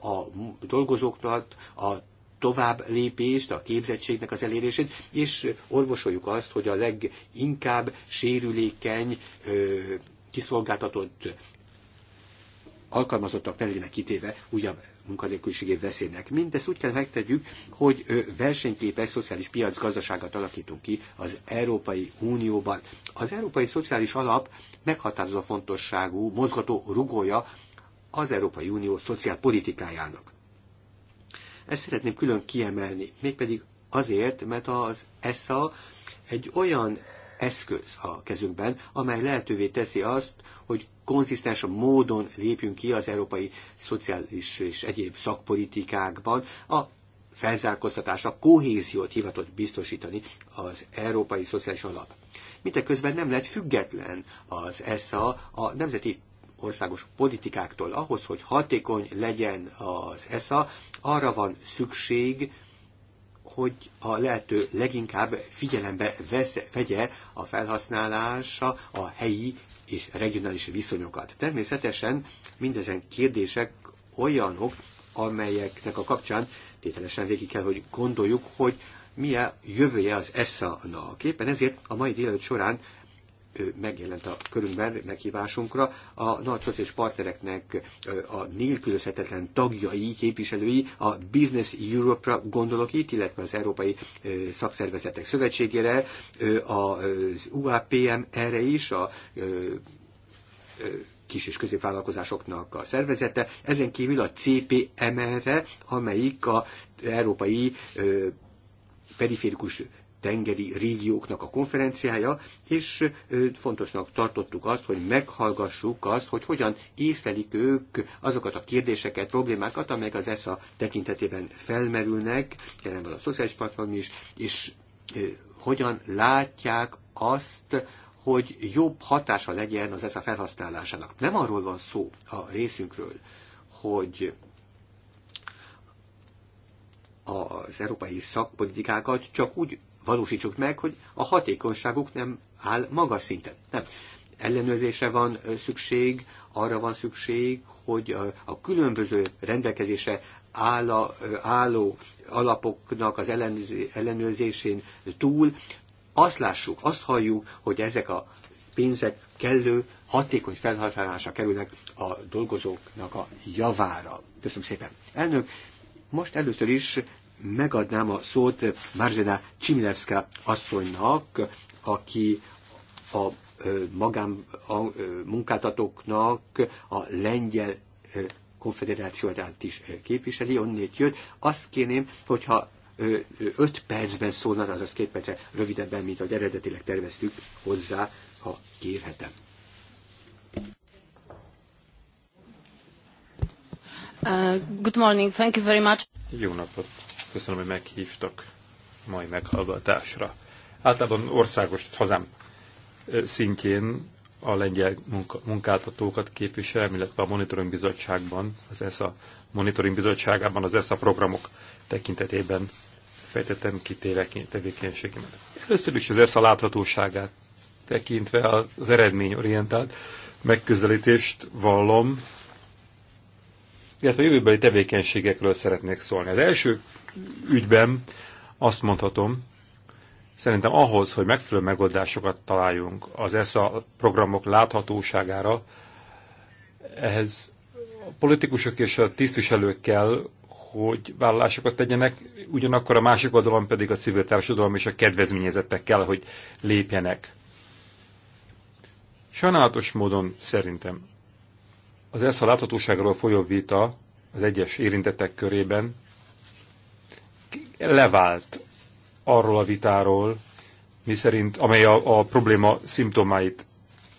a dolgozóknak a tovább lépést, a képzettségnek az elérését, és orvosoljuk azt, hogy a leginkább sérülékeny kiszolgáltatott alkalmazottak ne legyenek kitéve újabb munkanélküliségé veszélynek. Mindezt úgy kell megtegyük, hogy versenyképes szociális piac gazdaságát alakítunk ki az Európai Unióban. Az Európai Szociális Alap meghatározó fontosságú mozgató rugója az Európai Unió szociálpolitikájának. Ezt szeretném külön kiemelni, mégpedig azért, mert az ESSA egy olyan eszköz a kezünkben, amely lehetővé teszi azt, hogy konzisztens módon lépjünk ki az európai szociális és egyéb szakpolitikákban a felzárkóztatás, a kohéziót hivatott biztosítani az Európai Szociális Alap. Mindeközben nem lett független az ESA a nemzeti országos politikáktól ahhoz, hogy hatékony legyen az ESA, arra van szükség, hogy a lehető leginkább figyelembe vesz, vegye a felhasználása a helyi és regionális viszonyokat. Természetesen mindezen kérdések olyanok, amelyeknek a kapcsán tételesen végig kell, hogy gondoljuk, hogy mi a jövője az ESSA-nak. Éppen ezért a mai délelőtt során megjelent a körünkben meghívásunkra, a nagy szociális partnereknek a nélkülözhetetlen tagjai, képviselői, a Business Europe-ra gondolok itt, illetve az Európai Szakszervezetek Szövetségére, az UAPM erre is, a kis és középvállalkozásoknak a szervezete, ezen kívül a CPMR-re, amelyik a európai periférikus tengeri régióknak a konferenciája, és fontosnak tartottuk azt, hogy meghallgassuk azt, hogy hogyan észlelik ők azokat a kérdéseket, problémákat, amelyek az ESZA tekintetében felmerülnek, jelen van a szociális platform is, és hogyan látják azt, hogy jobb hatása legyen az ESZA felhasználásának. Nem arról van szó a részünkről, hogy az európai szakpolitikákat csak úgy valósítsuk meg, hogy a hatékonyságuk nem áll magas szinten. Nem. Ellenőrzésre van szükség, arra van szükség, hogy a különböző rendelkezése áll álló alapoknak az ellenőrzésén túl azt lássuk, azt halljuk, hogy ezek a pénzek kellő, hatékony felhasználásra kerülnek a dolgozóknak a javára. Köszönöm szépen. Elnök, most először is megadnám a szót Marzena Csimilevszka asszonynak, aki a magán a munkáltatóknak a lengyel konfederációját is képviseli, onnét jött. Azt kérném, hogyha öt percben szólna, azaz két percre rövidebben, mint ahogy eredetileg terveztük, hozzá, ha kérhetem. Uh, good morning, thank you very much. Jó napot köszönöm, hogy meghívtak mai meghallgatásra. Általában országos hazám szintjén a lengyel munkáltatókat képviselem, illetve a Monitoring Bizottságban, az ESA Monitoring Bizottságában az ESA programok tekintetében fejtettem ki tevékenységemet. Először is az ESA láthatóságát tekintve az eredményorientált megközelítést vallom, illetve a jövőbeli tevékenységekről szeretnék szólni. Az első ügyben azt mondhatom, szerintem ahhoz, hogy megfelelő megoldásokat találjunk az ESA programok láthatóságára, ehhez a politikusok és a tisztviselők kell, hogy vállalásokat tegyenek, ugyanakkor a másik oldalon pedig a civil társadalom és a kedvezményezettek kell, hogy lépjenek. Sajnálatos módon szerintem az ESZA láthatóságról folyó vita az egyes érintettek körében levált arról a vitáról, mi szerint, amely a, a probléma szimptomáit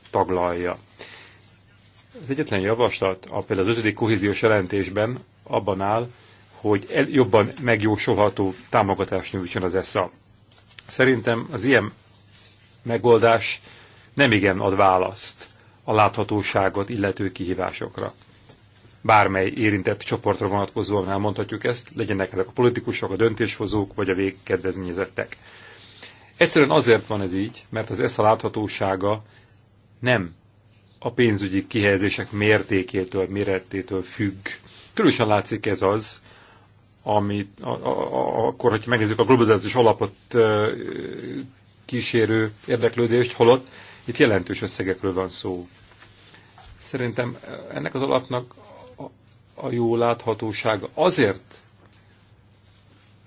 taglalja. Az egyetlen javaslat, a például az ötödik kohéziós jelentésben abban áll, hogy el, jobban megjósolható támogatást nyújtson az ESZA. Szerintem az ilyen megoldás nem igen ad választ a láthatóságot illető kihívásokra bármely érintett csoportra vonatkozóan elmondhatjuk ezt, legyenek ezek a politikusok, a döntéshozók vagy a végkedvezményezettek. Egyszerűen azért van ez így, mert az ESZA láthatósága nem a pénzügyi kihelyezések mértékétől, mérettétől függ. Különösen látszik ez az, amit a, a, a, akkor, hogyha megnézzük a globalizációs alapot e, kísérő érdeklődést, holott itt jelentős összegekről van szó. Szerintem ennek az alapnak a jó láthatóság azért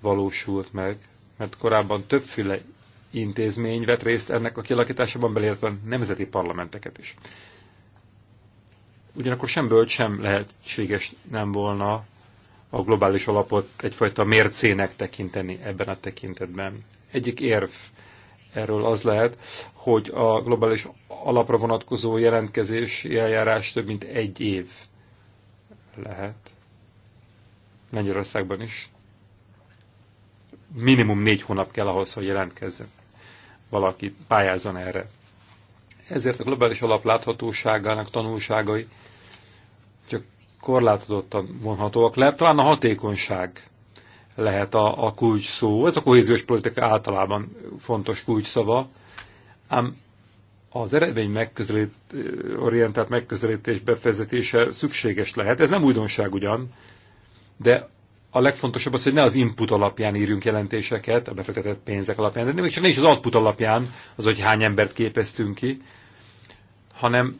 valósult meg, mert korábban többféle intézmény vett részt ennek a kialakításában, beleértve nemzeti parlamenteket is. Ugyanakkor sem bölcs, sem lehetséges nem volna a globális alapot egyfajta mércének tekinteni ebben a tekintetben. Egyik érv erről az lehet, hogy a globális alapra vonatkozó jelentkezési eljárás több mint egy év lehet. Lengyelországban is minimum négy hónap kell ahhoz, hogy jelentkezzen valaki, pályázzon erre. Ezért a globális alap láthatóságának tanulságai csak korlátozottan vonhatóak le. Talán a hatékonyság lehet a, a kulcs szó. Ez a kohéziós politika általában fontos szava. ám az eredmény megközelít, orientált megközelítés befezetése szükséges lehet. Ez nem újdonság ugyan, de a legfontosabb az, hogy ne az input alapján írjunk jelentéseket, a befektetett pénzek alapján, de nem is, ne is az output alapján, az, hogy hány embert képeztünk ki, hanem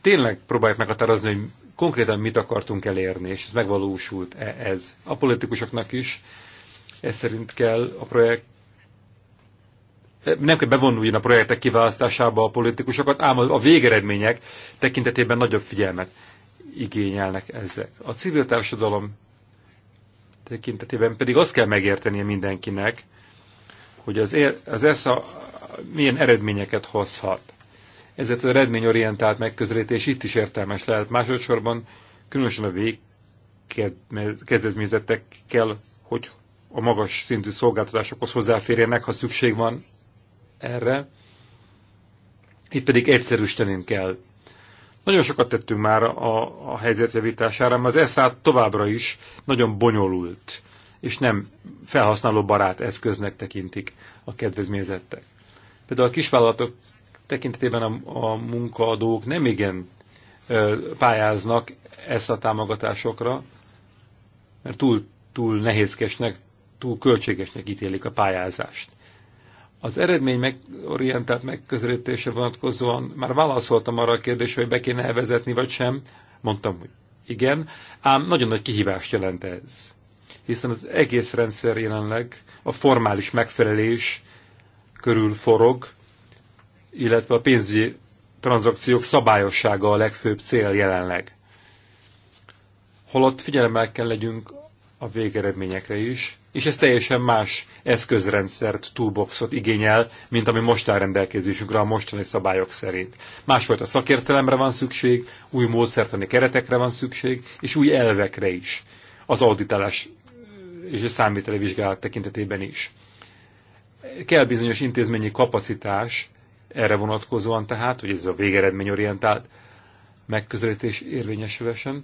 tényleg próbáljuk meghatározni, hogy konkrétan mit akartunk elérni, és ez megvalósult -e ez. A politikusoknak is ez szerint kell a projekt nem kell bevonuljon a projektek kiválasztásába a politikusokat, ám a végeredmények tekintetében nagyobb figyelmet igényelnek ezek. A civil társadalom tekintetében pedig azt kell megértenie mindenkinek, hogy az, az ESZA milyen eredményeket hozhat. Ezért az eredményorientált megközelítés itt is értelmes lehet. Másodszorban különösen a végkezdezményezettek hogy a magas szintű szolgáltatásokhoz hozzáférjenek, ha szükség van erre, itt pedig egyszerűsítenünk kell. Nagyon sokat tettünk már a, a helyzetjavítására, mert az ESZÁ továbbra is nagyon bonyolult, és nem felhasználó barát eszköznek tekintik a kedvezményezettek. Például a kisvállalatok tekintetében a, a munkaadók nem igen ö, pályáznak ezt a támogatásokra, mert túl, túl nehézkesnek, túl költségesnek ítélik a pályázást. Az eredmény megorientált megközelítése vonatkozóan már válaszoltam arra a kérdésre, hogy be kéne elvezetni, vagy sem. Mondtam, hogy igen, ám nagyon nagy kihívást jelent ez. Hiszen az egész rendszer jelenleg a formális megfelelés körül forog, illetve a pénzügyi tranzakciók szabályossága a legfőbb cél jelenleg. Holott figyelemmel kell legyünk a végeredményekre is, és ez teljesen más eszközrendszert, toolboxot igényel, mint ami most áll rendelkezésünkre a mostani szabályok szerint. Másfajta szakértelemre van szükség, új módszertani keretekre van szükség, és új elvekre is, az auditálás és a számviteli vizsgálat tekintetében is. Kell bizonyos intézményi kapacitás erre vonatkozóan tehát, hogy ez a végeredményorientált megközelítés érvényesülesen,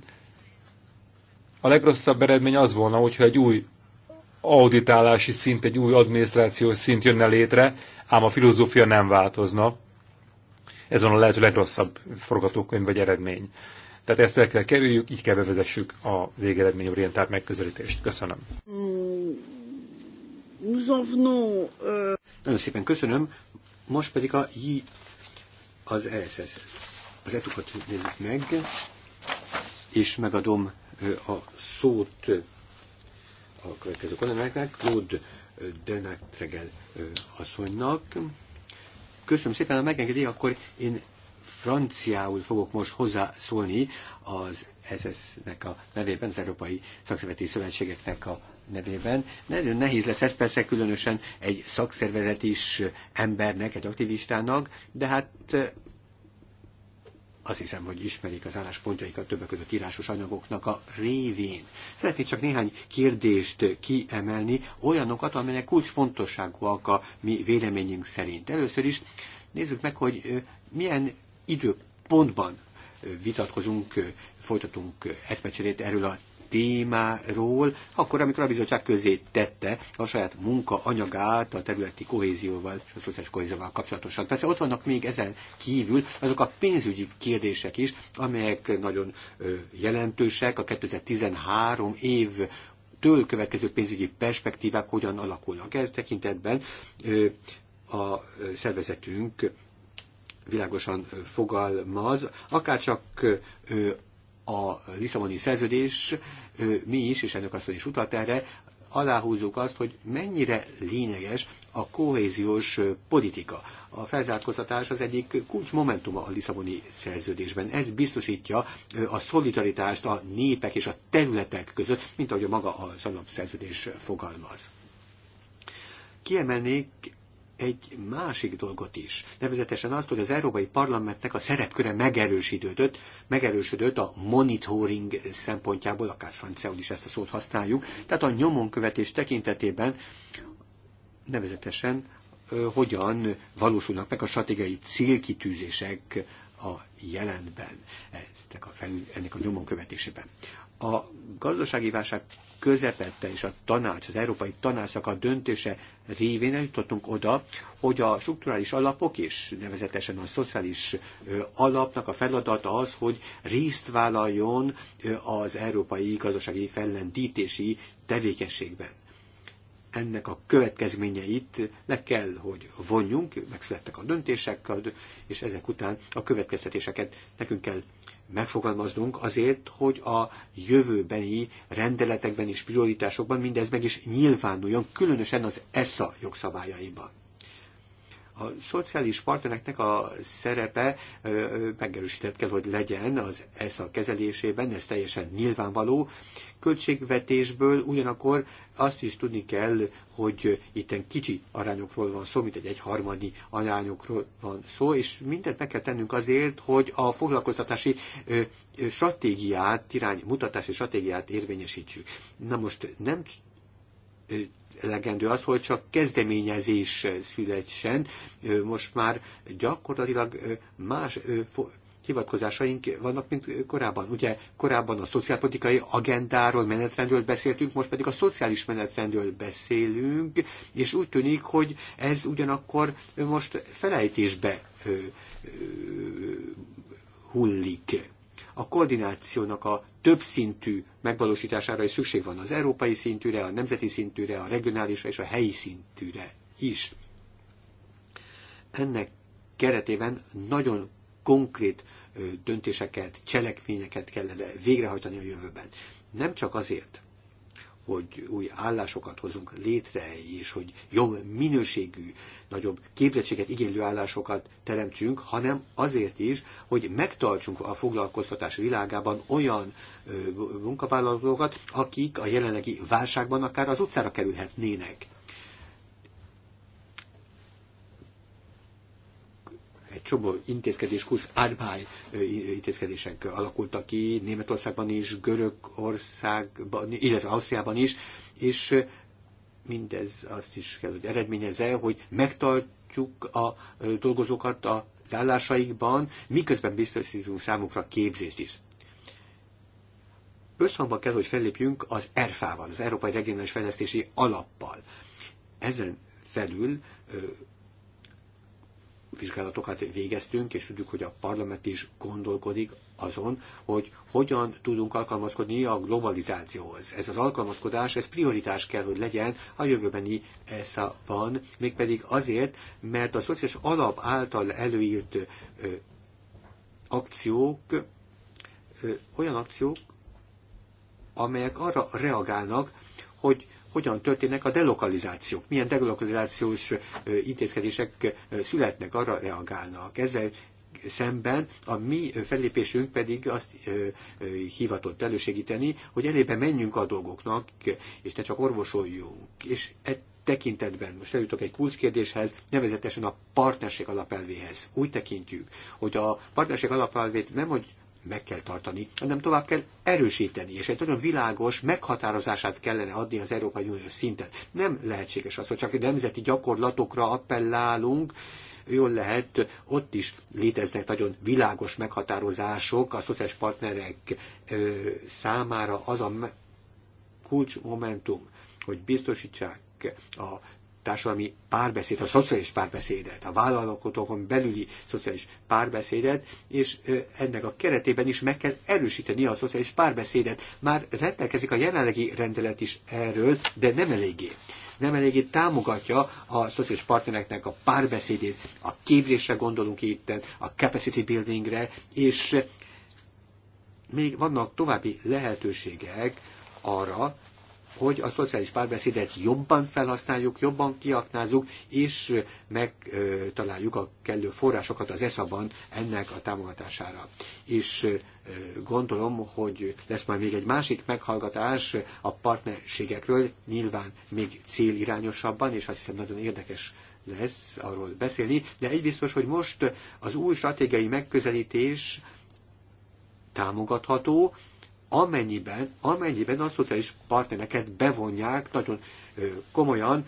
a legrosszabb eredmény az volna, hogyha egy új auditálási szint, egy új adminisztrációs szint jönne létre, ám a filozófia nem változna. Ez van a lehető legrosszabb forgatókönyv vagy eredmény. Tehát ezt el kell kerüljük, így kell bevezessük a orientált megközelítést. Köszönöm. Mm, euh, Nagyon szépen köszönöm. Most pedig a J az ESS, az etukat nézzük meg, és megadom a szót a következő kollégáknak, Claude Denatregel asszonynak. Köszönöm szépen, ha megengedi, akkor én franciául fogok most hozzászólni az SS-nek a nevében, az Európai Szakszervezeti Szövetségeknek a nevében. Nagyon nehéz lesz ez persze különösen egy szakszervezet is embernek, egy aktivistának, de hát azt hiszem, hogy ismerik az álláspontjaikat többek között írásos anyagoknak a révén. Szeretnék csak néhány kérdést kiemelni, olyanokat, amelyek kulcsfontosságúak a mi véleményünk szerint. Először is nézzük meg, hogy milyen időpontban vitatkozunk, folytatunk eszmecserét erről a témáról, akkor, amikor a bizottság közé tette a saját munkaanyagát a területi kohézióval és a szociális kohézióval kapcsolatosan. Persze ott vannak még ezen kívül azok a pénzügyi kérdések is, amelyek nagyon jelentősek a 2013 év től következő pénzügyi perspektívák hogyan alakulnak. Ez tekintetben a szervezetünk világosan fogalmaz, akárcsak a Lisszaboni szerződés, mi is, és ennek azt is utalt erre, aláhúzzuk azt, hogy mennyire lényeges a kohéziós politika. A felzárkóztatás az egyik kulcsmomentuma a Lisszaboni szerződésben. Ez biztosítja a szolidaritást a népek és a területek között, mint ahogy a maga a szerződés fogalmaz. Kiemelnék egy másik dolgot is. Nevezetesen azt, hogy az Európai Parlamentnek a szerepköre megerősödött, megerősödött a monitoring szempontjából, akár franciául is ezt a szót használjuk, tehát a nyomonkövetés tekintetében nevezetesen hogyan valósulnak meg a stratégiai célkitűzések a jelenben, eztek a felül, ennek a nyomon követésében. A gazdasági válság közepette és a tanács, az Európai Tanácsnak a döntése révén eljutottunk oda, hogy a strukturális alapok és nevezetesen a szociális alapnak a feladata az, hogy részt vállaljon az európai gazdasági fellendítési tevékenységben. Ennek a következményeit le kell, hogy vonjunk, megszülettek a döntések, és ezek után a következtetéseket nekünk kell megfogalmaznunk azért, hogy a jövőbeni rendeletekben és prioritásokban mindez meg is nyilvánuljon, különösen az ESSA jogszabályaiban. A szociális partnereknek a szerepe megerősített kell, hogy legyen az ESZA kezelésében, ez teljesen nyilvánvaló. Költségvetésből ugyanakkor azt is tudni kell, hogy itten kicsi arányokról van szó, mint egy egyharmadi arányokról van szó, és mindent meg kell tennünk azért, hogy a foglalkoztatási stratégiát, irány mutatási stratégiát érvényesítsük. Na most nem elegendő az, hogy csak kezdeményezés születsen. Most már gyakorlatilag más hivatkozásaink vannak, mint korábban. Ugye korábban a szociálpolitikai agendáról, menetrendről beszéltünk, most pedig a szociális menetrendről beszélünk, és úgy tűnik, hogy ez ugyanakkor most felejtésbe hullik a koordinációnak a többszintű megvalósítására is szükség van az európai szintűre, a nemzeti szintűre, a regionálisra és a helyi szintűre is. Ennek keretében nagyon konkrét döntéseket, cselekményeket kellene végrehajtani a jövőben. Nem csak azért, hogy új állásokat hozunk létre, és hogy jobb minőségű, nagyobb képzettséget igénylő állásokat teremtsünk, hanem azért is, hogy megtartsunk a foglalkoztatás világában olyan munkavállalókat, akik a jelenlegi válságban akár az utcára kerülhetnének. csomó intézkedés, kusz árbály intézkedések alakultak ki Németországban is, Görögországban, illetve Ausztriában is, és mindez azt is kell, hogy eredményezze, hogy megtartjuk a dolgozókat a állásaikban, miközben biztosítunk számukra képzést is összhangba kell, hogy fellépjünk az ERFA-val, az Európai Regionális Fejlesztési Alappal. Ezen felül vizsgálatokat végeztünk, és tudjuk, hogy a parlament is gondolkodik azon, hogy hogyan tudunk alkalmazkodni a globalizációhoz. Ez az alkalmazkodás, ez prioritás kell, hogy legyen a jövőbeni ESZA-ban, mégpedig azért, mert a szociális alap által előírt ö, akciók ö, olyan akciók, amelyek arra reagálnak, hogy hogyan történnek a delokalizációk, milyen delokalizációs intézkedések születnek, arra reagálnak. Ezzel szemben a mi fellépésünk pedig azt hivatott elősegíteni, hogy elébe menjünk a dolgoknak, és ne csak orvosoljunk. És e tekintetben, most eljutok egy kulcskérdéshez, nevezetesen a partnerség alapelvéhez. Úgy tekintjük, hogy a partnerség alapelvét nem, hogy meg kell tartani, hanem tovább kell erősíteni, és egy nagyon világos meghatározását kellene adni az Európai Unió szinten. Nem lehetséges az, hogy csak nemzeti gyakorlatokra appellálunk, jól lehet, ott is léteznek nagyon világos meghatározások a szociális partnerek számára az a kulcsmomentum, hogy biztosítsák a társadalmi párbeszéd, a szociális párbeszédet, a vállalkozókon belüli szociális párbeszédet, és ennek a keretében is meg kell erősíteni a szociális párbeszédet. Már rendelkezik a jelenlegi rendelet is erről, de nem eléggé nem eléggé támogatja a szociális partnereknek a párbeszédét, a képzésre gondolunk itt, a capacity buildingre, és még vannak további lehetőségek arra, hogy a szociális párbeszédet jobban felhasználjuk, jobban kiaknázzuk, és megtaláljuk a kellő forrásokat az ESZA-ban ennek a támogatására. És gondolom, hogy lesz majd még egy másik meghallgatás a partnerségekről, nyilván még célirányosabban, és azt hiszem nagyon érdekes lesz arról beszélni, de egy biztos, hogy most az új stratégiai megközelítés támogatható, amennyiben, amennyiben a szociális partnereket bevonják nagyon komolyan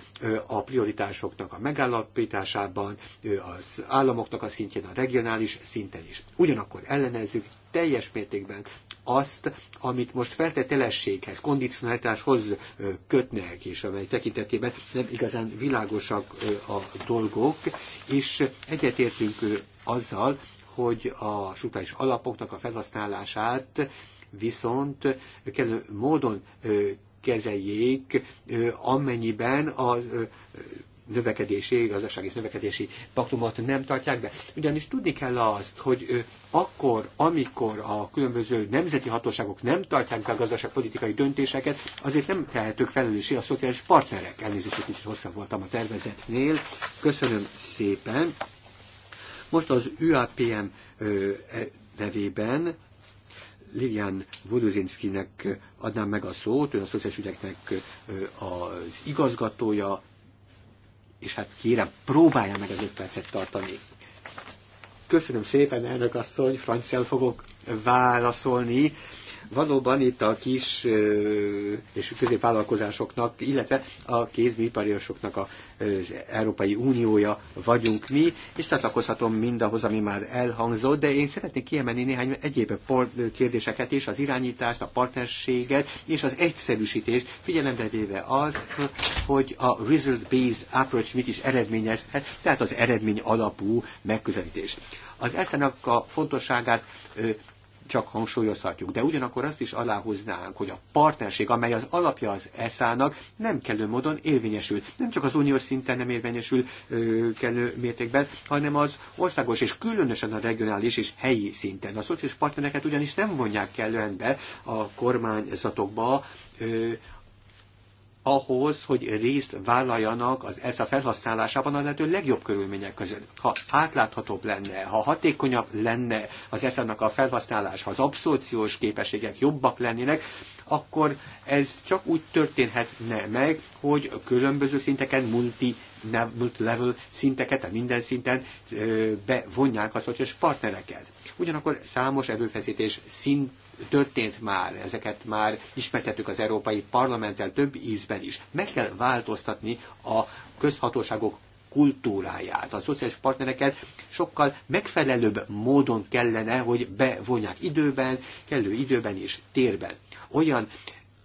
a prioritásoknak a megállapításában, az államoknak a szintjén, a regionális szinten is. Ugyanakkor ellenezzük teljes mértékben azt, amit most feltételességhez, kondicionálitáshoz kötnek, és amely tekintetében nem igazán világosak a dolgok, és egyetértünk azzal, hogy a sutális alapoknak a felhasználását viszont kellő módon kezeljék, amennyiben a növekedési, gazdasági növekedési paktumot nem tartják be. Ugyanis tudni kell azt, hogy akkor, amikor a különböző nemzeti hatóságok nem tartják be a gazdaságpolitikai döntéseket, azért nem tehetők felelőssé a szociális partnerek. Elnézést, hogy kicsit hosszabb voltam a tervezetnél. Köszönöm szépen. Most az UAPM e, nevében Lilian Voluzinszkinek adnám meg a szót, ő a szociális ügyeknek az igazgatója, és hát kérem, próbálja meg az öt percet tartani. Köszönöm szépen, elnök asszony, francia fogok válaszolni. Valóban itt a kis és középvállalkozásoknak, illetve a kézműipariosoknak az Európai Uniója vagyunk mi, és csatlakozhatom mindahhoz, ami már elhangzott, de én szeretnék kiemelni néhány egyéb kérdéseket is, az irányítást, a partnerséget és az egyszerűsítést, figyelembe véve azt, hogy a result-based approach mit is eredményezhet, tehát az eredmény alapú megközelítés. Az eszenak a fontosságát csak hangsúlyozhatjuk. De ugyanakkor azt is aláhúznánk, hogy a partnerség, amely az alapja az ESZÁ-nak, nem kellő módon érvényesül. Nem csak az uniós szinten nem érvényesül ö, kellő mértékben, hanem az országos és különösen a regionális és helyi szinten. A szociális partnereket ugyanis nem vonják kellően be a kormányzatokba, ö, ahhoz, hogy részt vállaljanak az a felhasználásában a lehető legjobb körülmények között. Ha átláthatóbb lenne, ha hatékonyabb lenne az esza a felhasználás, ha az abszorciós képességek jobbak lennének, akkor ez csak úgy történhetne meg, hogy különböző szinteken multi level szinteket, tehát minden szinten bevonják a szociális partnereket. Ugyanakkor számos erőfeszítés szint történt már, ezeket már ismertettük az Európai Parlamenttel több ízben is. Meg kell változtatni a közhatóságok kultúráját. A szociális partnereket sokkal megfelelőbb módon kellene, hogy bevonják időben, kellő időben és térben. Olyan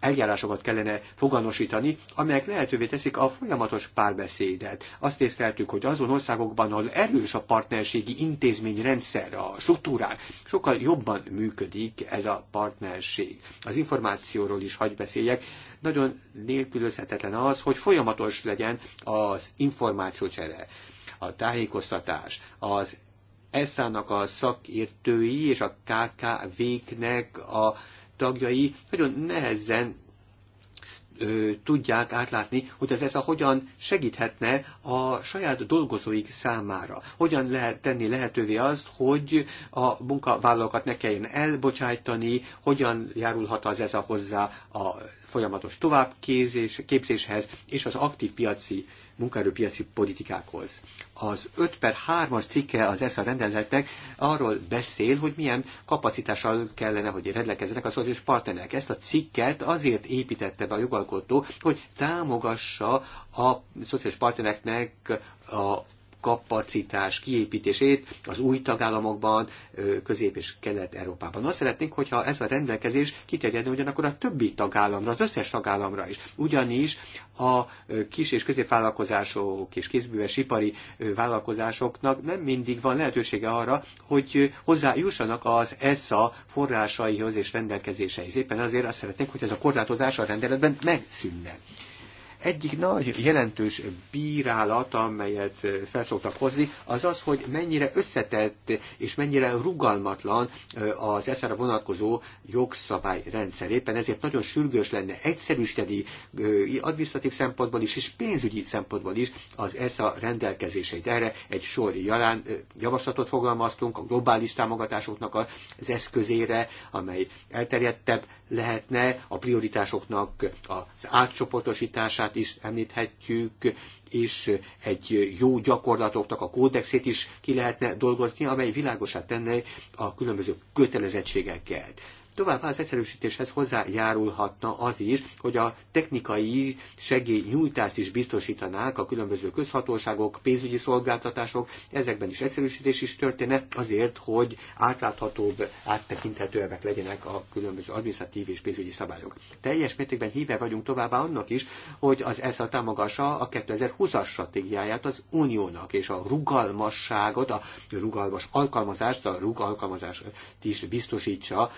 eljárásokat kellene foganosítani, amelyek lehetővé teszik a folyamatos párbeszédet. Azt észleltük, hogy azon országokban, ahol erős a partnerségi intézményrendszer, a struktúrák, sokkal jobban működik ez a partnerség. Az információról is hagy beszéljek. Nagyon nélkülözhetetlen az, hogy folyamatos legyen az információcsere, a tájékoztatás, az ESZÁ-nak a szakértői és a KKV-knek a tagjai nagyon nehezen ö, tudják átlátni, hogy ez ez a hogyan segíthetne a saját dolgozóik számára. Hogyan lehet tenni lehetővé azt, hogy a munkavállalókat ne kelljen elbocsájtani, hogyan járulhat az ez a hozzá a folyamatos továbbképzéshez és az aktív piaci munkaerőpiaci politikákhoz. Az 5 per 3-as cikke az ESZA rendeletnek arról beszél, hogy milyen kapacitással kellene, hogy rendelkezzenek a szociális partnerek. Ezt a cikket azért építette be a jogalkotó, hogy támogassa a szociális partnereknek a kapacitás kiépítését az új tagállamokban, Közép- és Kelet-Európában. Azt szeretnénk, hogyha ez a rendelkezés kiterjedne ugyanakkor a többi tagállamra, az összes tagállamra is. Ugyanis a kis- és középvállalkozások és kézműves ipari vállalkozásoknak nem mindig van lehetősége arra, hogy hozzájussanak az ESSA forrásaihoz és rendelkezéseihez. Éppen azért azt szeretnénk, hogy ez a korlátozás a rendeletben megszűnne egyik nagy jelentős bírálat, amelyet eh, felszoktak hozni, az az, hogy mennyire összetett és mennyire rugalmatlan eh, az eszára vonatkozó jogszabályrendszer. Éppen ezért nagyon sürgős lenne egyszerűsíteni eh, adminisztratív szempontból is és pénzügyi szempontból is az ESA rendelkezéseit. Erre egy sor jalán, javaslatot fogalmaztunk a globális támogatásoknak az eszközére, amely elterjedtebb lehetne a prioritásoknak az átcsoportosítását gyakorlatokat is említhetjük, és egy jó gyakorlatoknak a kódexét is ki lehetne dolgozni, amely világosá tenne a különböző kötelezettségeket. Továbbá az egyszerűsítéshez hozzájárulhatna az is, hogy a technikai segélynyújtást is biztosítanák a különböző közhatóságok, pénzügyi szolgáltatások, ezekben is egyszerűsítés is történne azért, hogy átláthatóbb, áttekinthetőek legyenek a különböző adminisztratív és pénzügyi szabályok. Teljes mértékben híve vagyunk továbbá annak is, hogy az ESZA támogassa a 2020-as stratégiáját az uniónak, és a rugalmasságot, a rugalmas alkalmazást, a rugalmazást is biztosítsa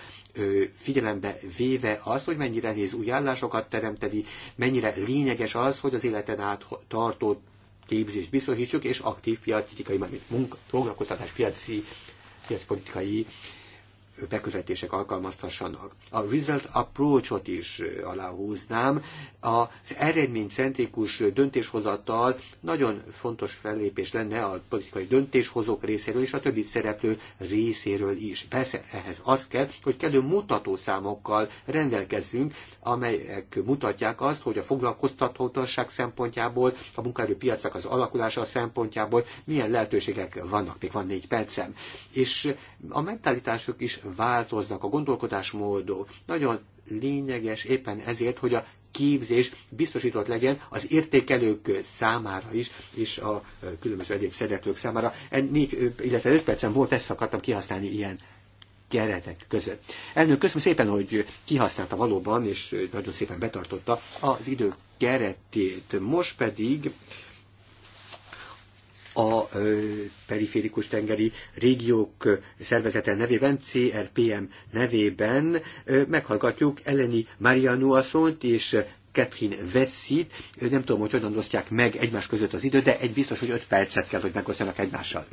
figyelembe véve az, hogy mennyire nehéz új állásokat teremteni, mennyire lényeges az, hogy az életen át tartó képzést biztosítsuk, és aktív piaci mármint munka, foglalkoztatás piaci, piacpolitikai bekövetések alkalmaztassanak. A result approachot is aláhúznám. Az eredménycentrikus döntéshozatal nagyon fontos fellépés lenne a politikai döntéshozók részéről és a többi szereplő részéről is. Persze ehhez az kell, hogy kellő mutatószámokkal rendelkezzünk, amelyek mutatják azt, hogy a foglalkoztathatóság szempontjából, a munkaerőpiacnak az alakulása szempontjából milyen lehetőségek vannak. Még van négy percem. És a mentalitások is változnak a gondolkodásmódok. Nagyon lényeges éppen ezért, hogy a képzés biztosított legyen az értékelők számára is, és a különböző egyéb szeretők számára. Ennyi, illetve öt percen volt, ezt akartam kihasználni ilyen keretek között. Elnök, köszönöm szépen, hogy kihasználta valóban, és nagyon szépen betartotta az idő keretét. Most pedig a periférikus tengeri régiók szervezete nevében, CRPM nevében meghallgatjuk Eleni Mariano asszonyt és Catherine veszít, nem tudom, hogy hogyan osztják meg egymás között az időt, de egy biztos, hogy öt percet kell, hogy megosztanak egymással.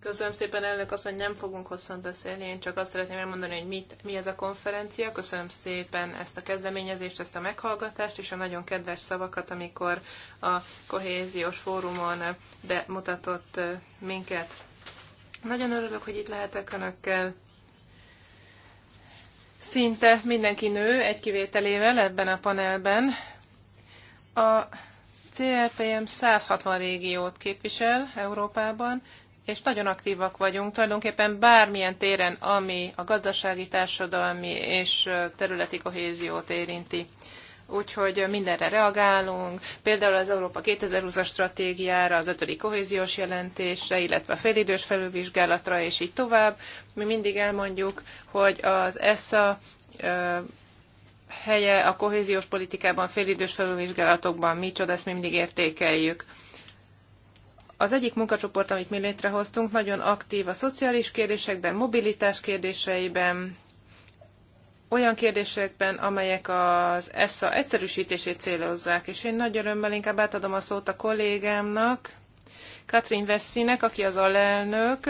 Köszönöm szépen, elnök asszony, nem fogunk hosszan beszélni, én csak azt szeretném elmondani, hogy mit, mi ez a konferencia. Köszönöm szépen ezt a kezdeményezést, ezt a meghallgatást, és a nagyon kedves szavakat, amikor a kohéziós fórumon bemutatott minket. Nagyon örülök, hogy itt lehetek önökkel Szinte mindenki nő, egy kivételével ebben a panelben. A CLPM 160 régiót képvisel Európában, és nagyon aktívak vagyunk. Tulajdonképpen bármilyen téren, ami a gazdasági, társadalmi és területi kohéziót érinti úgyhogy mindenre reagálunk, például az Európa 2020-as stratégiára, az ötödik kohéziós jelentésre, illetve a félidős felülvizsgálatra, és így tovább. Mi mindig elmondjuk, hogy az ESSA helye a kohéziós politikában, félidős felülvizsgálatokban, micsoda, ezt mi mindig értékeljük. Az egyik munkacsoport, amit mi létrehoztunk, nagyon aktív a szociális kérdésekben, mobilitás kérdéseiben, olyan kérdésekben, amelyek az ESSA egyszerűsítését célozzák, és én nagy örömmel inkább átadom a szót a kollégámnak, Katrin Vesszinek, aki az alelnök,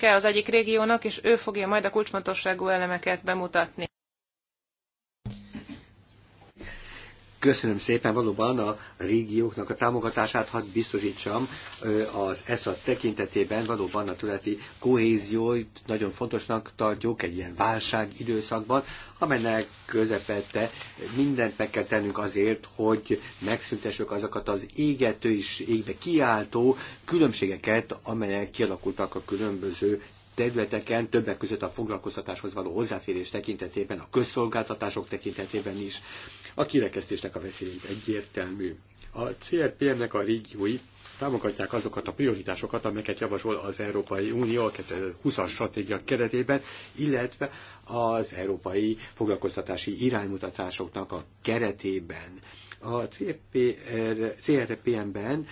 kell az egyik régiónak, és ő fogja majd a kulcsfontosságú elemeket bemutatni. Köszönöm szépen, valóban a régióknak a támogatását hadd biztosítsam az ESZA tekintetében, valóban a tületi kohéziót nagyon fontosnak tartjuk egy ilyen válság időszakban, amelynek közepette mindent meg kell tennünk azért, hogy megszüntessük azokat az égető és égbe kiáltó különbségeket, amelyek kialakultak a különböző területeken, többek között a foglalkoztatáshoz való hozzáférés tekintetében, a közszolgáltatások tekintetében is. A kirekesztésnek a veszélyét egyértelmű. A CRPM-nek a régiói támogatják azokat a prioritásokat, amelyeket javasol az Európai Unió a 2020-as stratégia keretében, illetve az európai foglalkoztatási iránymutatásoknak a keretében. A CRPM-ben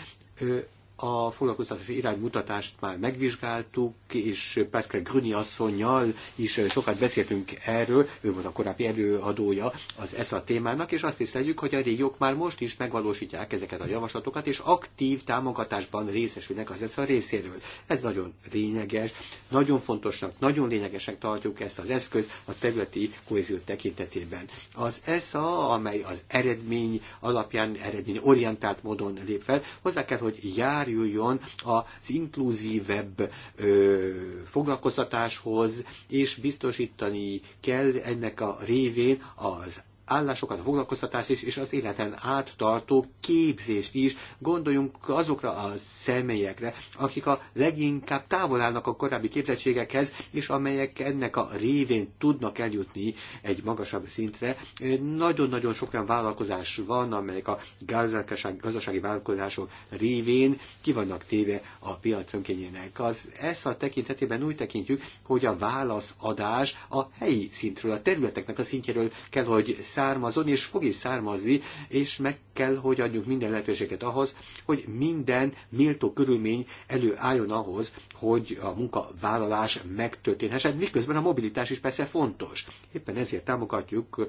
a foglalkoztatási iránymutatást már megvizsgáltuk, és Pászke Grüni asszonynal is sokat beszéltünk erről, ő volt a korábbi előadója az ESZA témának, és azt hiszeljük, hogy a régiók már most is megvalósítják ezeket a javaslatokat, és aktív támogatásban részesülnek az ESZA részéről. Ez nagyon lényeges, nagyon fontosnak, nagyon lényegesnek tartjuk ezt az eszköz a területi kohézió tekintetében. Az ESZA, amely az eredmény alapján, eredmény orientált módon lép fel, hozzá kell, hogy jár hozzájáruljon az inkluzívebb ö, foglalkoztatáshoz, és biztosítani kell ennek a révén az állásokat, foglalkoztatást is, és az életen áttartó képzést is. Gondoljunk azokra a személyekre, akik a leginkább távol állnak a korábbi képzettségekhez, és amelyek ennek a révén tudnak eljutni egy magasabb szintre. Nagyon-nagyon sok olyan vállalkozás van, amelyek a gazdasági, gazdasági vállalkozások révén ki vannak téve a piac önkényének. Az ezt a tekintetében úgy tekintjük, hogy a válaszadás a helyi szintről, a területeknek a szintjéről kell, hogy származon, és fog is származni, és meg kell, hogy adjunk minden lehetőséget ahhoz, hogy minden méltó körülmény előálljon ahhoz, hogy a munkavállalás megtörténhessen, miközben a mobilitás is persze fontos. Éppen ezért támogatjuk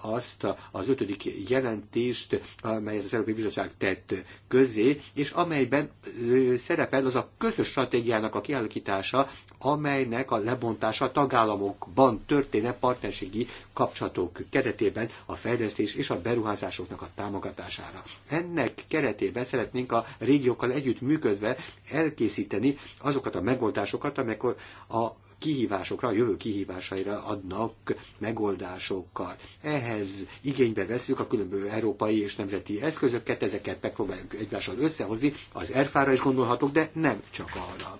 azt az ötödik jelentést, amelyet az Európai Bizottság tett közé, és amelyben szerepel az a közös stratégiának a kialakítása, amelynek a lebontása tagállamokban történne partnerségi kapcsolatok keretében tekintetében a fejlesztés és a beruházásoknak a támogatására. Ennek keretében szeretnénk a régiókkal együtt működve elkészíteni azokat a megoldásokat, amikor a kihívásokra, a jövő kihívásaira adnak megoldásokkal. Ehhez igénybe veszük a különböző európai és nemzeti eszközöket, ezeket megpróbáljuk egymással összehozni, az erfára is gondolhatok, de nem csak arra.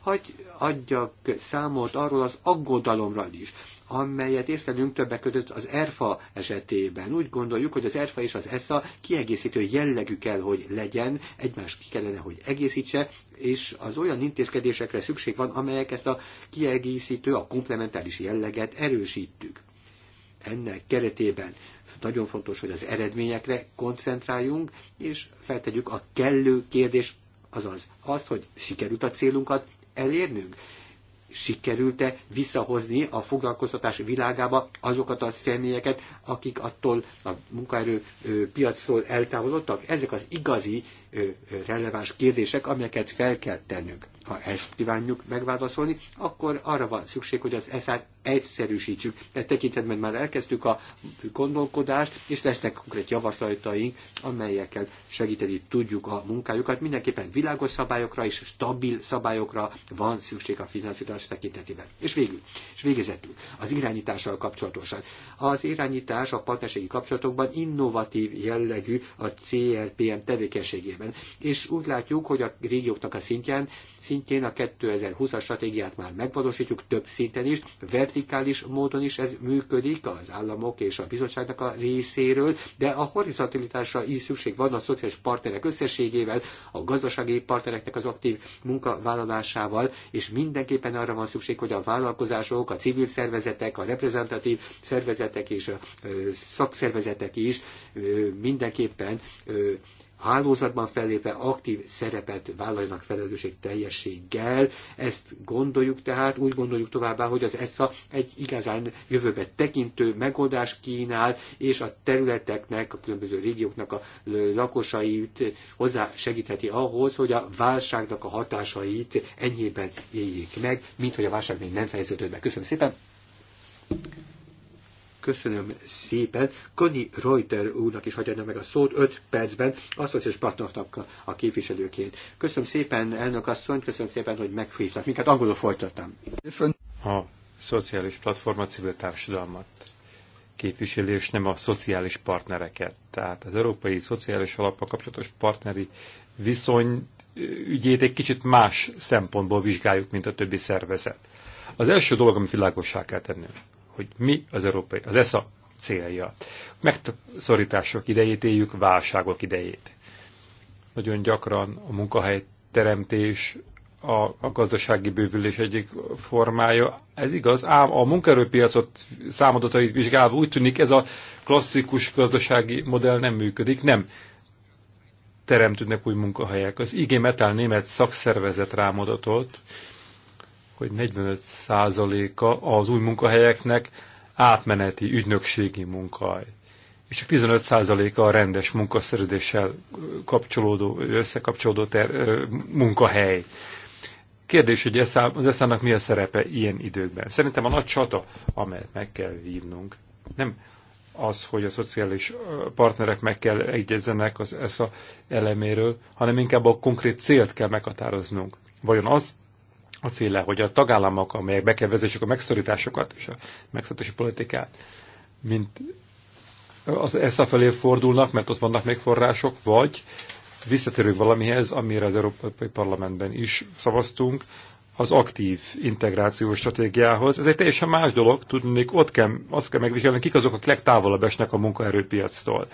Hogy adjak számot arról az aggodalomról is, amelyet észlelünk többek között az ERFA esetében. Úgy gondoljuk, hogy az ERFA és az ESA kiegészítő jellegű kell, hogy legyen, egymást ki kellene, hogy egészítse, és az olyan intézkedésekre szükség van, amelyek ezt a kiegészítő, a komplementáris jelleget erősítjük. Ennek keretében nagyon fontos, hogy az eredményekre koncentráljunk, és feltegyük a kellő kérdés, azaz azt, hogy sikerült a célunkat elérnünk sikerült-e visszahozni a foglalkoztatás világába azokat a személyeket, akik attól a munkaerő piacról eltávolodtak? Ezek az igazi releváns kérdések, amelyeket fel kell tennünk. Ha ezt kívánjuk megválaszolni, akkor arra van szükség, hogy az eszát egyszerűsítsük. E tekintetben már elkezdtük a gondolkodást, és lesznek konkrét javaslataink, amelyekkel segíteni tudjuk a munkájukat. Mindenképpen világos szabályokra és stabil szabályokra van szükség a finanszírozás tekintetében. És végül, és végezetül, az irányítással kapcsolatosan. Az irányítás a partnerségi kapcsolatokban innovatív jellegű a CRPM tevékenységében kérdésben. És úgy látjuk, hogy a régióknak a szintjén, szintjén a 2020-as stratégiát már megvalósítjuk több szinten is, vertikális módon is ez működik az államok és a bizottságnak a részéről, de a horizontalitásra is szükség van a szociális partnerek összességével, a gazdasági partnereknek az aktív munkavállalásával, és mindenképpen arra van szükség, hogy a vállalkozások, a civil szervezetek, a reprezentatív szervezetek és a szakszervezetek is mindenképpen hálózatban fellépve aktív szerepet vállaljanak felelősség teljességgel. Ezt gondoljuk tehát, úgy gondoljuk továbbá, hogy az ESZA egy igazán jövőbe tekintő megoldást kínál, és a területeknek, a különböző régióknak a lakosait hozzá segítheti ahhoz, hogy a válságnak a hatásait enyhében éljék meg, mint hogy a válság még nem fejeződött be. Köszönöm szépen! Köszönöm szépen. Koni Reuter úrnak is hagyja meg a szót 5 percben, a szociális partnernak a képviselőként. Köszönöm szépen, elnök asszony, köszönöm szépen, hogy meghívtak minket. Angolul folytattam. A szociális platforma civil társadalmat képviseli, és nem a szociális partnereket. Tehát az európai szociális alappal kapcsolatos partneri viszony ügyét egy kicsit más szempontból vizsgáljuk, mint a többi szervezet. Az első dolog, ami világossá kell tennünk, hogy mi az európai, az ESA célja. Megszorítások idejét éljük, válságok idejét. Nagyon gyakran a munkahely teremtés a, a gazdasági bővülés egyik formája. Ez igaz, ám a munkaerőpiacot számadatait vizsgálva úgy tűnik, ez a klasszikus gazdasági modell nem működik, nem teremtődnek új munkahelyek. Az IG Metal német szakszervezet rámodatot hogy 45 százaléka az új munkahelyeknek átmeneti ügynökségi munkahely, és csak 15 százaléka a rendes munkaszerződéssel kapcsolódó, összekapcsolódó ter, munkahely. Kérdés, hogy az eszának mi a szerepe ilyen időkben? Szerintem a nagy csata, amelyet meg kell vívnunk, nem az, hogy a szociális partnerek meg kell egyezzenek az ESZA eleméről, hanem inkább a konkrét célt kell meghatároznunk. Vajon az a célja, hogy a tagállamok, amelyek be kell vezessük a megszorításokat és a megszorítási politikát, mint az ESZA felé fordulnak, mert ott vannak még források, vagy visszatérünk valamihez, amire az Európai Parlamentben is szavaztunk, az aktív integrációs stratégiához. Ez egy teljesen más dolog, tudnék, ott kell, azt kell megvizsgálni, kik azok, akik legtávolabb esnek a munkaerőpiactól.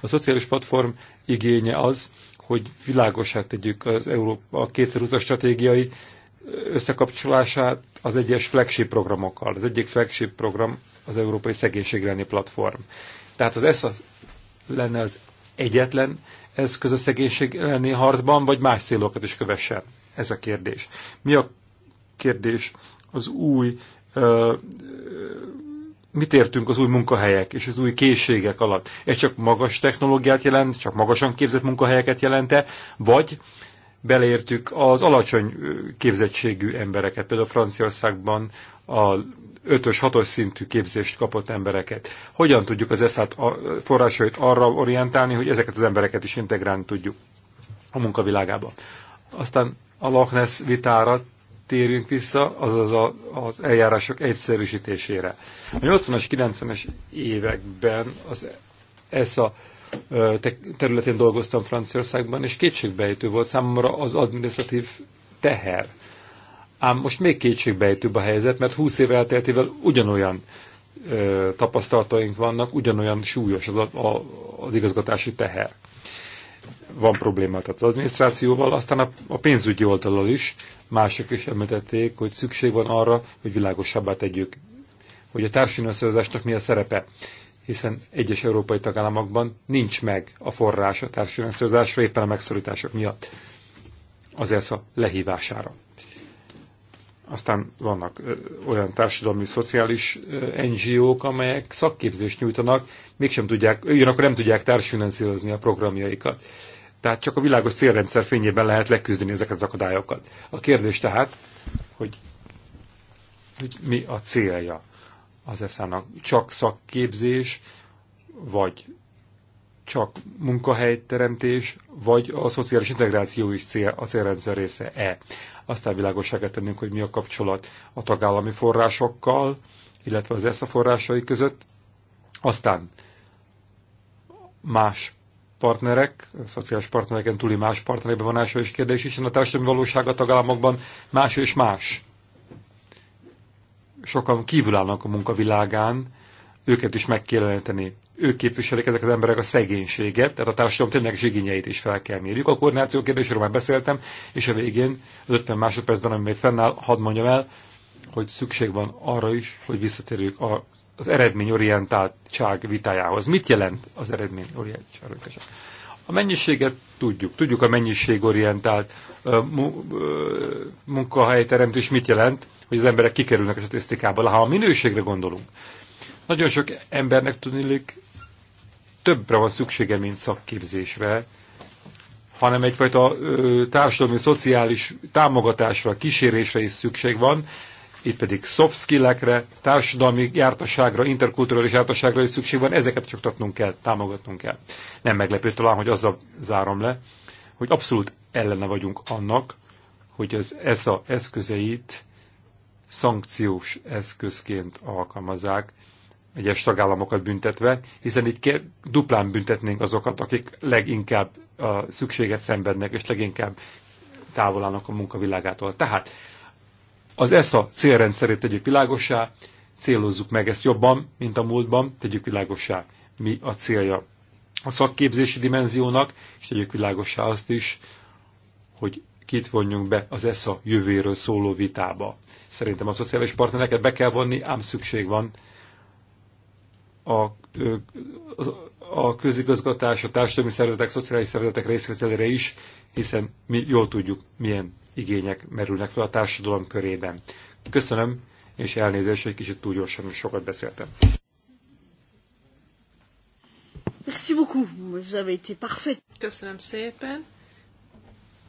A szociális platform igénye az, hogy világosát tegyük az Európa 2020-as stratégiai összekapcsolását az egyes flagship programokkal. Az egyik flagship program az Európai Szegénységreni Platform. Tehát az ESZA lenne az egyetlen eszköz a szegénység elleni harcban, vagy más célokat is kövessen? Ez a kérdés. Mi a kérdés az új, ö, mit értünk az új munkahelyek és az új készségek alatt? Ez csak magas technológiát jelent, csak magasan képzett munkahelyeket jelente, vagy beleértük az alacsony képzettségű embereket, például Franciaországban a 5-ös, 6-os szintű képzést kapott embereket. Hogyan tudjuk az ESZÁT forrásait arra orientálni, hogy ezeket az embereket is integrálni tudjuk a munkavilágába. Aztán a Loch Ness vitára térjünk vissza, azaz a, az eljárások egyszerűsítésére. A 80-as, 90-es években az ESZA területén dolgoztam Franciaországban, és kétségbejtő volt számomra az administratív teher. Ám most még kétségbejtőbb a helyzet, mert 20 év elteltével ugyanolyan ö, tapasztalataink vannak, ugyanolyan súlyos az, a, az igazgatási teher. Van probléma tehát az adminisztrációval, aztán a, a pénzügyi oldalról is. Mások is említették, hogy szükség van arra, hogy világosabbá tegyük, hogy a társadalmi mi a szerepe hiszen egyes európai tagállamokban nincs meg a forrás a társadalmi éppen a megszorítások miatt az ESZA lehívására. Aztán vannak olyan társadalmi, szociális NGO-k, amelyek szakképzést nyújtanak, mégsem tudják, ugyanakkor nem tudják társfinanszírozni a programjaikat. Tehát csak a világos célrendszer fényében lehet leküzdeni ezeket az akadályokat. A kérdés tehát, hogy, hogy mi a célja az eszának csak szakképzés, vagy csak munkahelyteremtés, vagy a szociális integráció is cél, a célrendszer része-e. Aztán világosá tennünk, hogy mi a kapcsolat a tagállami forrásokkal, illetve az ESZA forrásai között. Aztán más partnerek, a szociális partnereken túli más partnerek bevonása is kérdés, hiszen a társadalmi valóság a tagállamokban más és más sokan kívülállnak a munkavilágán, őket is meg kell jeleníteni. Ők képviselik ezek az emberek a szegénységet, tehát a társadalom tényleg igényeit is fel kell mérjük. A koordináció kérdéséről már beszéltem, és a végén, az 50 másodpercben, ami még fennáll, hadd mondjam el, hogy szükség van arra is, hogy visszatérjük a, az eredményorientáltság vitájához. Mit jelent az eredményorientáltság? A mennyiséget tudjuk. Tudjuk a mennyiségorientált munkahelyteremtés mit jelent hogy az emberek kikerülnek a statisztikából. Ha a minőségre gondolunk, nagyon sok embernek tudnilik többre van szüksége, mint szakképzésre, hanem egyfajta ö, társadalmi, szociális támogatásra, kísérésre is szükség van, itt pedig soft skillekre, társadalmi jártasságra, interkulturális jártasságra is szükség van, ezeket csak tartnunk kell, támogatnunk kell. Nem meglepő talán, hogy azzal zárom le, hogy abszolút ellene vagyunk annak, hogy az ESA eszközeit szankciós eszközként alkalmazzák, egyes tagállamokat büntetve, hiszen itt duplán büntetnénk azokat, akik leginkább a szükséget szenvednek, és leginkább távol állnak a munkavilágától. Tehát az ESA célrendszerét tegyük világosá, célozzuk meg ezt jobban, mint a múltban, tegyük világosá, mi a célja a szakképzési dimenziónak, és tegyük világosá azt is, hogy kit vonjunk be az ESA jövőről szóló vitába. Szerintem a szociális partnereket be kell vonni, ám szükség van a, a közigazgatás, a társadalmi szervezetek, szociális szervezetek részvételére is, hiszen mi jól tudjuk, milyen igények merülnek fel a társadalom körében. Köszönöm, és elnézést, hogy kicsit túl gyorsan és sokat beszéltem. Merci beaucoup, vous avez été parfait. Köszönöm szépen.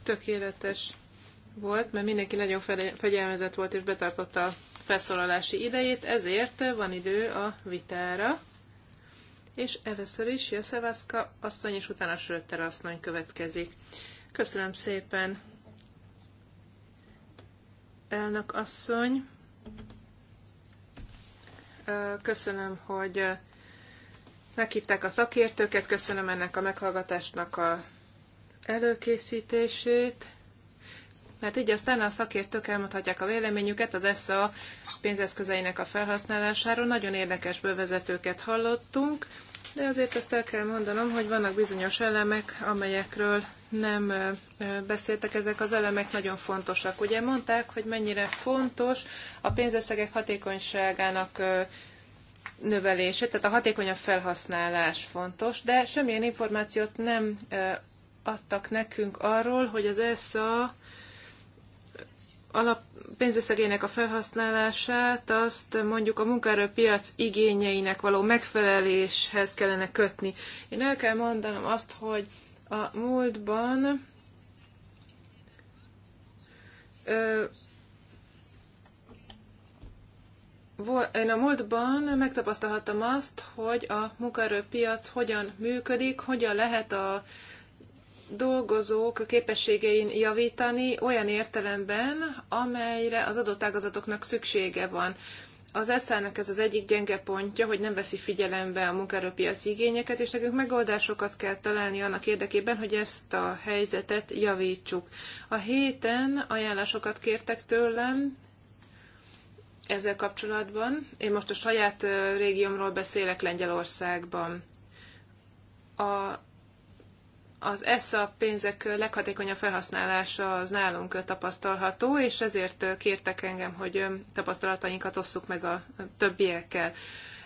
Tökéletes volt, mert mindenki nagyon fegyelmezett volt és betartotta a felszólalási idejét, ezért van idő a vitára. És először is Jeszevaszka asszony, és utána Sőtter asszony következik. Köszönöm szépen, elnök asszony. Köszönöm, hogy meghívták a szakértőket, köszönöm ennek a meghallgatásnak a előkészítését mert így aztán a szakértők elmondhatják a véleményüket az ESZA pénzeszközeinek a felhasználásáról. Nagyon érdekes bevezetőket hallottunk, de azért azt el kell mondanom, hogy vannak bizonyos elemek, amelyekről nem beszéltek. Ezek az elemek nagyon fontosak. Ugye mondták, hogy mennyire fontos a pénzösszegek hatékonyságának növelése, tehát a hatékonyabb felhasználás fontos, de semmilyen információt nem adtak nekünk arról, hogy az ESZA alap pénzösszegének a felhasználását azt mondjuk a munkaerőpiac igényeinek való megfeleléshez kellene kötni. Én el kell mondanom azt, hogy a múltban ö, én a múltban megtapasztalhattam azt, hogy a munkaerőpiac hogyan működik, hogyan lehet a dolgozók képességein javítani olyan értelemben, amelyre az adott ágazatoknak szüksége van. Az eszának ez az egyik gyenge pontja, hogy nem veszi figyelembe a munkaerőpiaci igényeket, és nekünk megoldásokat kell találni annak érdekében, hogy ezt a helyzetet javítsuk. A héten ajánlásokat kértek tőlem, ezzel kapcsolatban. Én most a saját régiómról beszélek Lengyelországban. A az ESZA pénzek leghatékonyabb felhasználása az nálunk tapasztalható, és ezért kértek engem, hogy tapasztalatainkat osszuk meg a többiekkel.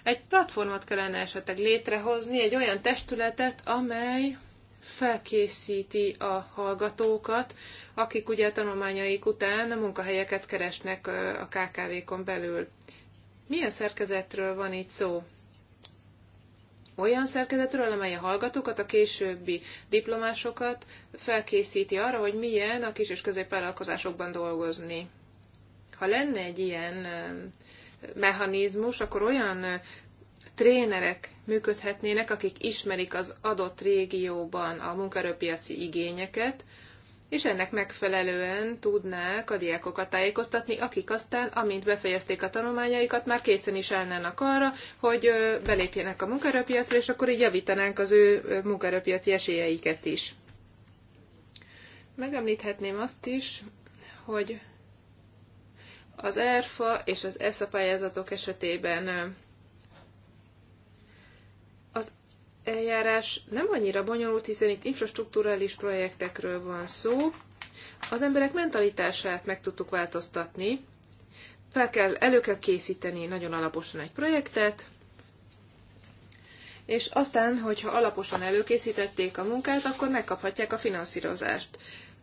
Egy platformot kellene esetleg létrehozni, egy olyan testületet, amely felkészíti a hallgatókat, akik ugye a tanulmányaik után a munkahelyeket keresnek a KKV-kon belül. Milyen szerkezetről van itt szó? olyan szerkezetről, amely a hallgatókat, a későbbi diplomásokat felkészíti arra, hogy milyen a kis és középvállalkozásokban dolgozni. Ha lenne egy ilyen mechanizmus, akkor olyan trénerek működhetnének, akik ismerik az adott régióban a munkaerőpiaci igényeket, és ennek megfelelően tudnák a diákokat tájékoztatni, akik aztán, amint befejezték a tanulmányaikat, már készen is állnának arra, hogy belépjenek a munkaerőpiacra, és akkor így javítanánk az ő munkaerőpiaci esélyeiket is. Megemlíthetném azt is, hogy az ERFA és az ESZA pályázatok esetében az eljárás nem annyira bonyolult, hiszen itt infrastruktúrális projektekről van szó. Az emberek mentalitását meg tudtuk változtatni. Fel kell, elő kell készíteni nagyon alaposan egy projektet, és aztán, hogyha alaposan előkészítették a munkát, akkor megkaphatják a finanszírozást.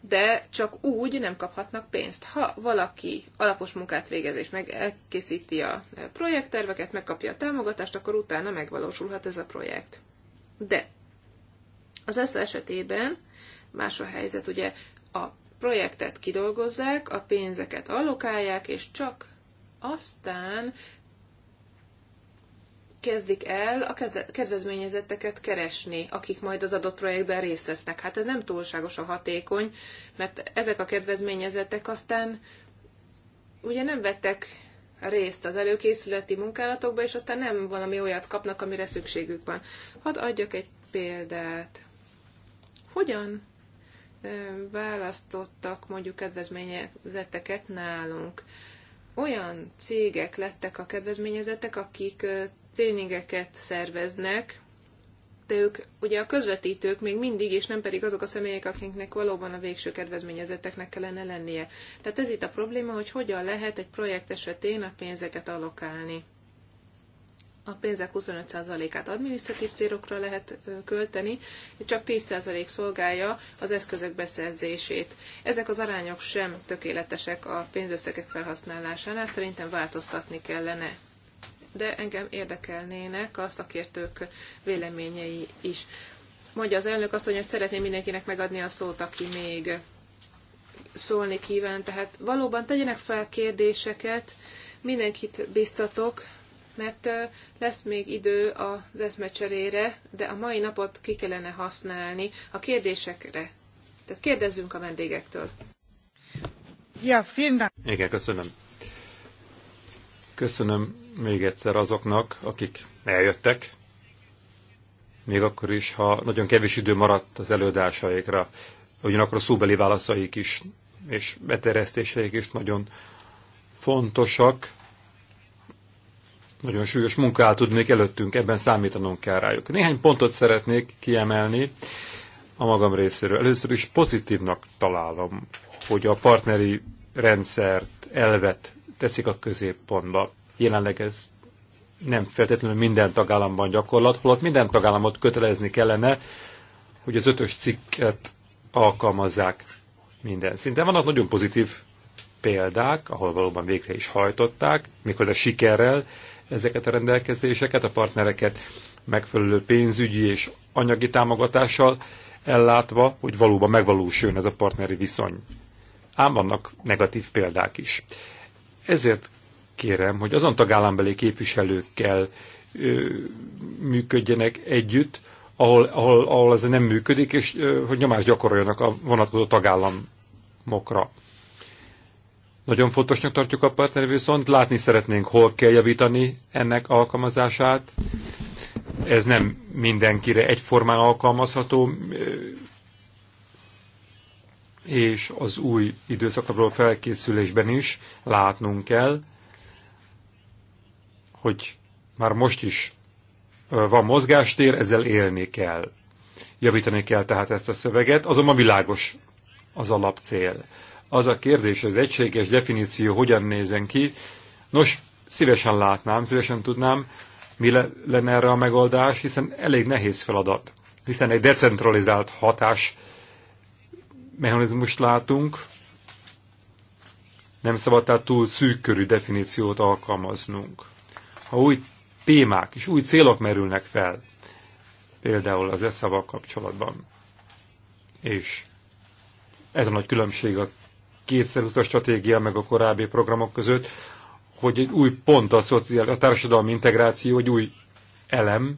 De csak úgy nem kaphatnak pénzt. Ha valaki alapos munkát végez és meg elkészíti a projektterveket, megkapja a támogatást, akkor utána megvalósulhat ez a projekt. De az ESZA esetében más a helyzet, ugye a projektet kidolgozzák, a pénzeket allokálják, és csak aztán kezdik el a kedvezményezetteket keresni, akik majd az adott projektben részt vesznek. Hát ez nem túlságosan hatékony, mert ezek a kedvezményezettek aztán ugye nem vettek részt az előkészületi munkálatokba, és aztán nem valami olyat kapnak, amire szükségük van. Hadd adjak egy példát. Hogyan választottak mondjuk kedvezményezeteket nálunk? Olyan cégek lettek a kedvezményezetek, akik tréningeket szerveznek, de ők ugye a közvetítők még mindig, és nem pedig azok a személyek, akiknek valóban a végső kedvezményezetteknek kellene lennie. Tehát ez itt a probléma, hogy hogyan lehet egy projekt esetén a pénzeket allokálni. A pénzek 25%-át adminisztratív célokra lehet költeni, és csak 10% szolgálja az eszközök beszerzését. Ezek az arányok sem tökéletesek a pénzösszegek felhasználásánál, szerintem változtatni kellene de engem érdekelnének a szakértők véleményei is. Mondja az elnök azt, mondja, hogy szeretném mindenkinek megadni a szót, aki még szólni kíván. Tehát valóban tegyenek fel kérdéseket, mindenkit biztatok, mert lesz még idő az eszmecserére, de a mai napot ki kellene használni a kérdésekre. Tehát kérdezzünk a vendégektől. Ja, vielen Dank. Igen, köszönöm. Köszönöm még egyszer azoknak, akik eljöttek, még akkor is, ha nagyon kevés idő maradt az előadásaikra, ugyanakkor a szóbeli válaszaik is, és beteresztéseik is nagyon fontosak. Nagyon súlyos munkát tudnék előttünk, ebben számítanunk kell rájuk. Néhány pontot szeretnék kiemelni a magam részéről. Először is pozitívnak találom, hogy a partneri rendszert, elvet teszik a középpontba Jelenleg ez nem feltétlenül minden tagállamban gyakorlat, holott minden tagállamot kötelezni kellene, hogy az ötös cikket alkalmazzák minden szinten. Vannak nagyon pozitív példák, ahol valóban végre is hajtották, méghozzá sikerrel ezeket a rendelkezéseket, a partnereket megfelelő pénzügyi és anyagi támogatással ellátva, hogy valóban megvalósuljon ez a partneri viszony. Ám vannak negatív példák is. Ezért kérem, hogy azon tagállambeli képviselőkkel ö, működjenek együtt, ahol, ahol, ahol ez nem működik, és ö, hogy nyomást gyakoroljanak a vonatkozó tagállamokra. Nagyon fontosnak tartjuk a partner, viszont látni szeretnénk, hol kell javítani ennek alkalmazását. Ez nem mindenkire egyformán alkalmazható, és az új időszakról felkészülésben is látnunk kell, hogy már most is van mozgástér, ezzel élni kell. Javítani kell tehát ezt a szöveget, azonban világos az alapcél. Az a kérdés, hogy az egységes definíció hogyan nézen ki, nos, szívesen látnám, szívesen tudnám, mi le, lenne erre a megoldás, hiszen elég nehéz feladat. Hiszen egy decentralizált hatás mechanizmust látunk, nem szabad tehát túl körű definíciót alkalmaznunk ha új témák és új célok merülnek fel, például az eszával kapcsolatban. És ez a nagy különbség a 2020-as stratégia meg a korábbi programok között, hogy egy új pont a, szociál, a társadalmi integráció, egy új elem,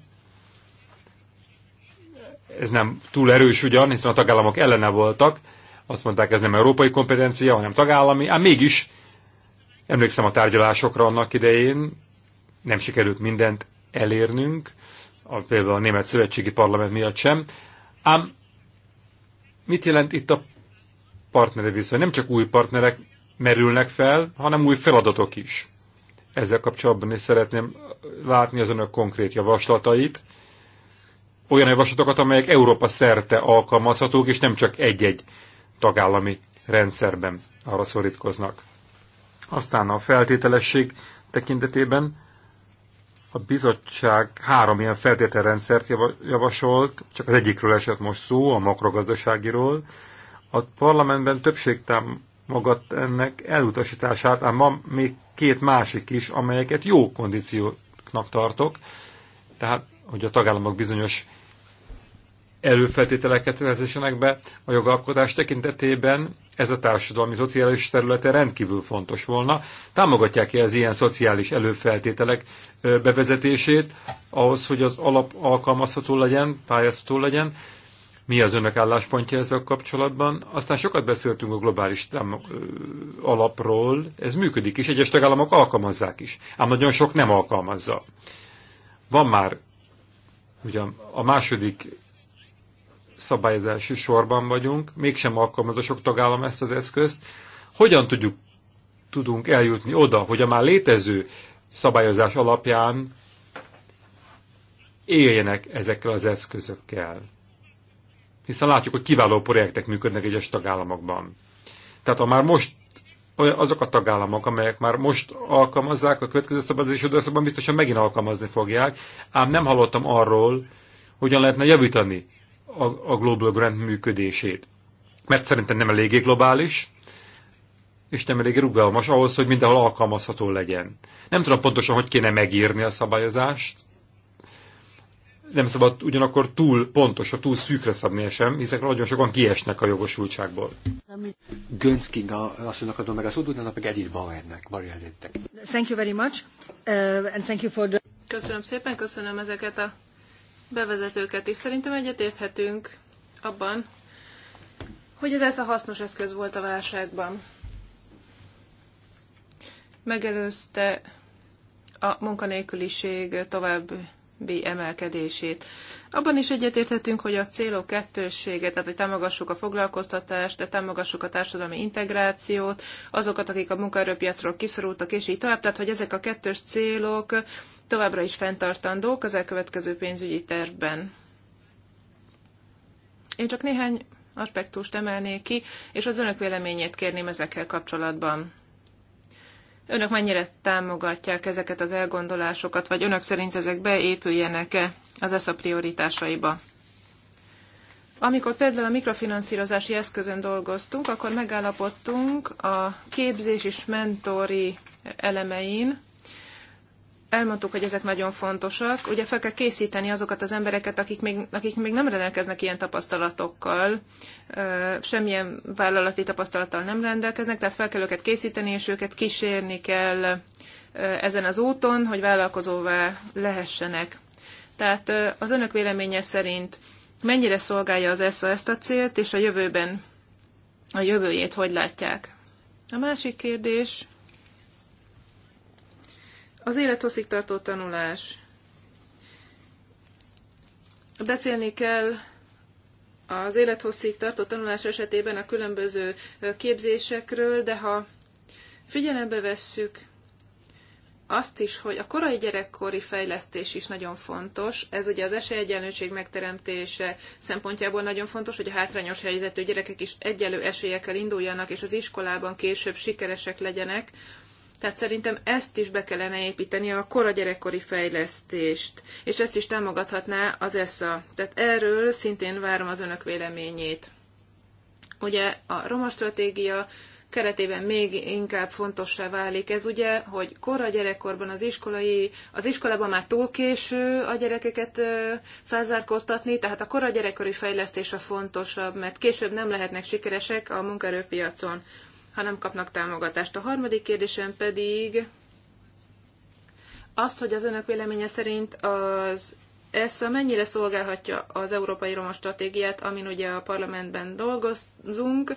ez nem túl erős ugyan, hiszen a tagállamok ellene voltak, azt mondták, ez nem európai kompetencia, hanem tagállami, ám mégis emlékszem a tárgyalásokra annak idején, nem sikerült mindent elérnünk, a, például a Német Szövetségi Parlament miatt sem. Ám mit jelent itt a partnere viszony? Nem csak új partnerek merülnek fel, hanem új feladatok is. Ezzel kapcsolatban is szeretném látni az önök konkrét javaslatait, olyan javaslatokat, amelyek Európa szerte alkalmazhatók, és nem csak egy-egy tagállami rendszerben arra szorítkoznak. Aztán a feltételesség tekintetében a bizottság három ilyen feltételrendszert javasolt, csak az egyikről esett most szó, a makrogazdaságiról. A parlamentben többség támogat ennek elutasítását, ám van még két másik is, amelyeket jó kondícióknak tartok. Tehát, hogy a tagállamok bizonyos előfeltételeket vezessenek be a jogalkotás tekintetében, ez a társadalmi szociális területe rendkívül fontos volna. Támogatják-e az ilyen szociális előfeltételek bevezetését ahhoz, hogy az alap alkalmazható legyen, pályázható legyen? Mi az önök álláspontja ezzel kapcsolatban? Aztán sokat beszéltünk a globális alapról, ez működik is, egyes tagállamok alkalmazzák is, ám nagyon sok nem alkalmazza. Van már ugyan a második szabályozási sorban vagyunk, mégsem alkalmaz a sok tagállam ezt az eszközt. Hogyan tudjuk, tudunk eljutni oda, hogy a már létező szabályozás alapján éljenek ezekkel az eszközökkel? Hiszen látjuk, hogy kiváló projektek működnek egyes tagállamokban. Tehát a már most azok a tagállamok, amelyek már most alkalmazzák a következő szabályozási időszakban, biztosan megint alkalmazni fogják, ám nem hallottam arról, hogyan lehetne javítani a Global Grant működését. Mert szerintem nem eléggé globális, és nem eléggé rugalmas ahhoz, hogy mindenhol alkalmazható legyen. Nem tudom pontosan, hogy kéne megírni a szabályozást. Nem szabad ugyanakkor túl pontos, a túl szűkre szabni -e sem, hiszen nagyon sokan kiesnek a jogosultságból. Gönc a asszonynak adom meg a szót, utána pedig Edith Bauernek, Thank you very much, uh, and thank you for the... Köszönöm szépen, köszönöm ezeket a bevezetőket is. Szerintem egyetérthetünk abban, hogy ez, ez a hasznos eszköz volt a válságban. Megelőzte a munkanélküliség további emelkedését. Abban is egyetérthetünk, hogy a célok kettőssége, tehát hogy támogassuk a foglalkoztatást, de támogassuk a társadalmi integrációt, azokat, akik a munkaerőpiacról kiszorultak, és így tovább. Tehát, hogy ezek a kettős célok továbbra is fenntartandók az elkövetkező pénzügyi tervben. Én csak néhány aspektust emelnék ki, és az önök véleményét kérném ezekkel kapcsolatban. Önök mennyire támogatják ezeket az elgondolásokat, vagy önök szerint ezek beépüljenek-e az ESZA prioritásaiba? Amikor például a mikrofinanszírozási eszközön dolgoztunk, akkor megállapodtunk a képzés és mentori elemein, elmondtuk, hogy ezek nagyon fontosak. Ugye fel kell készíteni azokat az embereket, akik még, akik még nem rendelkeznek ilyen tapasztalatokkal, semmilyen vállalati tapasztalattal nem rendelkeznek, tehát fel kell őket készíteni, és őket kísérni kell ezen az úton, hogy vállalkozóvá lehessenek. Tehát az önök véleménye szerint mennyire szolgálja az ESZA ezt a célt, és a jövőben a jövőjét hogy látják? A másik kérdés, az élethosszig tartó tanulás. Beszélni kell az élethosszig tartó tanulás esetében a különböző képzésekről, de ha figyelembe vesszük azt is, hogy a korai gyerekkori fejlesztés is nagyon fontos. Ez ugye az esélyegyenlőség megteremtése szempontjából nagyon fontos, hogy a hátrányos helyzetű gyerekek is egyenlő esélyekkel induljanak, és az iskolában később sikeresek legyenek tehát szerintem ezt is be kellene építeni, a kora gyerekkori fejlesztést, és ezt is támogathatná az ESSA. Tehát erről szintén várom az önök véleményét. Ugye a roma stratégia keretében még inkább fontossá válik ez ugye, hogy kora gyerekkorban az iskolai, az iskolában már túl késő a gyerekeket felzárkóztatni, tehát a kora gyerekkori fejlesztés a fontosabb, mert később nem lehetnek sikeresek a munkaerőpiacon ha nem kapnak támogatást. A harmadik kérdésem pedig az, hogy az önök véleménye szerint az ESZA mennyire szolgálhatja az Európai Roma Stratégiát, amin ugye a parlamentben dolgozunk,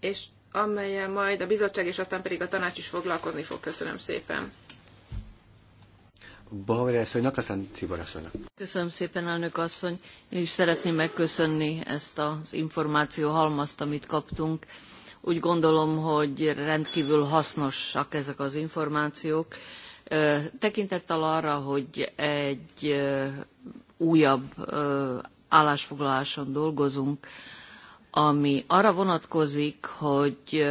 és amelyen majd a bizottság és aztán pedig a tanács is foglalkozni fog. Köszönöm szépen. Bauer asszonynak, aztán asszonynak. Köszönöm szépen, elnök asszony. Én is szeretném megköszönni ezt az információ halmazt, amit kaptunk. Úgy gondolom, hogy rendkívül hasznosak ezek az információk. Tekintettel arra, hogy egy újabb állásfoglaláson dolgozunk, ami arra vonatkozik, hogy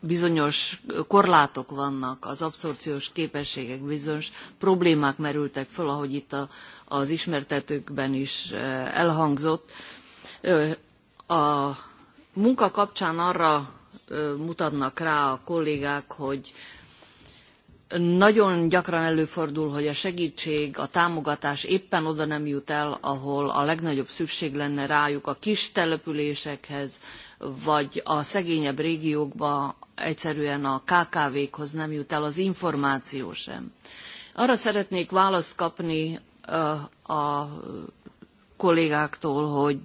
bizonyos korlátok vannak, az abszorciós képességek bizonyos problémák merültek föl, ahogy itt a, az ismertetőkben is eh, elhangzott. A munka kapcsán arra mutatnak rá a kollégák, hogy nagyon gyakran előfordul, hogy a segítség, a támogatás éppen oda nem jut el, ahol a legnagyobb szükség lenne rájuk a kis településekhez, vagy a szegényebb régiókba egyszerűen a KKV-khoz nem jut el az információ sem. Arra szeretnék választ kapni a kollégáktól, hogy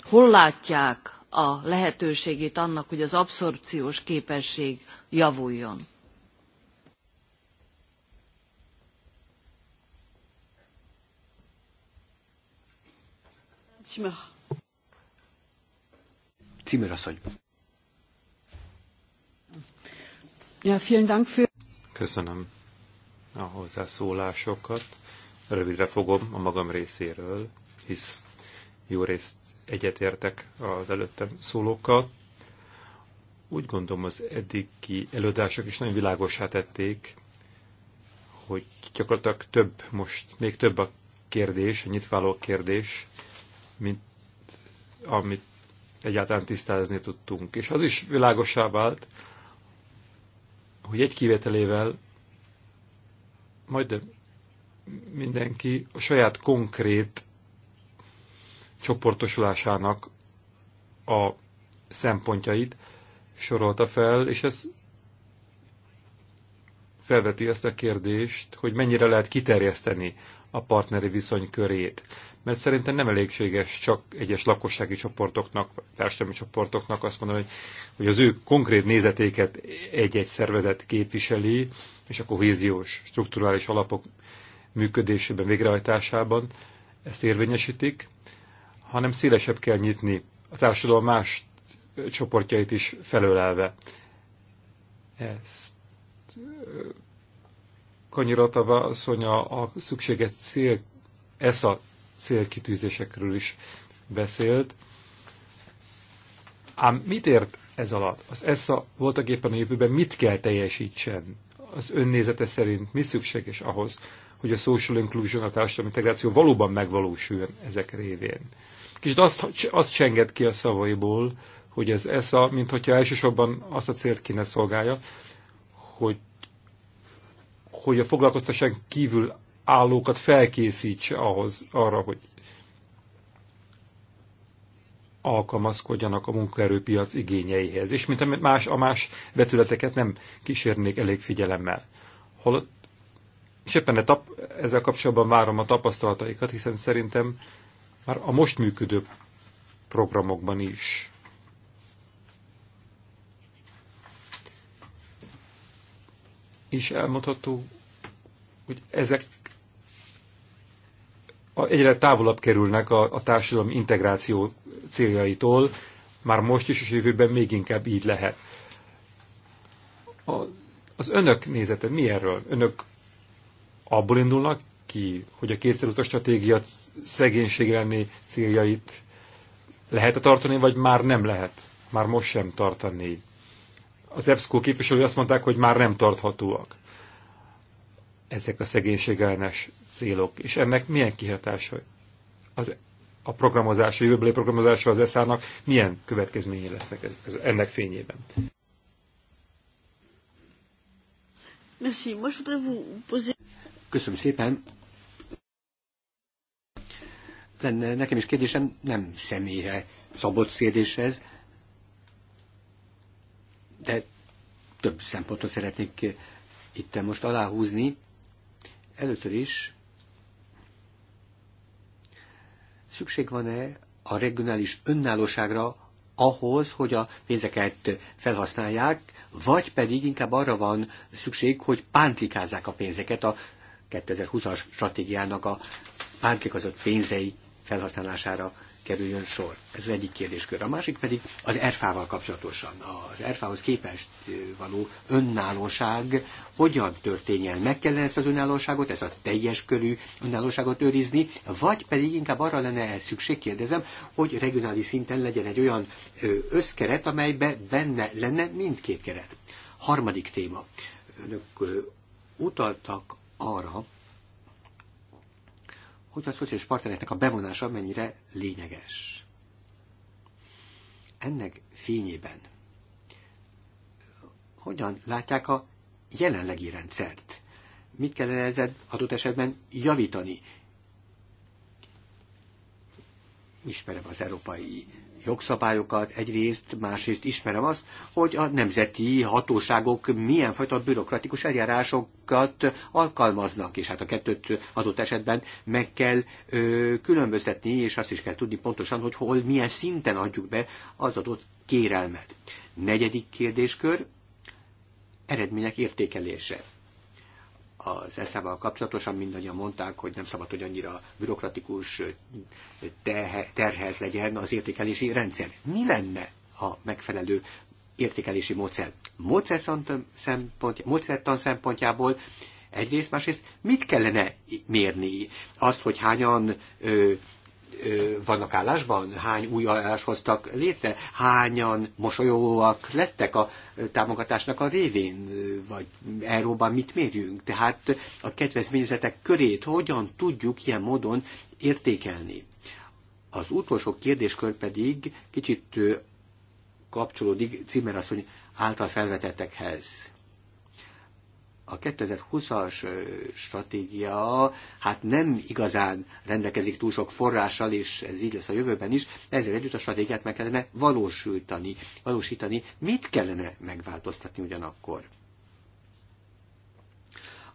hol látják a lehetőségét annak, hogy az abszorpciós képesség javuljon. Timor. Címer Ja, Köszönöm a hozzászólásokat. Rövidre fogom a magam részéről, hisz jó részt egyetértek az előttem szólókkal. Úgy gondolom az eddigi előadások is nagyon világosá tették, hogy gyakorlatilag több most, még több a kérdés, a nyitváló kérdés, mint amit egyáltalán tisztázni tudtunk. És az is világosá vált, hogy egy kivételével majd mindenki a saját konkrét csoportosulásának a szempontjait sorolta fel, és ez felveti ezt a kérdést, hogy mennyire lehet kiterjeszteni a partneri viszony körét mert szerintem nem elégséges csak egyes lakossági csoportoknak, társadalmi csoportoknak azt mondani, hogy, hogy az ő konkrét nézetéket egy-egy szervezet képviseli, és a kohéziós, strukturális alapok működésében, végrehajtásában ezt érvényesítik, hanem szélesebb kell nyitni a társadalom más csoportjait is felölelve. Ezt Kanyiratava asszony a, a szükséges cél a célkitűzésekről is beszélt. Ám mit ért ez alatt? Az ESSA voltak éppen a jövőben mit kell teljesítsen? Az önnézete szerint mi szükséges ahhoz, hogy a social inclusion, a társadalmi integráció valóban megvalósuljon ezek révén? Kicsit azt, azt csenged ki a szavaiból, hogy az ESSA, mint hogyha elsősorban azt a célt kéne szolgálja, hogy, hogy a foglalkoztatásán kívül állókat felkészítse ahhoz, arra, hogy alkalmazkodjanak a munkaerőpiac igényeihez, és mint más, a más vetületeket nem kísérnék elég figyelemmel. Holott, és éppen tap, ezzel kapcsolatban várom a tapasztalataikat, hiszen szerintem már a most működő programokban is is elmondható, hogy ezek egyre távolabb kerülnek a, a társadalom integráció céljaitól, már most is és jövőben még inkább így lehet. A, az önök nézete mi erről? Önök abból indulnak ki, hogy a kétszerúzas stratégia szegénység elleni céljait lehet-e tartani, vagy már nem lehet? Már most sem tartani. Az EBSCO képviselői azt mondták, hogy már nem tarthatóak ezek a szegénységellenes célok, és ennek milyen kihatása az a programozás, a jövőbeli programozása az ESZÁ-nak milyen következményei lesznek ez, ez, ennek fényében. Köszönöm szépen. Lenne nekem is kérdésem, nem személyre szabott kérdés ez, de több szempontot szeretnék itt most aláhúzni. Először is szükség van-e a regionális önállóságra ahhoz, hogy a pénzeket felhasználják, vagy pedig inkább arra van szükség, hogy pántlikázzák a pénzeket a 2020-as stratégiának a pántlikazott pénzei felhasználására kerüljön sor. Ez az egyik kérdéskör. A másik pedig az erfával kapcsolatosan. Az erfához képest való önállóság hogyan történjen? Meg kellene ezt az önállóságot, ezt a teljes körű önállóságot őrizni, vagy pedig inkább arra lenne szükség, kérdezem, hogy regionális szinten legyen egy olyan összkeret, amelybe benne lenne mindkét keret. Harmadik téma. Önök utaltak arra, hogy a szociális partnereknek a bevonása mennyire lényeges. Ennek fényében hogyan látják a jelenlegi rendszert? Mit kellene ezen adott esetben javítani? Ismerem az európai jogszabályokat egyrészt, másrészt ismerem azt, hogy a nemzeti hatóságok milyen fajta bürokratikus eljárásokat alkalmaznak, és hát a kettőt adott esetben meg kell ö, különböztetni, és azt is kell tudni pontosan, hogy hol, milyen szinten adjuk be az adott kérelmet. Negyedik kérdéskör, eredmények értékelése az eszával kapcsolatosan mindannyian mondták, hogy nem szabad, hogy annyira bürokratikus terhez legyen az értékelési rendszer. Mi lenne a megfelelő értékelési módszer? módszertan szempontjából egyrészt, másrészt mit kellene mérni? Azt, hogy hányan ö, vannak állásban? Hány új állás hoztak létre? Hányan mosolyóak lettek a támogatásnak a révén? Vagy Euróban mit mérjünk? Tehát a kedvezményezetek körét hogyan tudjuk ilyen módon értékelni? Az utolsó kérdéskör pedig kicsit kapcsolódik Cimerasszony által felvetettekhez a 2020-as stratégia hát nem igazán rendelkezik túl sok forrással, és ez így lesz a jövőben is, ezzel együtt a stratégiát meg kellene valósítani. valósítani. Mit kellene megváltoztatni ugyanakkor?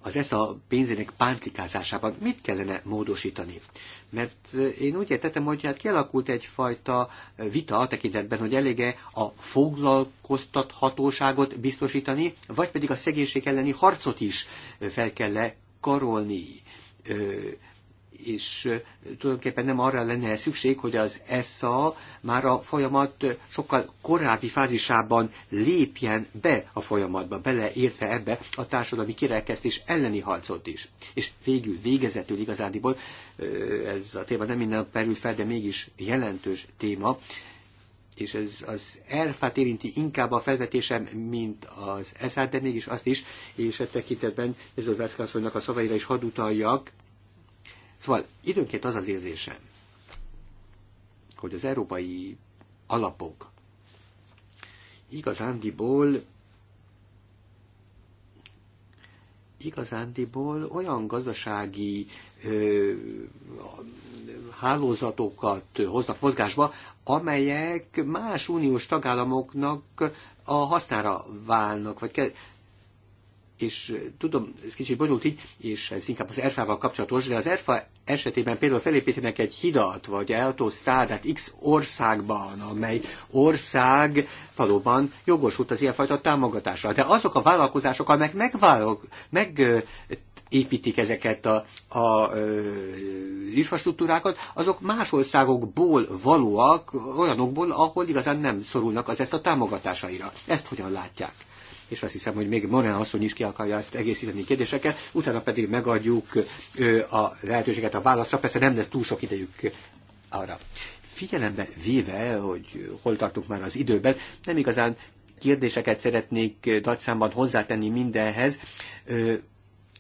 az ESZA pénzének pántlikázásában mit kellene módosítani? Mert eh, én úgy értettem, hogy hát kialakult egyfajta eh, vita a tekintetben, hogy elége a foglalkoztathatóságot biztosítani, vagy pedig a szegénység elleni harcot is eh, fel kell -e karolni és tulajdonképpen nem arra lenne szükség, hogy az ESA már a folyamat sokkal korábbi fázisában lépjen be a folyamatba, beleértve ebbe a társadalmi kirekesztés elleni harcot is. És végül, végezetül igazándiból, ez a téma nem minden perül fel, de mégis jelentős téma, és ez az erfát érinti inkább a felvetésem, mint az eszát, de mégis azt is, és e tekintetben ez a Vászkászonynak a szavaira is hadd utaljak, Szóval időnként az az érzésem, hogy az európai alapok igazándiból igazándiból olyan gazdasági ö, hálózatokat hoznak mozgásba, amelyek más uniós tagállamoknak a hasznára válnak, vagy és tudom, ez kicsit bonyolult így, és ez inkább az erfával kapcsolatos, de az erfa esetében például felépítenek egy hidat, vagy autosztrádát X országban, amely ország valóban jogosult az ilyenfajta támogatásra. De azok a vállalkozások, amelyek megvállalk, meg építik ezeket a, a, a infrastruktúrákat, azok más országokból valóak, olyanokból, ahol igazán nem szorulnak az ezt a támogatásaira. Ezt hogyan látják? és azt hiszem, hogy még Morán asszony is ki akarja ezt egészíteni kérdéseket, utána pedig megadjuk a lehetőséget a válaszra, persze nem lesz túl sok idejük arra. Figyelembe véve, hogy hol tartunk már az időben, nem igazán kérdéseket szeretnék nagy számban hozzátenni mindenhez,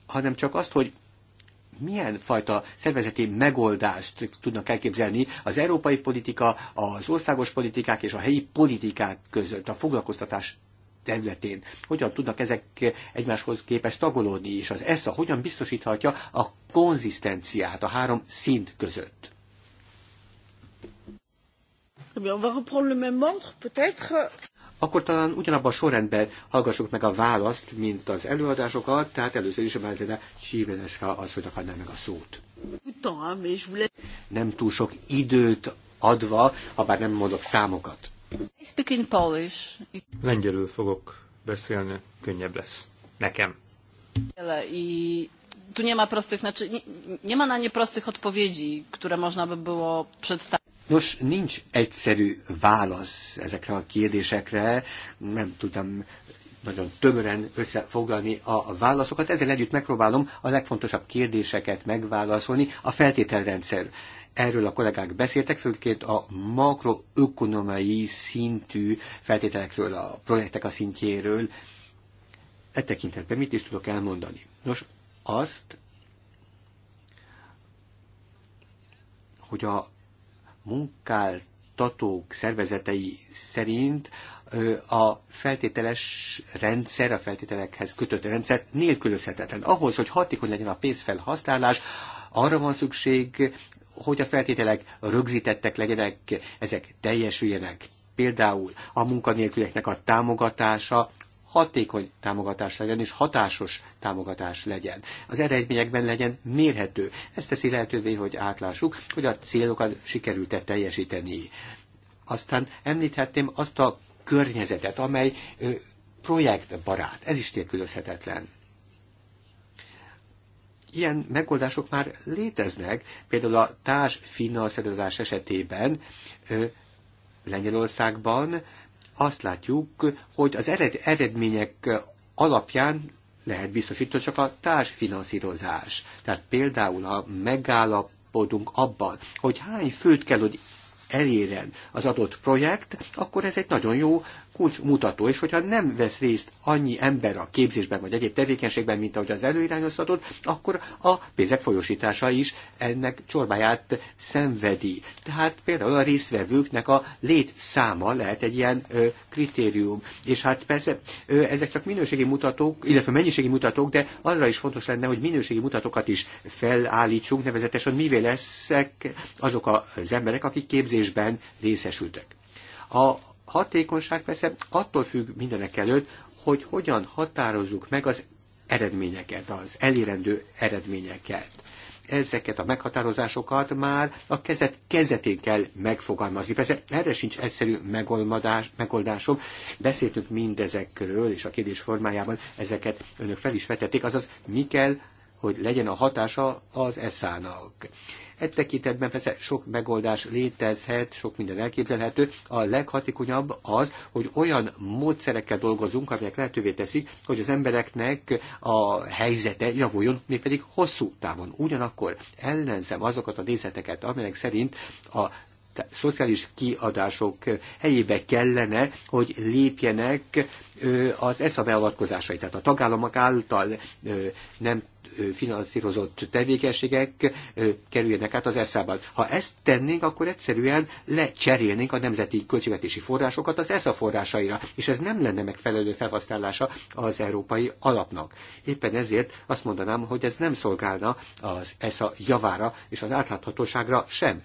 hanem csak azt, hogy milyen fajta szervezeti megoldást tudnak elképzelni az európai politika, az országos politikák és a helyi politikák között a foglalkoztatás területén. Hogyan tudnak ezek egymáshoz képest tagolódni, és az ESZA hogyan biztosíthatja a konzisztenciát a három szint között? Eh Akkor talán ugyanabban a sorrendben hallgassuk meg a választ, mint az előadásokat, tehát először is a Mázena az, hogy adná meg a szót. Nem túl sok időt adva, ha bár nem mondok számokat. I speak in Polish. Lengyelül fogok beszélni, könnyebb lesz. Nekem. I tu nie ma prostych, znaczy nie, nie ma na nie prostych odpowiedzi, które można by było przedstawić. Nos, nincs egyszerű válasz ezekre a kérdésekre, nem tudtam nagyon tömören összefoglalni a válaszokat. Ezzel együtt megpróbálom a legfontosabb kérdéseket megválaszolni a feltételrendszer Erről a kollégák beszéltek, főként a makroökonomai szintű feltételekről, a projektek a szintjéről. E tekintetben mit is tudok elmondani? Nos, azt, hogy a munkáltatók szervezetei szerint a feltételes rendszer, a feltételekhez kötött rendszer nélkülözhetetlen. Ahhoz, hogy hatékony legyen a pénzfelhasználás, arra van szükség, hogy a feltételek rögzítettek legyenek, ezek teljesüljenek. Például a munkanélkülieknek a támogatása, hatékony támogatás legyen, és hatásos támogatás legyen. Az eredményekben legyen mérhető. Ez teszi lehetővé, hogy átlássuk, hogy a célokat sikerült-e teljesíteni. Aztán említhetném azt a környezetet, amely projektbarát. Ez is nélkülözhetetlen ilyen megoldások már léteznek, például a finanszírozás esetében Lengyelországban azt látjuk, hogy az eredmények alapján lehet biztosítani csak a finanszírozás. Tehát például, ha megállapodunk abban, hogy hány főt kell, hogy elérjen az adott projekt, akkor ez egy nagyon jó kulcsmutató, és hogyha nem vesz részt annyi ember a képzésben vagy egyéb tevékenységben, mint ahogy az előirányoztatott, akkor a pénzek folyosítása is ennek csorbáját szenvedi. Tehát például a részvevőknek a létszáma lehet egy ilyen ö, kritérium. És hát persze ö, ezek csak minőségi mutatók, illetve mennyiségi mutatók, de arra is fontos lenne, hogy minőségi mutatókat is felállítsunk, nevezetesen mivé leszek azok az emberek, akik képzésben részesültek. A hatékonyság persze attól függ mindenek előtt, hogy hogyan határozzuk meg az eredményeket, az elérendő eredményeket. Ezeket a meghatározásokat már a kezet kezetén kell megfogalmazni. Persze erre sincs egyszerű megoldás, megoldásom. Beszéltünk mindezekről, és a kérdés formájában ezeket önök fel is vetették, azaz mi kell hogy legyen a hatása az eszának. Egy tekintetben persze sok megoldás létezhet, sok minden elképzelhető. A leghatékonyabb az, hogy olyan módszerekkel dolgozunk, amelyek lehetővé teszik, hogy az embereknek a helyzete javuljon, mégpedig hosszú távon. Ugyanakkor ellenzem azokat a nézeteket, amelyek szerint a szociális kiadások helyébe kellene, hogy lépjenek az ESZA beavatkozásai, tehát a tagállamok által nem finanszírozott tevékenységek kerüljenek át az ESZA-ban. Ha ezt tennénk, akkor egyszerűen lecserélnénk a nemzeti költségvetési forrásokat az ESZA forrásaira, és ez nem lenne megfelelő felhasználása az európai alapnak. Éppen ezért azt mondanám, hogy ez nem szolgálna az ESZA javára és az átláthatóságra sem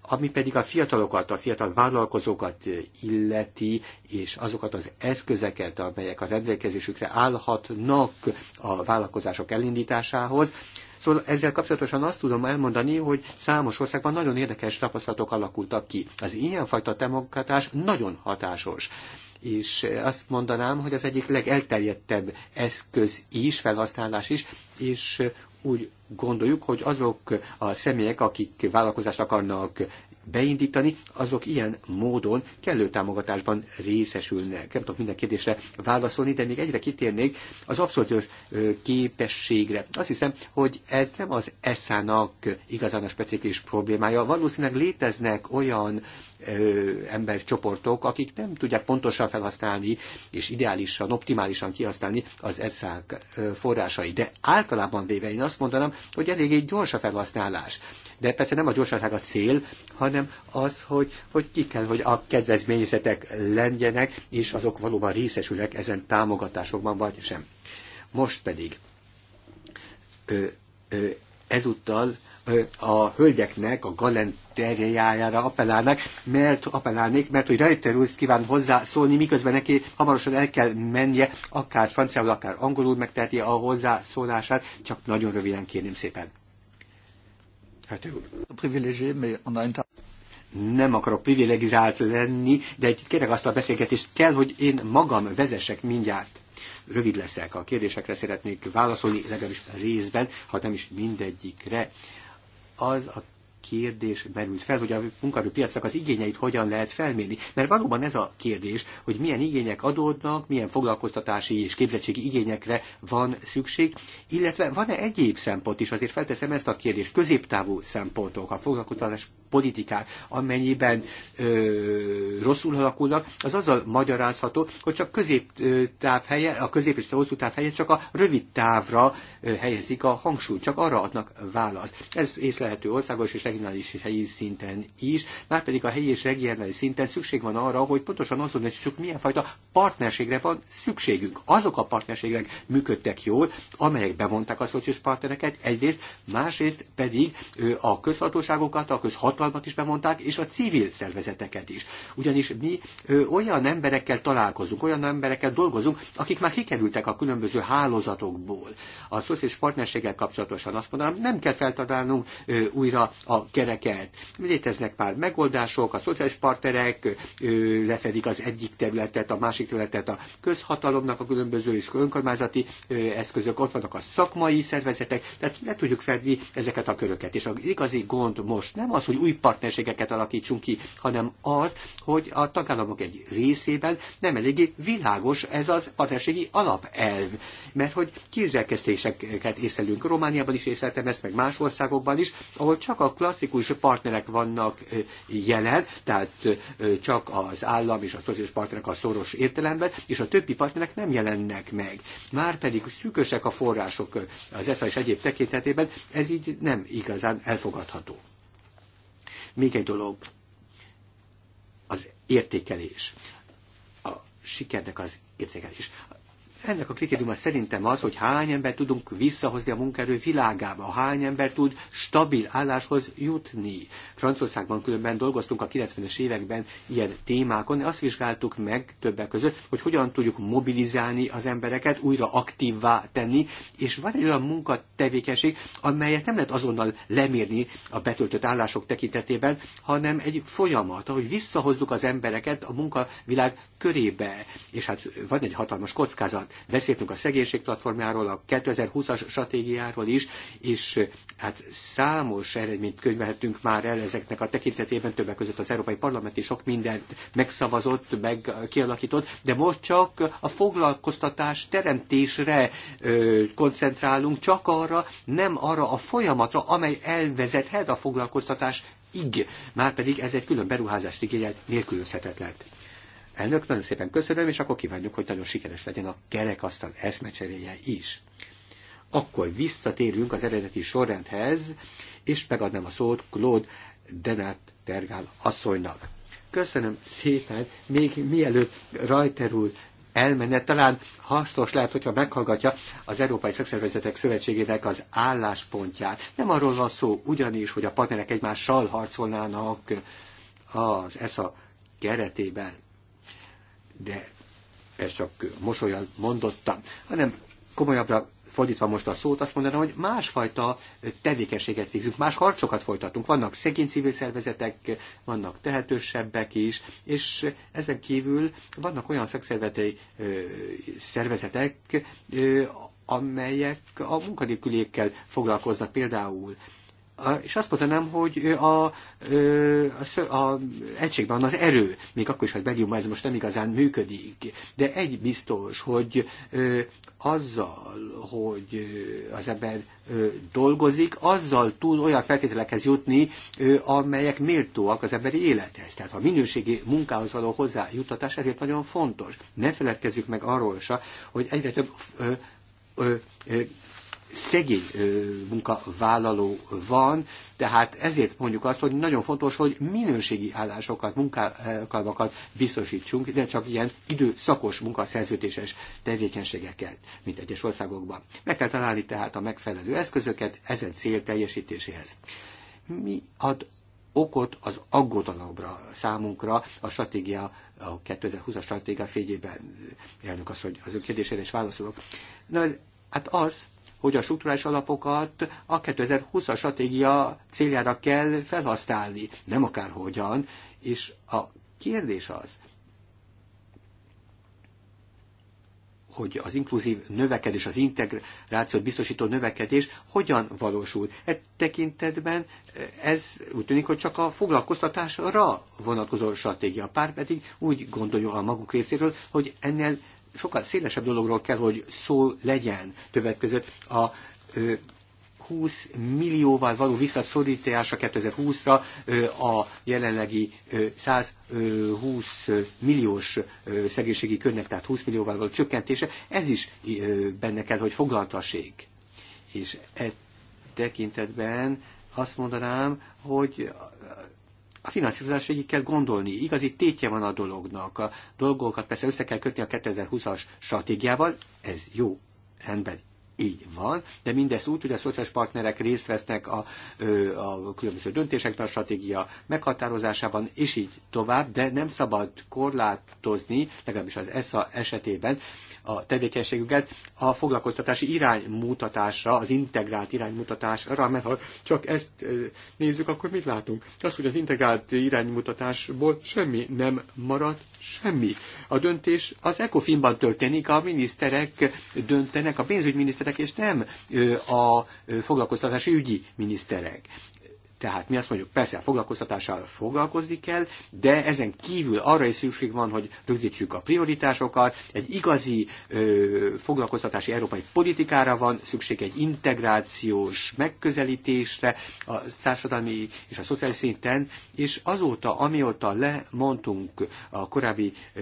ami pedig a fiatalokat, a fiatal vállalkozókat illeti, és azokat az eszközeket, amelyek a rendelkezésükre állhatnak a vállalkozások elindításához. Szóval ezzel kapcsolatosan azt tudom elmondani, hogy számos országban nagyon érdekes tapasztalatok alakultak ki. Az ilyenfajta támogatás nagyon hatásos és azt mondanám, hogy az egyik legelterjedtebb eszköz is, felhasználás is, és úgy gondoljuk, hogy azok a személyek, akik vállalkozást akarnak beindítani, azok ilyen módon kellő támogatásban részesülnek. Nem tudok minden kérdésre válaszolni, de még egyre kitérnék az abszolút képességre. Azt hiszem, hogy ez nem az eszának igazán a specifikus problémája. Valószínűleg léteznek olyan embercsoportok, akik nem tudják pontosan felhasználni és ideálisan, optimálisan kihasználni az eszák forrásai. De általában véve én azt mondanám, hogy eléggé gyors a felhasználás de persze nem a gyorsaság a cél, hanem az, hogy, hogy ki kell, hogy a kedvezményzetek legyenek, és azok valóban részesülnek ezen támogatásokban, vagy sem. Most pedig ö, ö, ezúttal a hölgyeknek a galenteriájára appellálnak, mert appellálnék, mert hogy Reiter úr kíván hozzászólni, miközben neki hamarosan el kell mennie, akár franciául, akár angolul megteheti a hozzászólását, csak nagyon röviden kérném szépen. Hát jó. Nem akarok privilegizált lenni, de itt kérek azt a beszélgetést kell, hogy én magam vezessek mindjárt. Rövid leszek, a kérdésekre szeretnék válaszolni, legalábbis részben, ha nem is mindegyikre. Az a kérdés merült fel, hogy a munkaerőpiacnak az igényeit hogyan lehet felmérni. Mert valóban ez a kérdés, hogy milyen igények adódnak, milyen foglalkoztatási és képzettségi igényekre van szükség, illetve van-e egyéb szempont is, azért felteszem ezt a kérdést, középtávú szempontok, a foglalkoztatás politikák, amennyiben ö, rosszul alakulnak, az azzal magyarázható, hogy csak középtáv helye, a közép és hosszú táv helye csak a rövid távra ö, helyezik a hangsúlyt, csak arra adnak választ. Ez észlehető országos és regionális és helyi szinten is, márpedig a helyi és regionális szinten szükség van arra, hogy pontosan azon csak milyen fajta partnerségre van szükségünk. Azok a partnerségek működtek jól, amelyek bevonták a szociális partnereket egyrészt, másrészt pedig a közhatóságokat, a közhatalmat is bevonták, és a civil szervezeteket is. Ugyanis mi olyan emberekkel találkozunk, olyan emberekkel dolgozunk, akik már kikerültek a különböző hálózatokból. A szociális partnerséggel kapcsolatosan azt mondanám, nem kell feltalálnunk újra a a gyereket. Léteznek már megoldások, a szociális partnerek lefedik az egyik területet, a másik területet a közhatalomnak a különböző és önkormányzati eszközök, ott vannak a szakmai szervezetek, tehát le tudjuk fedni ezeket a köröket. És az igazi gond most nem az, hogy új partnerségeket alakítsunk ki, hanem az, hogy a tagállamok egy részében nem eléggé világos ez az partnerségi alapelv mert hogy kézzelkesztéseket észlelünk. Romániában is észleltem ezt, meg más országokban is, ahol csak a klasszikus partnerek vannak jelen, tehát csak az állam és a szociális partnerek a szoros értelemben, és a többi partnerek nem jelennek meg. Már pedig szűkösek a források az ESZA és egyéb tekintetében, ez így nem igazán elfogadható. Még egy dolog, az értékelés. A sikernek az értékelés. Ennek a kritériuma szerintem az, hogy hány ember tudunk visszahozni a munkaerő világába, hány ember tud stabil álláshoz jutni. Franciaországban különben dolgoztunk a 90-es években ilyen témákon, azt vizsgáltuk meg többek között, hogy hogyan tudjuk mobilizálni az embereket, újra aktívvá tenni, és van egy olyan munkatevékenység, amelyet nem lehet azonnal lemérni a betöltött állások tekintetében, hanem egy folyamat, ahogy visszahozzuk az embereket a munkavilág körébe. És hát van egy hatalmas kockázat beszéltünk a szegénység platformjáról, a 2020-as stratégiáról is, és hát számos eredményt könyvelhetünk már el ezeknek a tekintetében, többek között az Európai Parlament is sok mindent megszavazott, meg kialakított, de most csak a foglalkoztatás teremtésre ö, koncentrálunk, csak arra, nem arra a folyamatra, amely elvezethet a foglalkoztatás már márpedig ez egy külön beruházást igényelt, nélkülözhetetlen. Elnök, nagyon szépen köszönöm, és akkor kívánjuk, hogy nagyon sikeres legyen a kerekasztal eszmecseréje is. Akkor visszatérünk az eredeti sorrendhez, és megadnám a szót Claude Denát Tergál asszonynak. Köszönöm szépen, még mielőtt Rajter úr elmenne, talán hasznos lehet, hogyha meghallgatja az Európai Szakszervezetek Szövetségének az álláspontját. Nem arról van szó ugyanis, hogy a partnerek egymással harcolnának az ESA keretében de ez csak mosolyan mondottam, hanem komolyabbra fordítva most a szót, azt mondanám, hogy másfajta tevékenységet végzünk, más harcokat folytatunk. Vannak szegény civil szervezetek, vannak tehetősebbek is, és ezen kívül vannak olyan szakszervezetei szervezetek, amelyek a munkanélküliekkel foglalkoznak például és azt mondanám, hogy a, a, a egységben van az erő, még akkor is, ha Belgiumban ez most nem igazán működik, de egy biztos, hogy azzal, hogy az ember dolgozik, azzal tud olyan feltételekhez jutni, amelyek méltóak az emberi élethez. Tehát a minőségi munkához való hozzájutatás ezért nagyon fontos. Ne feledkezzük meg arról se, hogy egyre több szegény munkavállaló van, tehát ezért mondjuk azt, hogy nagyon fontos, hogy minőségi állásokat, munkalmakat biztosítsunk, de csak ilyen időszakos munkaszerződéses tevékenységeket, mint egyes országokban. Meg kell találni tehát a megfelelő eszközöket ezen cél teljesítéséhez. Mi ad okot az aggodalomra számunkra a stratégia, a 2020-as stratégia fényében, elnök az, hogy az ő kérdésére is válaszolok. Na, hát az, hogy a struktúrális alapokat a 2020-as stratégia céljára kell felhasználni, nem akárhogyan, és a kérdés az, hogy az inkluzív növekedés, az integrációt biztosító növekedés hogyan valósul. E tekintetben ez úgy tűnik, hogy csak a foglalkoztatásra vonatkozó stratégia. Pár pedig úgy gondolja a maguk részéről, hogy ennél sokkal szélesebb dologról kell, hogy szó legyen többek között a 20 millióval való visszaszorítása 2020-ra a jelenlegi 120 milliós szegénységi körnek, tehát 20 millióval való csökkentése, ez is benne kell, hogy foglaltaség. És e tekintetben azt mondanám, hogy a finanszírozás végig kell gondolni, igazi tétje van a dolognak. A dolgokat persze össze kell kötni a 2020-as stratégiával, ez jó, rendben, így van, de mindezt úgy, hogy a szociális partnerek részt vesznek a, a különböző döntésekben, a stratégia meghatározásában, és így tovább, de nem szabad korlátozni, legalábbis az ESZA esetében, a tevékenységüket a foglalkoztatási iránymutatásra, az integrált iránymutatásra, mert ha csak ezt nézzük, akkor mit látunk? Az, hogy az integrált iránymutatásból semmi nem maradt semmi. A döntés az ECOFIN-ban történik, a miniszterek döntenek, a pénzügyminiszterek, és nem a foglalkoztatási ügyi miniszterek. Tehát mi azt mondjuk, persze a foglalkoztatással foglalkozni kell, de ezen kívül arra is szükség van, hogy rögzítsük a prioritásokat, egy igazi ö, foglalkoztatási európai politikára van szükség, egy integrációs megközelítésre a társadalmi és a szociális szinten, és azóta, amióta lemondtunk a korábbi ö,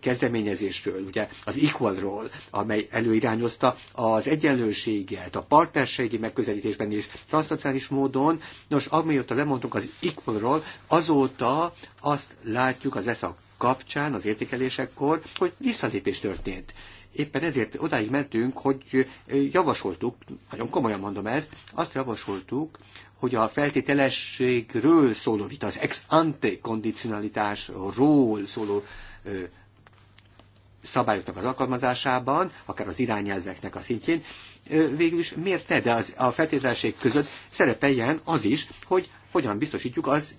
kezdeményezésről, ugye az Equalról, amely előirányozta az egyenlőséget, a partnerségi megközelítésben és transzociális módon, nos, amióta lemondtunk az ikpolról, azóta azt látjuk az ESZA kapcsán, az értékelésekkor, hogy visszalépés történt. Éppen ezért odáig mentünk, hogy javasoltuk, nagyon komolyan mondom ezt, azt javasoltuk, hogy a feltételességről szóló vita, az ex ante kondicionalitásról szóló szabályoknak az alkalmazásában, akár az irányelveknek a szintjén, végül is miért ne, de az, a feltételség között szerepeljen az is, hogy hogyan biztosítjuk az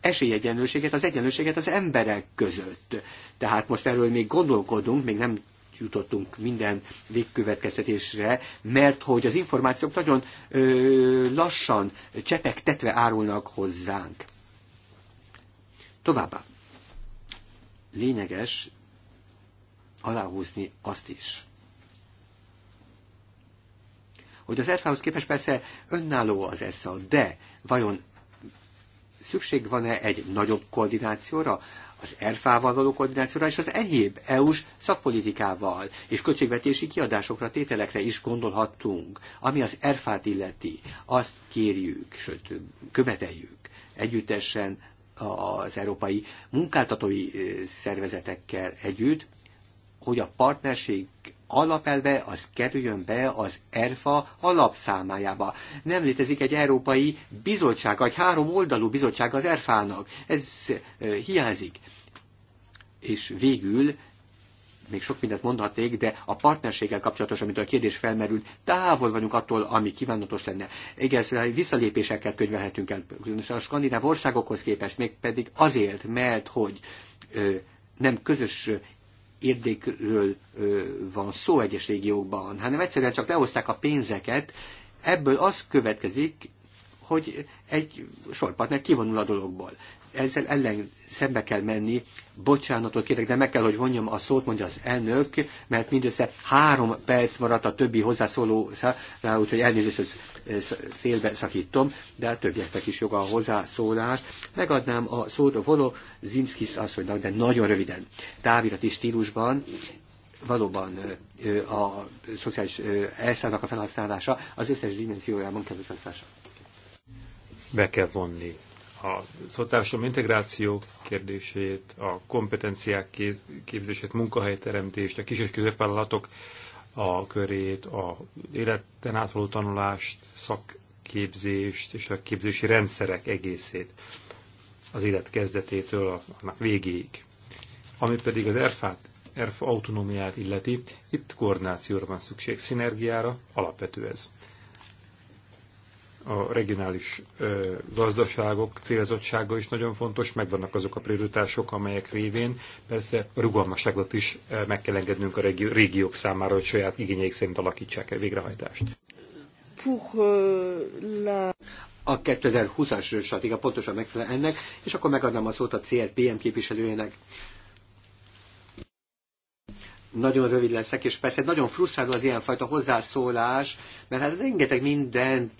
esélyegyenlőséget, az egyenlőséget az emberek között. Tehát most erről még gondolkodunk, még nem jutottunk minden végkövetkeztetésre, mert hogy az információk nagyon ö, lassan csepegtetve árulnak hozzánk. Továbbá lényeges aláhúzni azt is, hogy az ESZA-hoz képest persze önálló az ESZA, de vajon szükség van-e egy nagyobb koordinációra, az ERFA-val való koordinációra és az egyéb EU-s szakpolitikával és költségvetési kiadásokra, tételekre is gondolhatunk, ami az ERFA-t illeti. Azt kérjük, sőt, követeljük együttesen az európai munkáltatói szervezetekkel együtt, hogy a partnerség alapelve az kerüljön be az ERFA alapszámájába. Nem létezik egy európai bizottság, vagy három oldalú bizottság az ERFA-nak. Ez hiányzik. És végül még sok mindent mondhatnék, de a partnerséggel kapcsolatosan, amit a kérdés felmerült, távol vagyunk attól, ami kívánatos lenne. Igen, szóval visszalépésekkel könyvelhetünk el, különösen a skandináv országokhoz képest, mégpedig azért, mert hogy ö, nem közös érdekről van szó egyes régiókban, hanem egyszerűen csak lehozták a pénzeket, ebből az következik, hogy egy sorpartner kivonul a dologból ezzel ellen szembe kell menni, bocsánatot kérek, de meg kell, hogy vonjam a szót, mondja az elnök, mert mindössze három perc maradt a többi hozzászóló, úgyhogy elnézést, hogy félbe szakítom, de a többieknek is joga a hozzászólás. Megadnám a szót a Volo Zinskis asszonynak, de nagyon röviden. Távirati stílusban valóban a szociális elszállnak a felhasználása az összes dimenziójában kell felhasználása. Be kell vonni a szociálisom integráció kérdését, a kompetenciák képzését, munkahelyteremtést, a kis és középvállalatok a körét, a életen átvaló tanulást, szakképzést és a képzési rendszerek egészét az élet kezdetétől annak végéig. Ami pedig az ERFA-t, autonómiát illeti, itt koordinációra van szükség, szinergiára, alapvető ez a regionális ö, gazdaságok célzottsága is nagyon fontos, megvannak azok a prioritások, amelyek révén persze rugalmasságot is ö, meg kell engednünk a régiók számára, hogy saját igényeik szerint alakítsák el végrehajtást. A 2020-as stratégia pontosan megfelel ennek, és akkor megadnám a szót a CRPM képviselőjének nagyon rövid leszek, és persze nagyon frusztráló az ilyenfajta hozzászólás, mert hát rengeteg mindent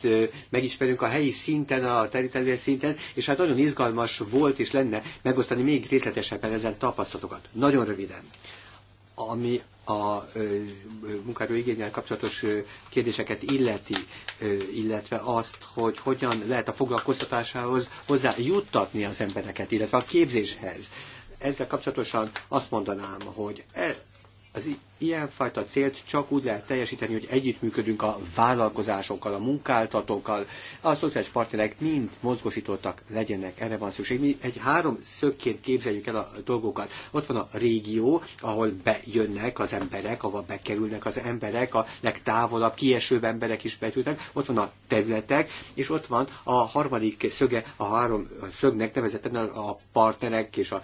megismerünk a helyi szinten, a területi szinten, és hát nagyon izgalmas volt és lenne megosztani még részletesebben ezen tapasztalatokat. Nagyon röviden. Ami a munkáról igényel kapcsolatos kérdéseket illeti, illetve azt, hogy hogyan lehet a foglalkoztatásához hozzá juttatni az embereket, illetve a képzéshez. Ezzel kapcsolatosan azt mondanám, hogy e, az ilyenfajta célt csak úgy lehet teljesíteni, hogy együttműködünk a vállalkozásokkal, a munkáltatókkal, a szociális partnerek mind mozgosítottak legyenek, erre van szükség. Mi egy három szögként képzeljük el a dolgokat. Ott van a régió, ahol bejönnek az emberek, ahol bekerülnek az emberek, a legtávolabb, kiesőbb emberek is betűnnek, ott van a területek, és ott van a harmadik szöge, a három szögnek nevezetten a partnerek és az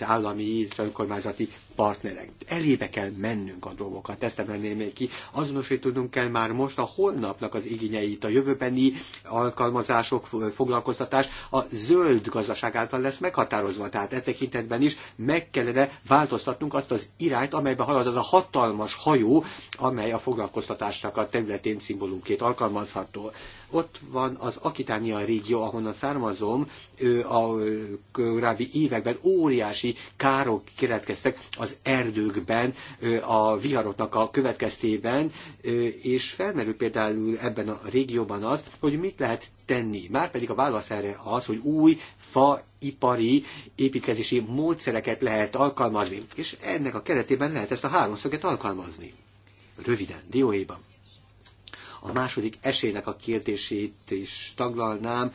állami, az önkormányzati partnerek. Elébe kell mennünk a dolgokat, ezt emelném még ki. Azonosítanunk kell már most a holnapnak az igényeit, a jövőbeni alkalmazások, foglalkoztatás a zöld gazdaság által lesz meghatározva. Tehát e tekintetben is meg kellene változtatnunk azt az irányt, amelybe halad az a hatalmas hajó, amely a foglalkoztatásnak a területén szimbólumként alkalmazható. Ott van az Akitánia régió, ahonnan származom, a korábbi években óriási károk keletkeztek az erdőkben, a viharoknak a következtében, és felmerül például ebben a régióban az, hogy mit lehet tenni. Márpedig a válasz erre az, hogy új faipari építkezési módszereket lehet alkalmazni, és ennek a keretében lehet ezt a háromszöget alkalmazni. Röviden, dióéban. A második esélynek a kérdését is taglalnám.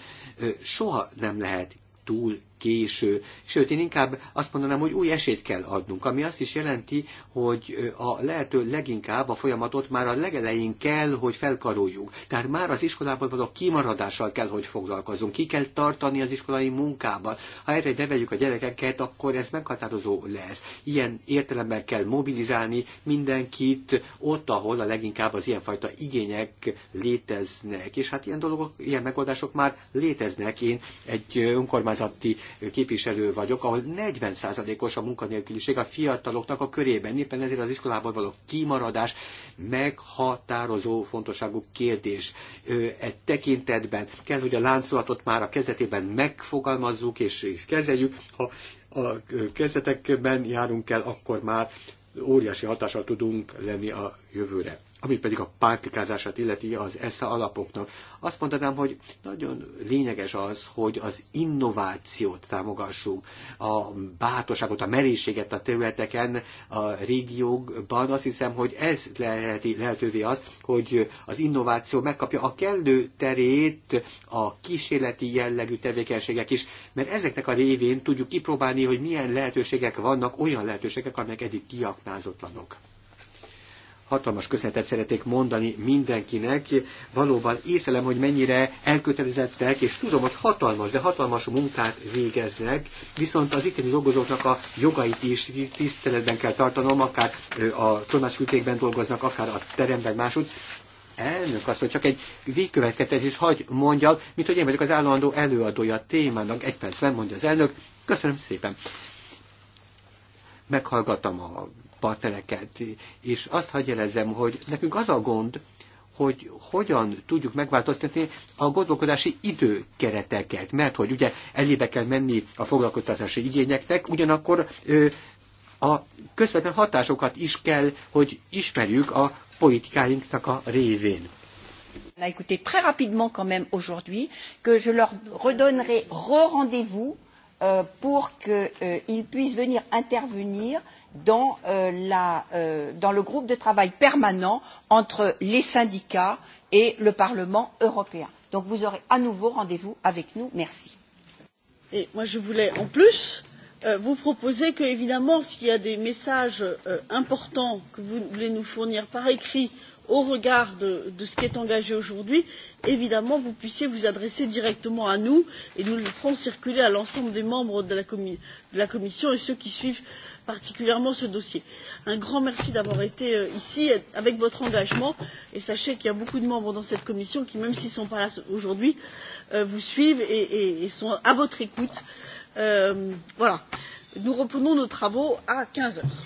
Soha nem lehet túl késő. Sőt, én inkább azt mondanám, hogy új esélyt kell adnunk, ami azt is jelenti, hogy a lehető leginkább a folyamatot már a legelején kell, hogy felkaroljuk. Tehát már az iskolában való kimaradással kell, hogy foglalkozunk. Ki kell tartani az iskolai munkában. Ha erre neveljük a gyerekeket, akkor ez meghatározó lesz. Ilyen értelemben kell mobilizálni mindenkit ott, ahol a leginkább az ilyenfajta igények léteznek. És hát ilyen dolgok, ilyen megoldások már léteznek. Én egy önkormányzati képviselő vagyok, ahol 40%-os a munkanélküliség a fiataloknak a körében. Éppen ezért az iskolában való kimaradás meghatározó fontosságú kérdés. E tekintetben kell, hogy a láncolatot már a kezdetében megfogalmazzuk és kezeljük. Ha a kezdetekben járunk el, akkor már óriási hatással tudunk lenni a jövőre. Ami pedig a pártikázását illeti az esze alapoknak, azt mondanám, hogy nagyon lényeges az, hogy az innovációt támogassuk, a bátorságot, a merészséget a területeken, a régiókban. Azt hiszem, hogy ez leheti lehetővé az, hogy az innováció megkapja a kellő terét a kísérleti jellegű tevékenységek is, mert ezeknek a révén tudjuk kipróbálni, hogy milyen lehetőségek vannak, olyan lehetőségek, amelyek eddig kiaknázatlanok hatalmas köszönetet szeretnék mondani mindenkinek. Valóban észlelem, hogy mennyire elkötelezettek, és tudom, hogy hatalmas, de hatalmas munkát végeznek, viszont az itteni dolgozóknak a jogait is tiszteletben kell tartanom, akár a tolmácsültékben dolgoznak, akár a teremben máshogy elnök azt, hogy csak egy végkövetkezés is hagy mondjak, mint hogy én vagyok az állandó előadója a témának, egy percben mondja az elnök. Köszönöm szépen. Meghallgattam a partnereket. És azt hagyjelezem, hogy nekünk az a gond, hogy hogyan tudjuk megváltoztatni a gondolkodási időkereteket, mert hogy ugye elébe kell menni a foglalkoztatási igényeknek, ugyanakkor ö, a közvetlen hatásokat is kell, hogy ismerjük a politikáinknak a révén. On a écouté très rapidement quand même aujourd'hui que je leur redonnerai re-rendez-vous euh, pour qu'ils euh, puissent venir intervenir dans, euh, la, euh, dans le groupe de travail permanent entre les syndicats et le Parlement européen. Donc vous aurez à nouveau rendez-vous avec nous. Merci. Et moi je voulais en plus euh, vous proposer que évidemment s'il y a des messages euh, importants que vous voulez nous fournir par écrit euh, au regard de, de ce qui est engagé aujourd'hui évidemment vous puissiez vous adresser directement à nous et nous le ferons circuler à l'ensemble des membres de la, de la commission et ceux qui suivent particulièrement ce dossier. un grand merci d'avoir été euh, ici avec votre engagement et sachez qu'il y a beaucoup de membres dans cette commission qui même s'ils ne sont pas là aujourd'hui euh, vous suivent et, et, et sont à votre écoute. Euh, voilà nous reprenons nos travaux à quinze heures.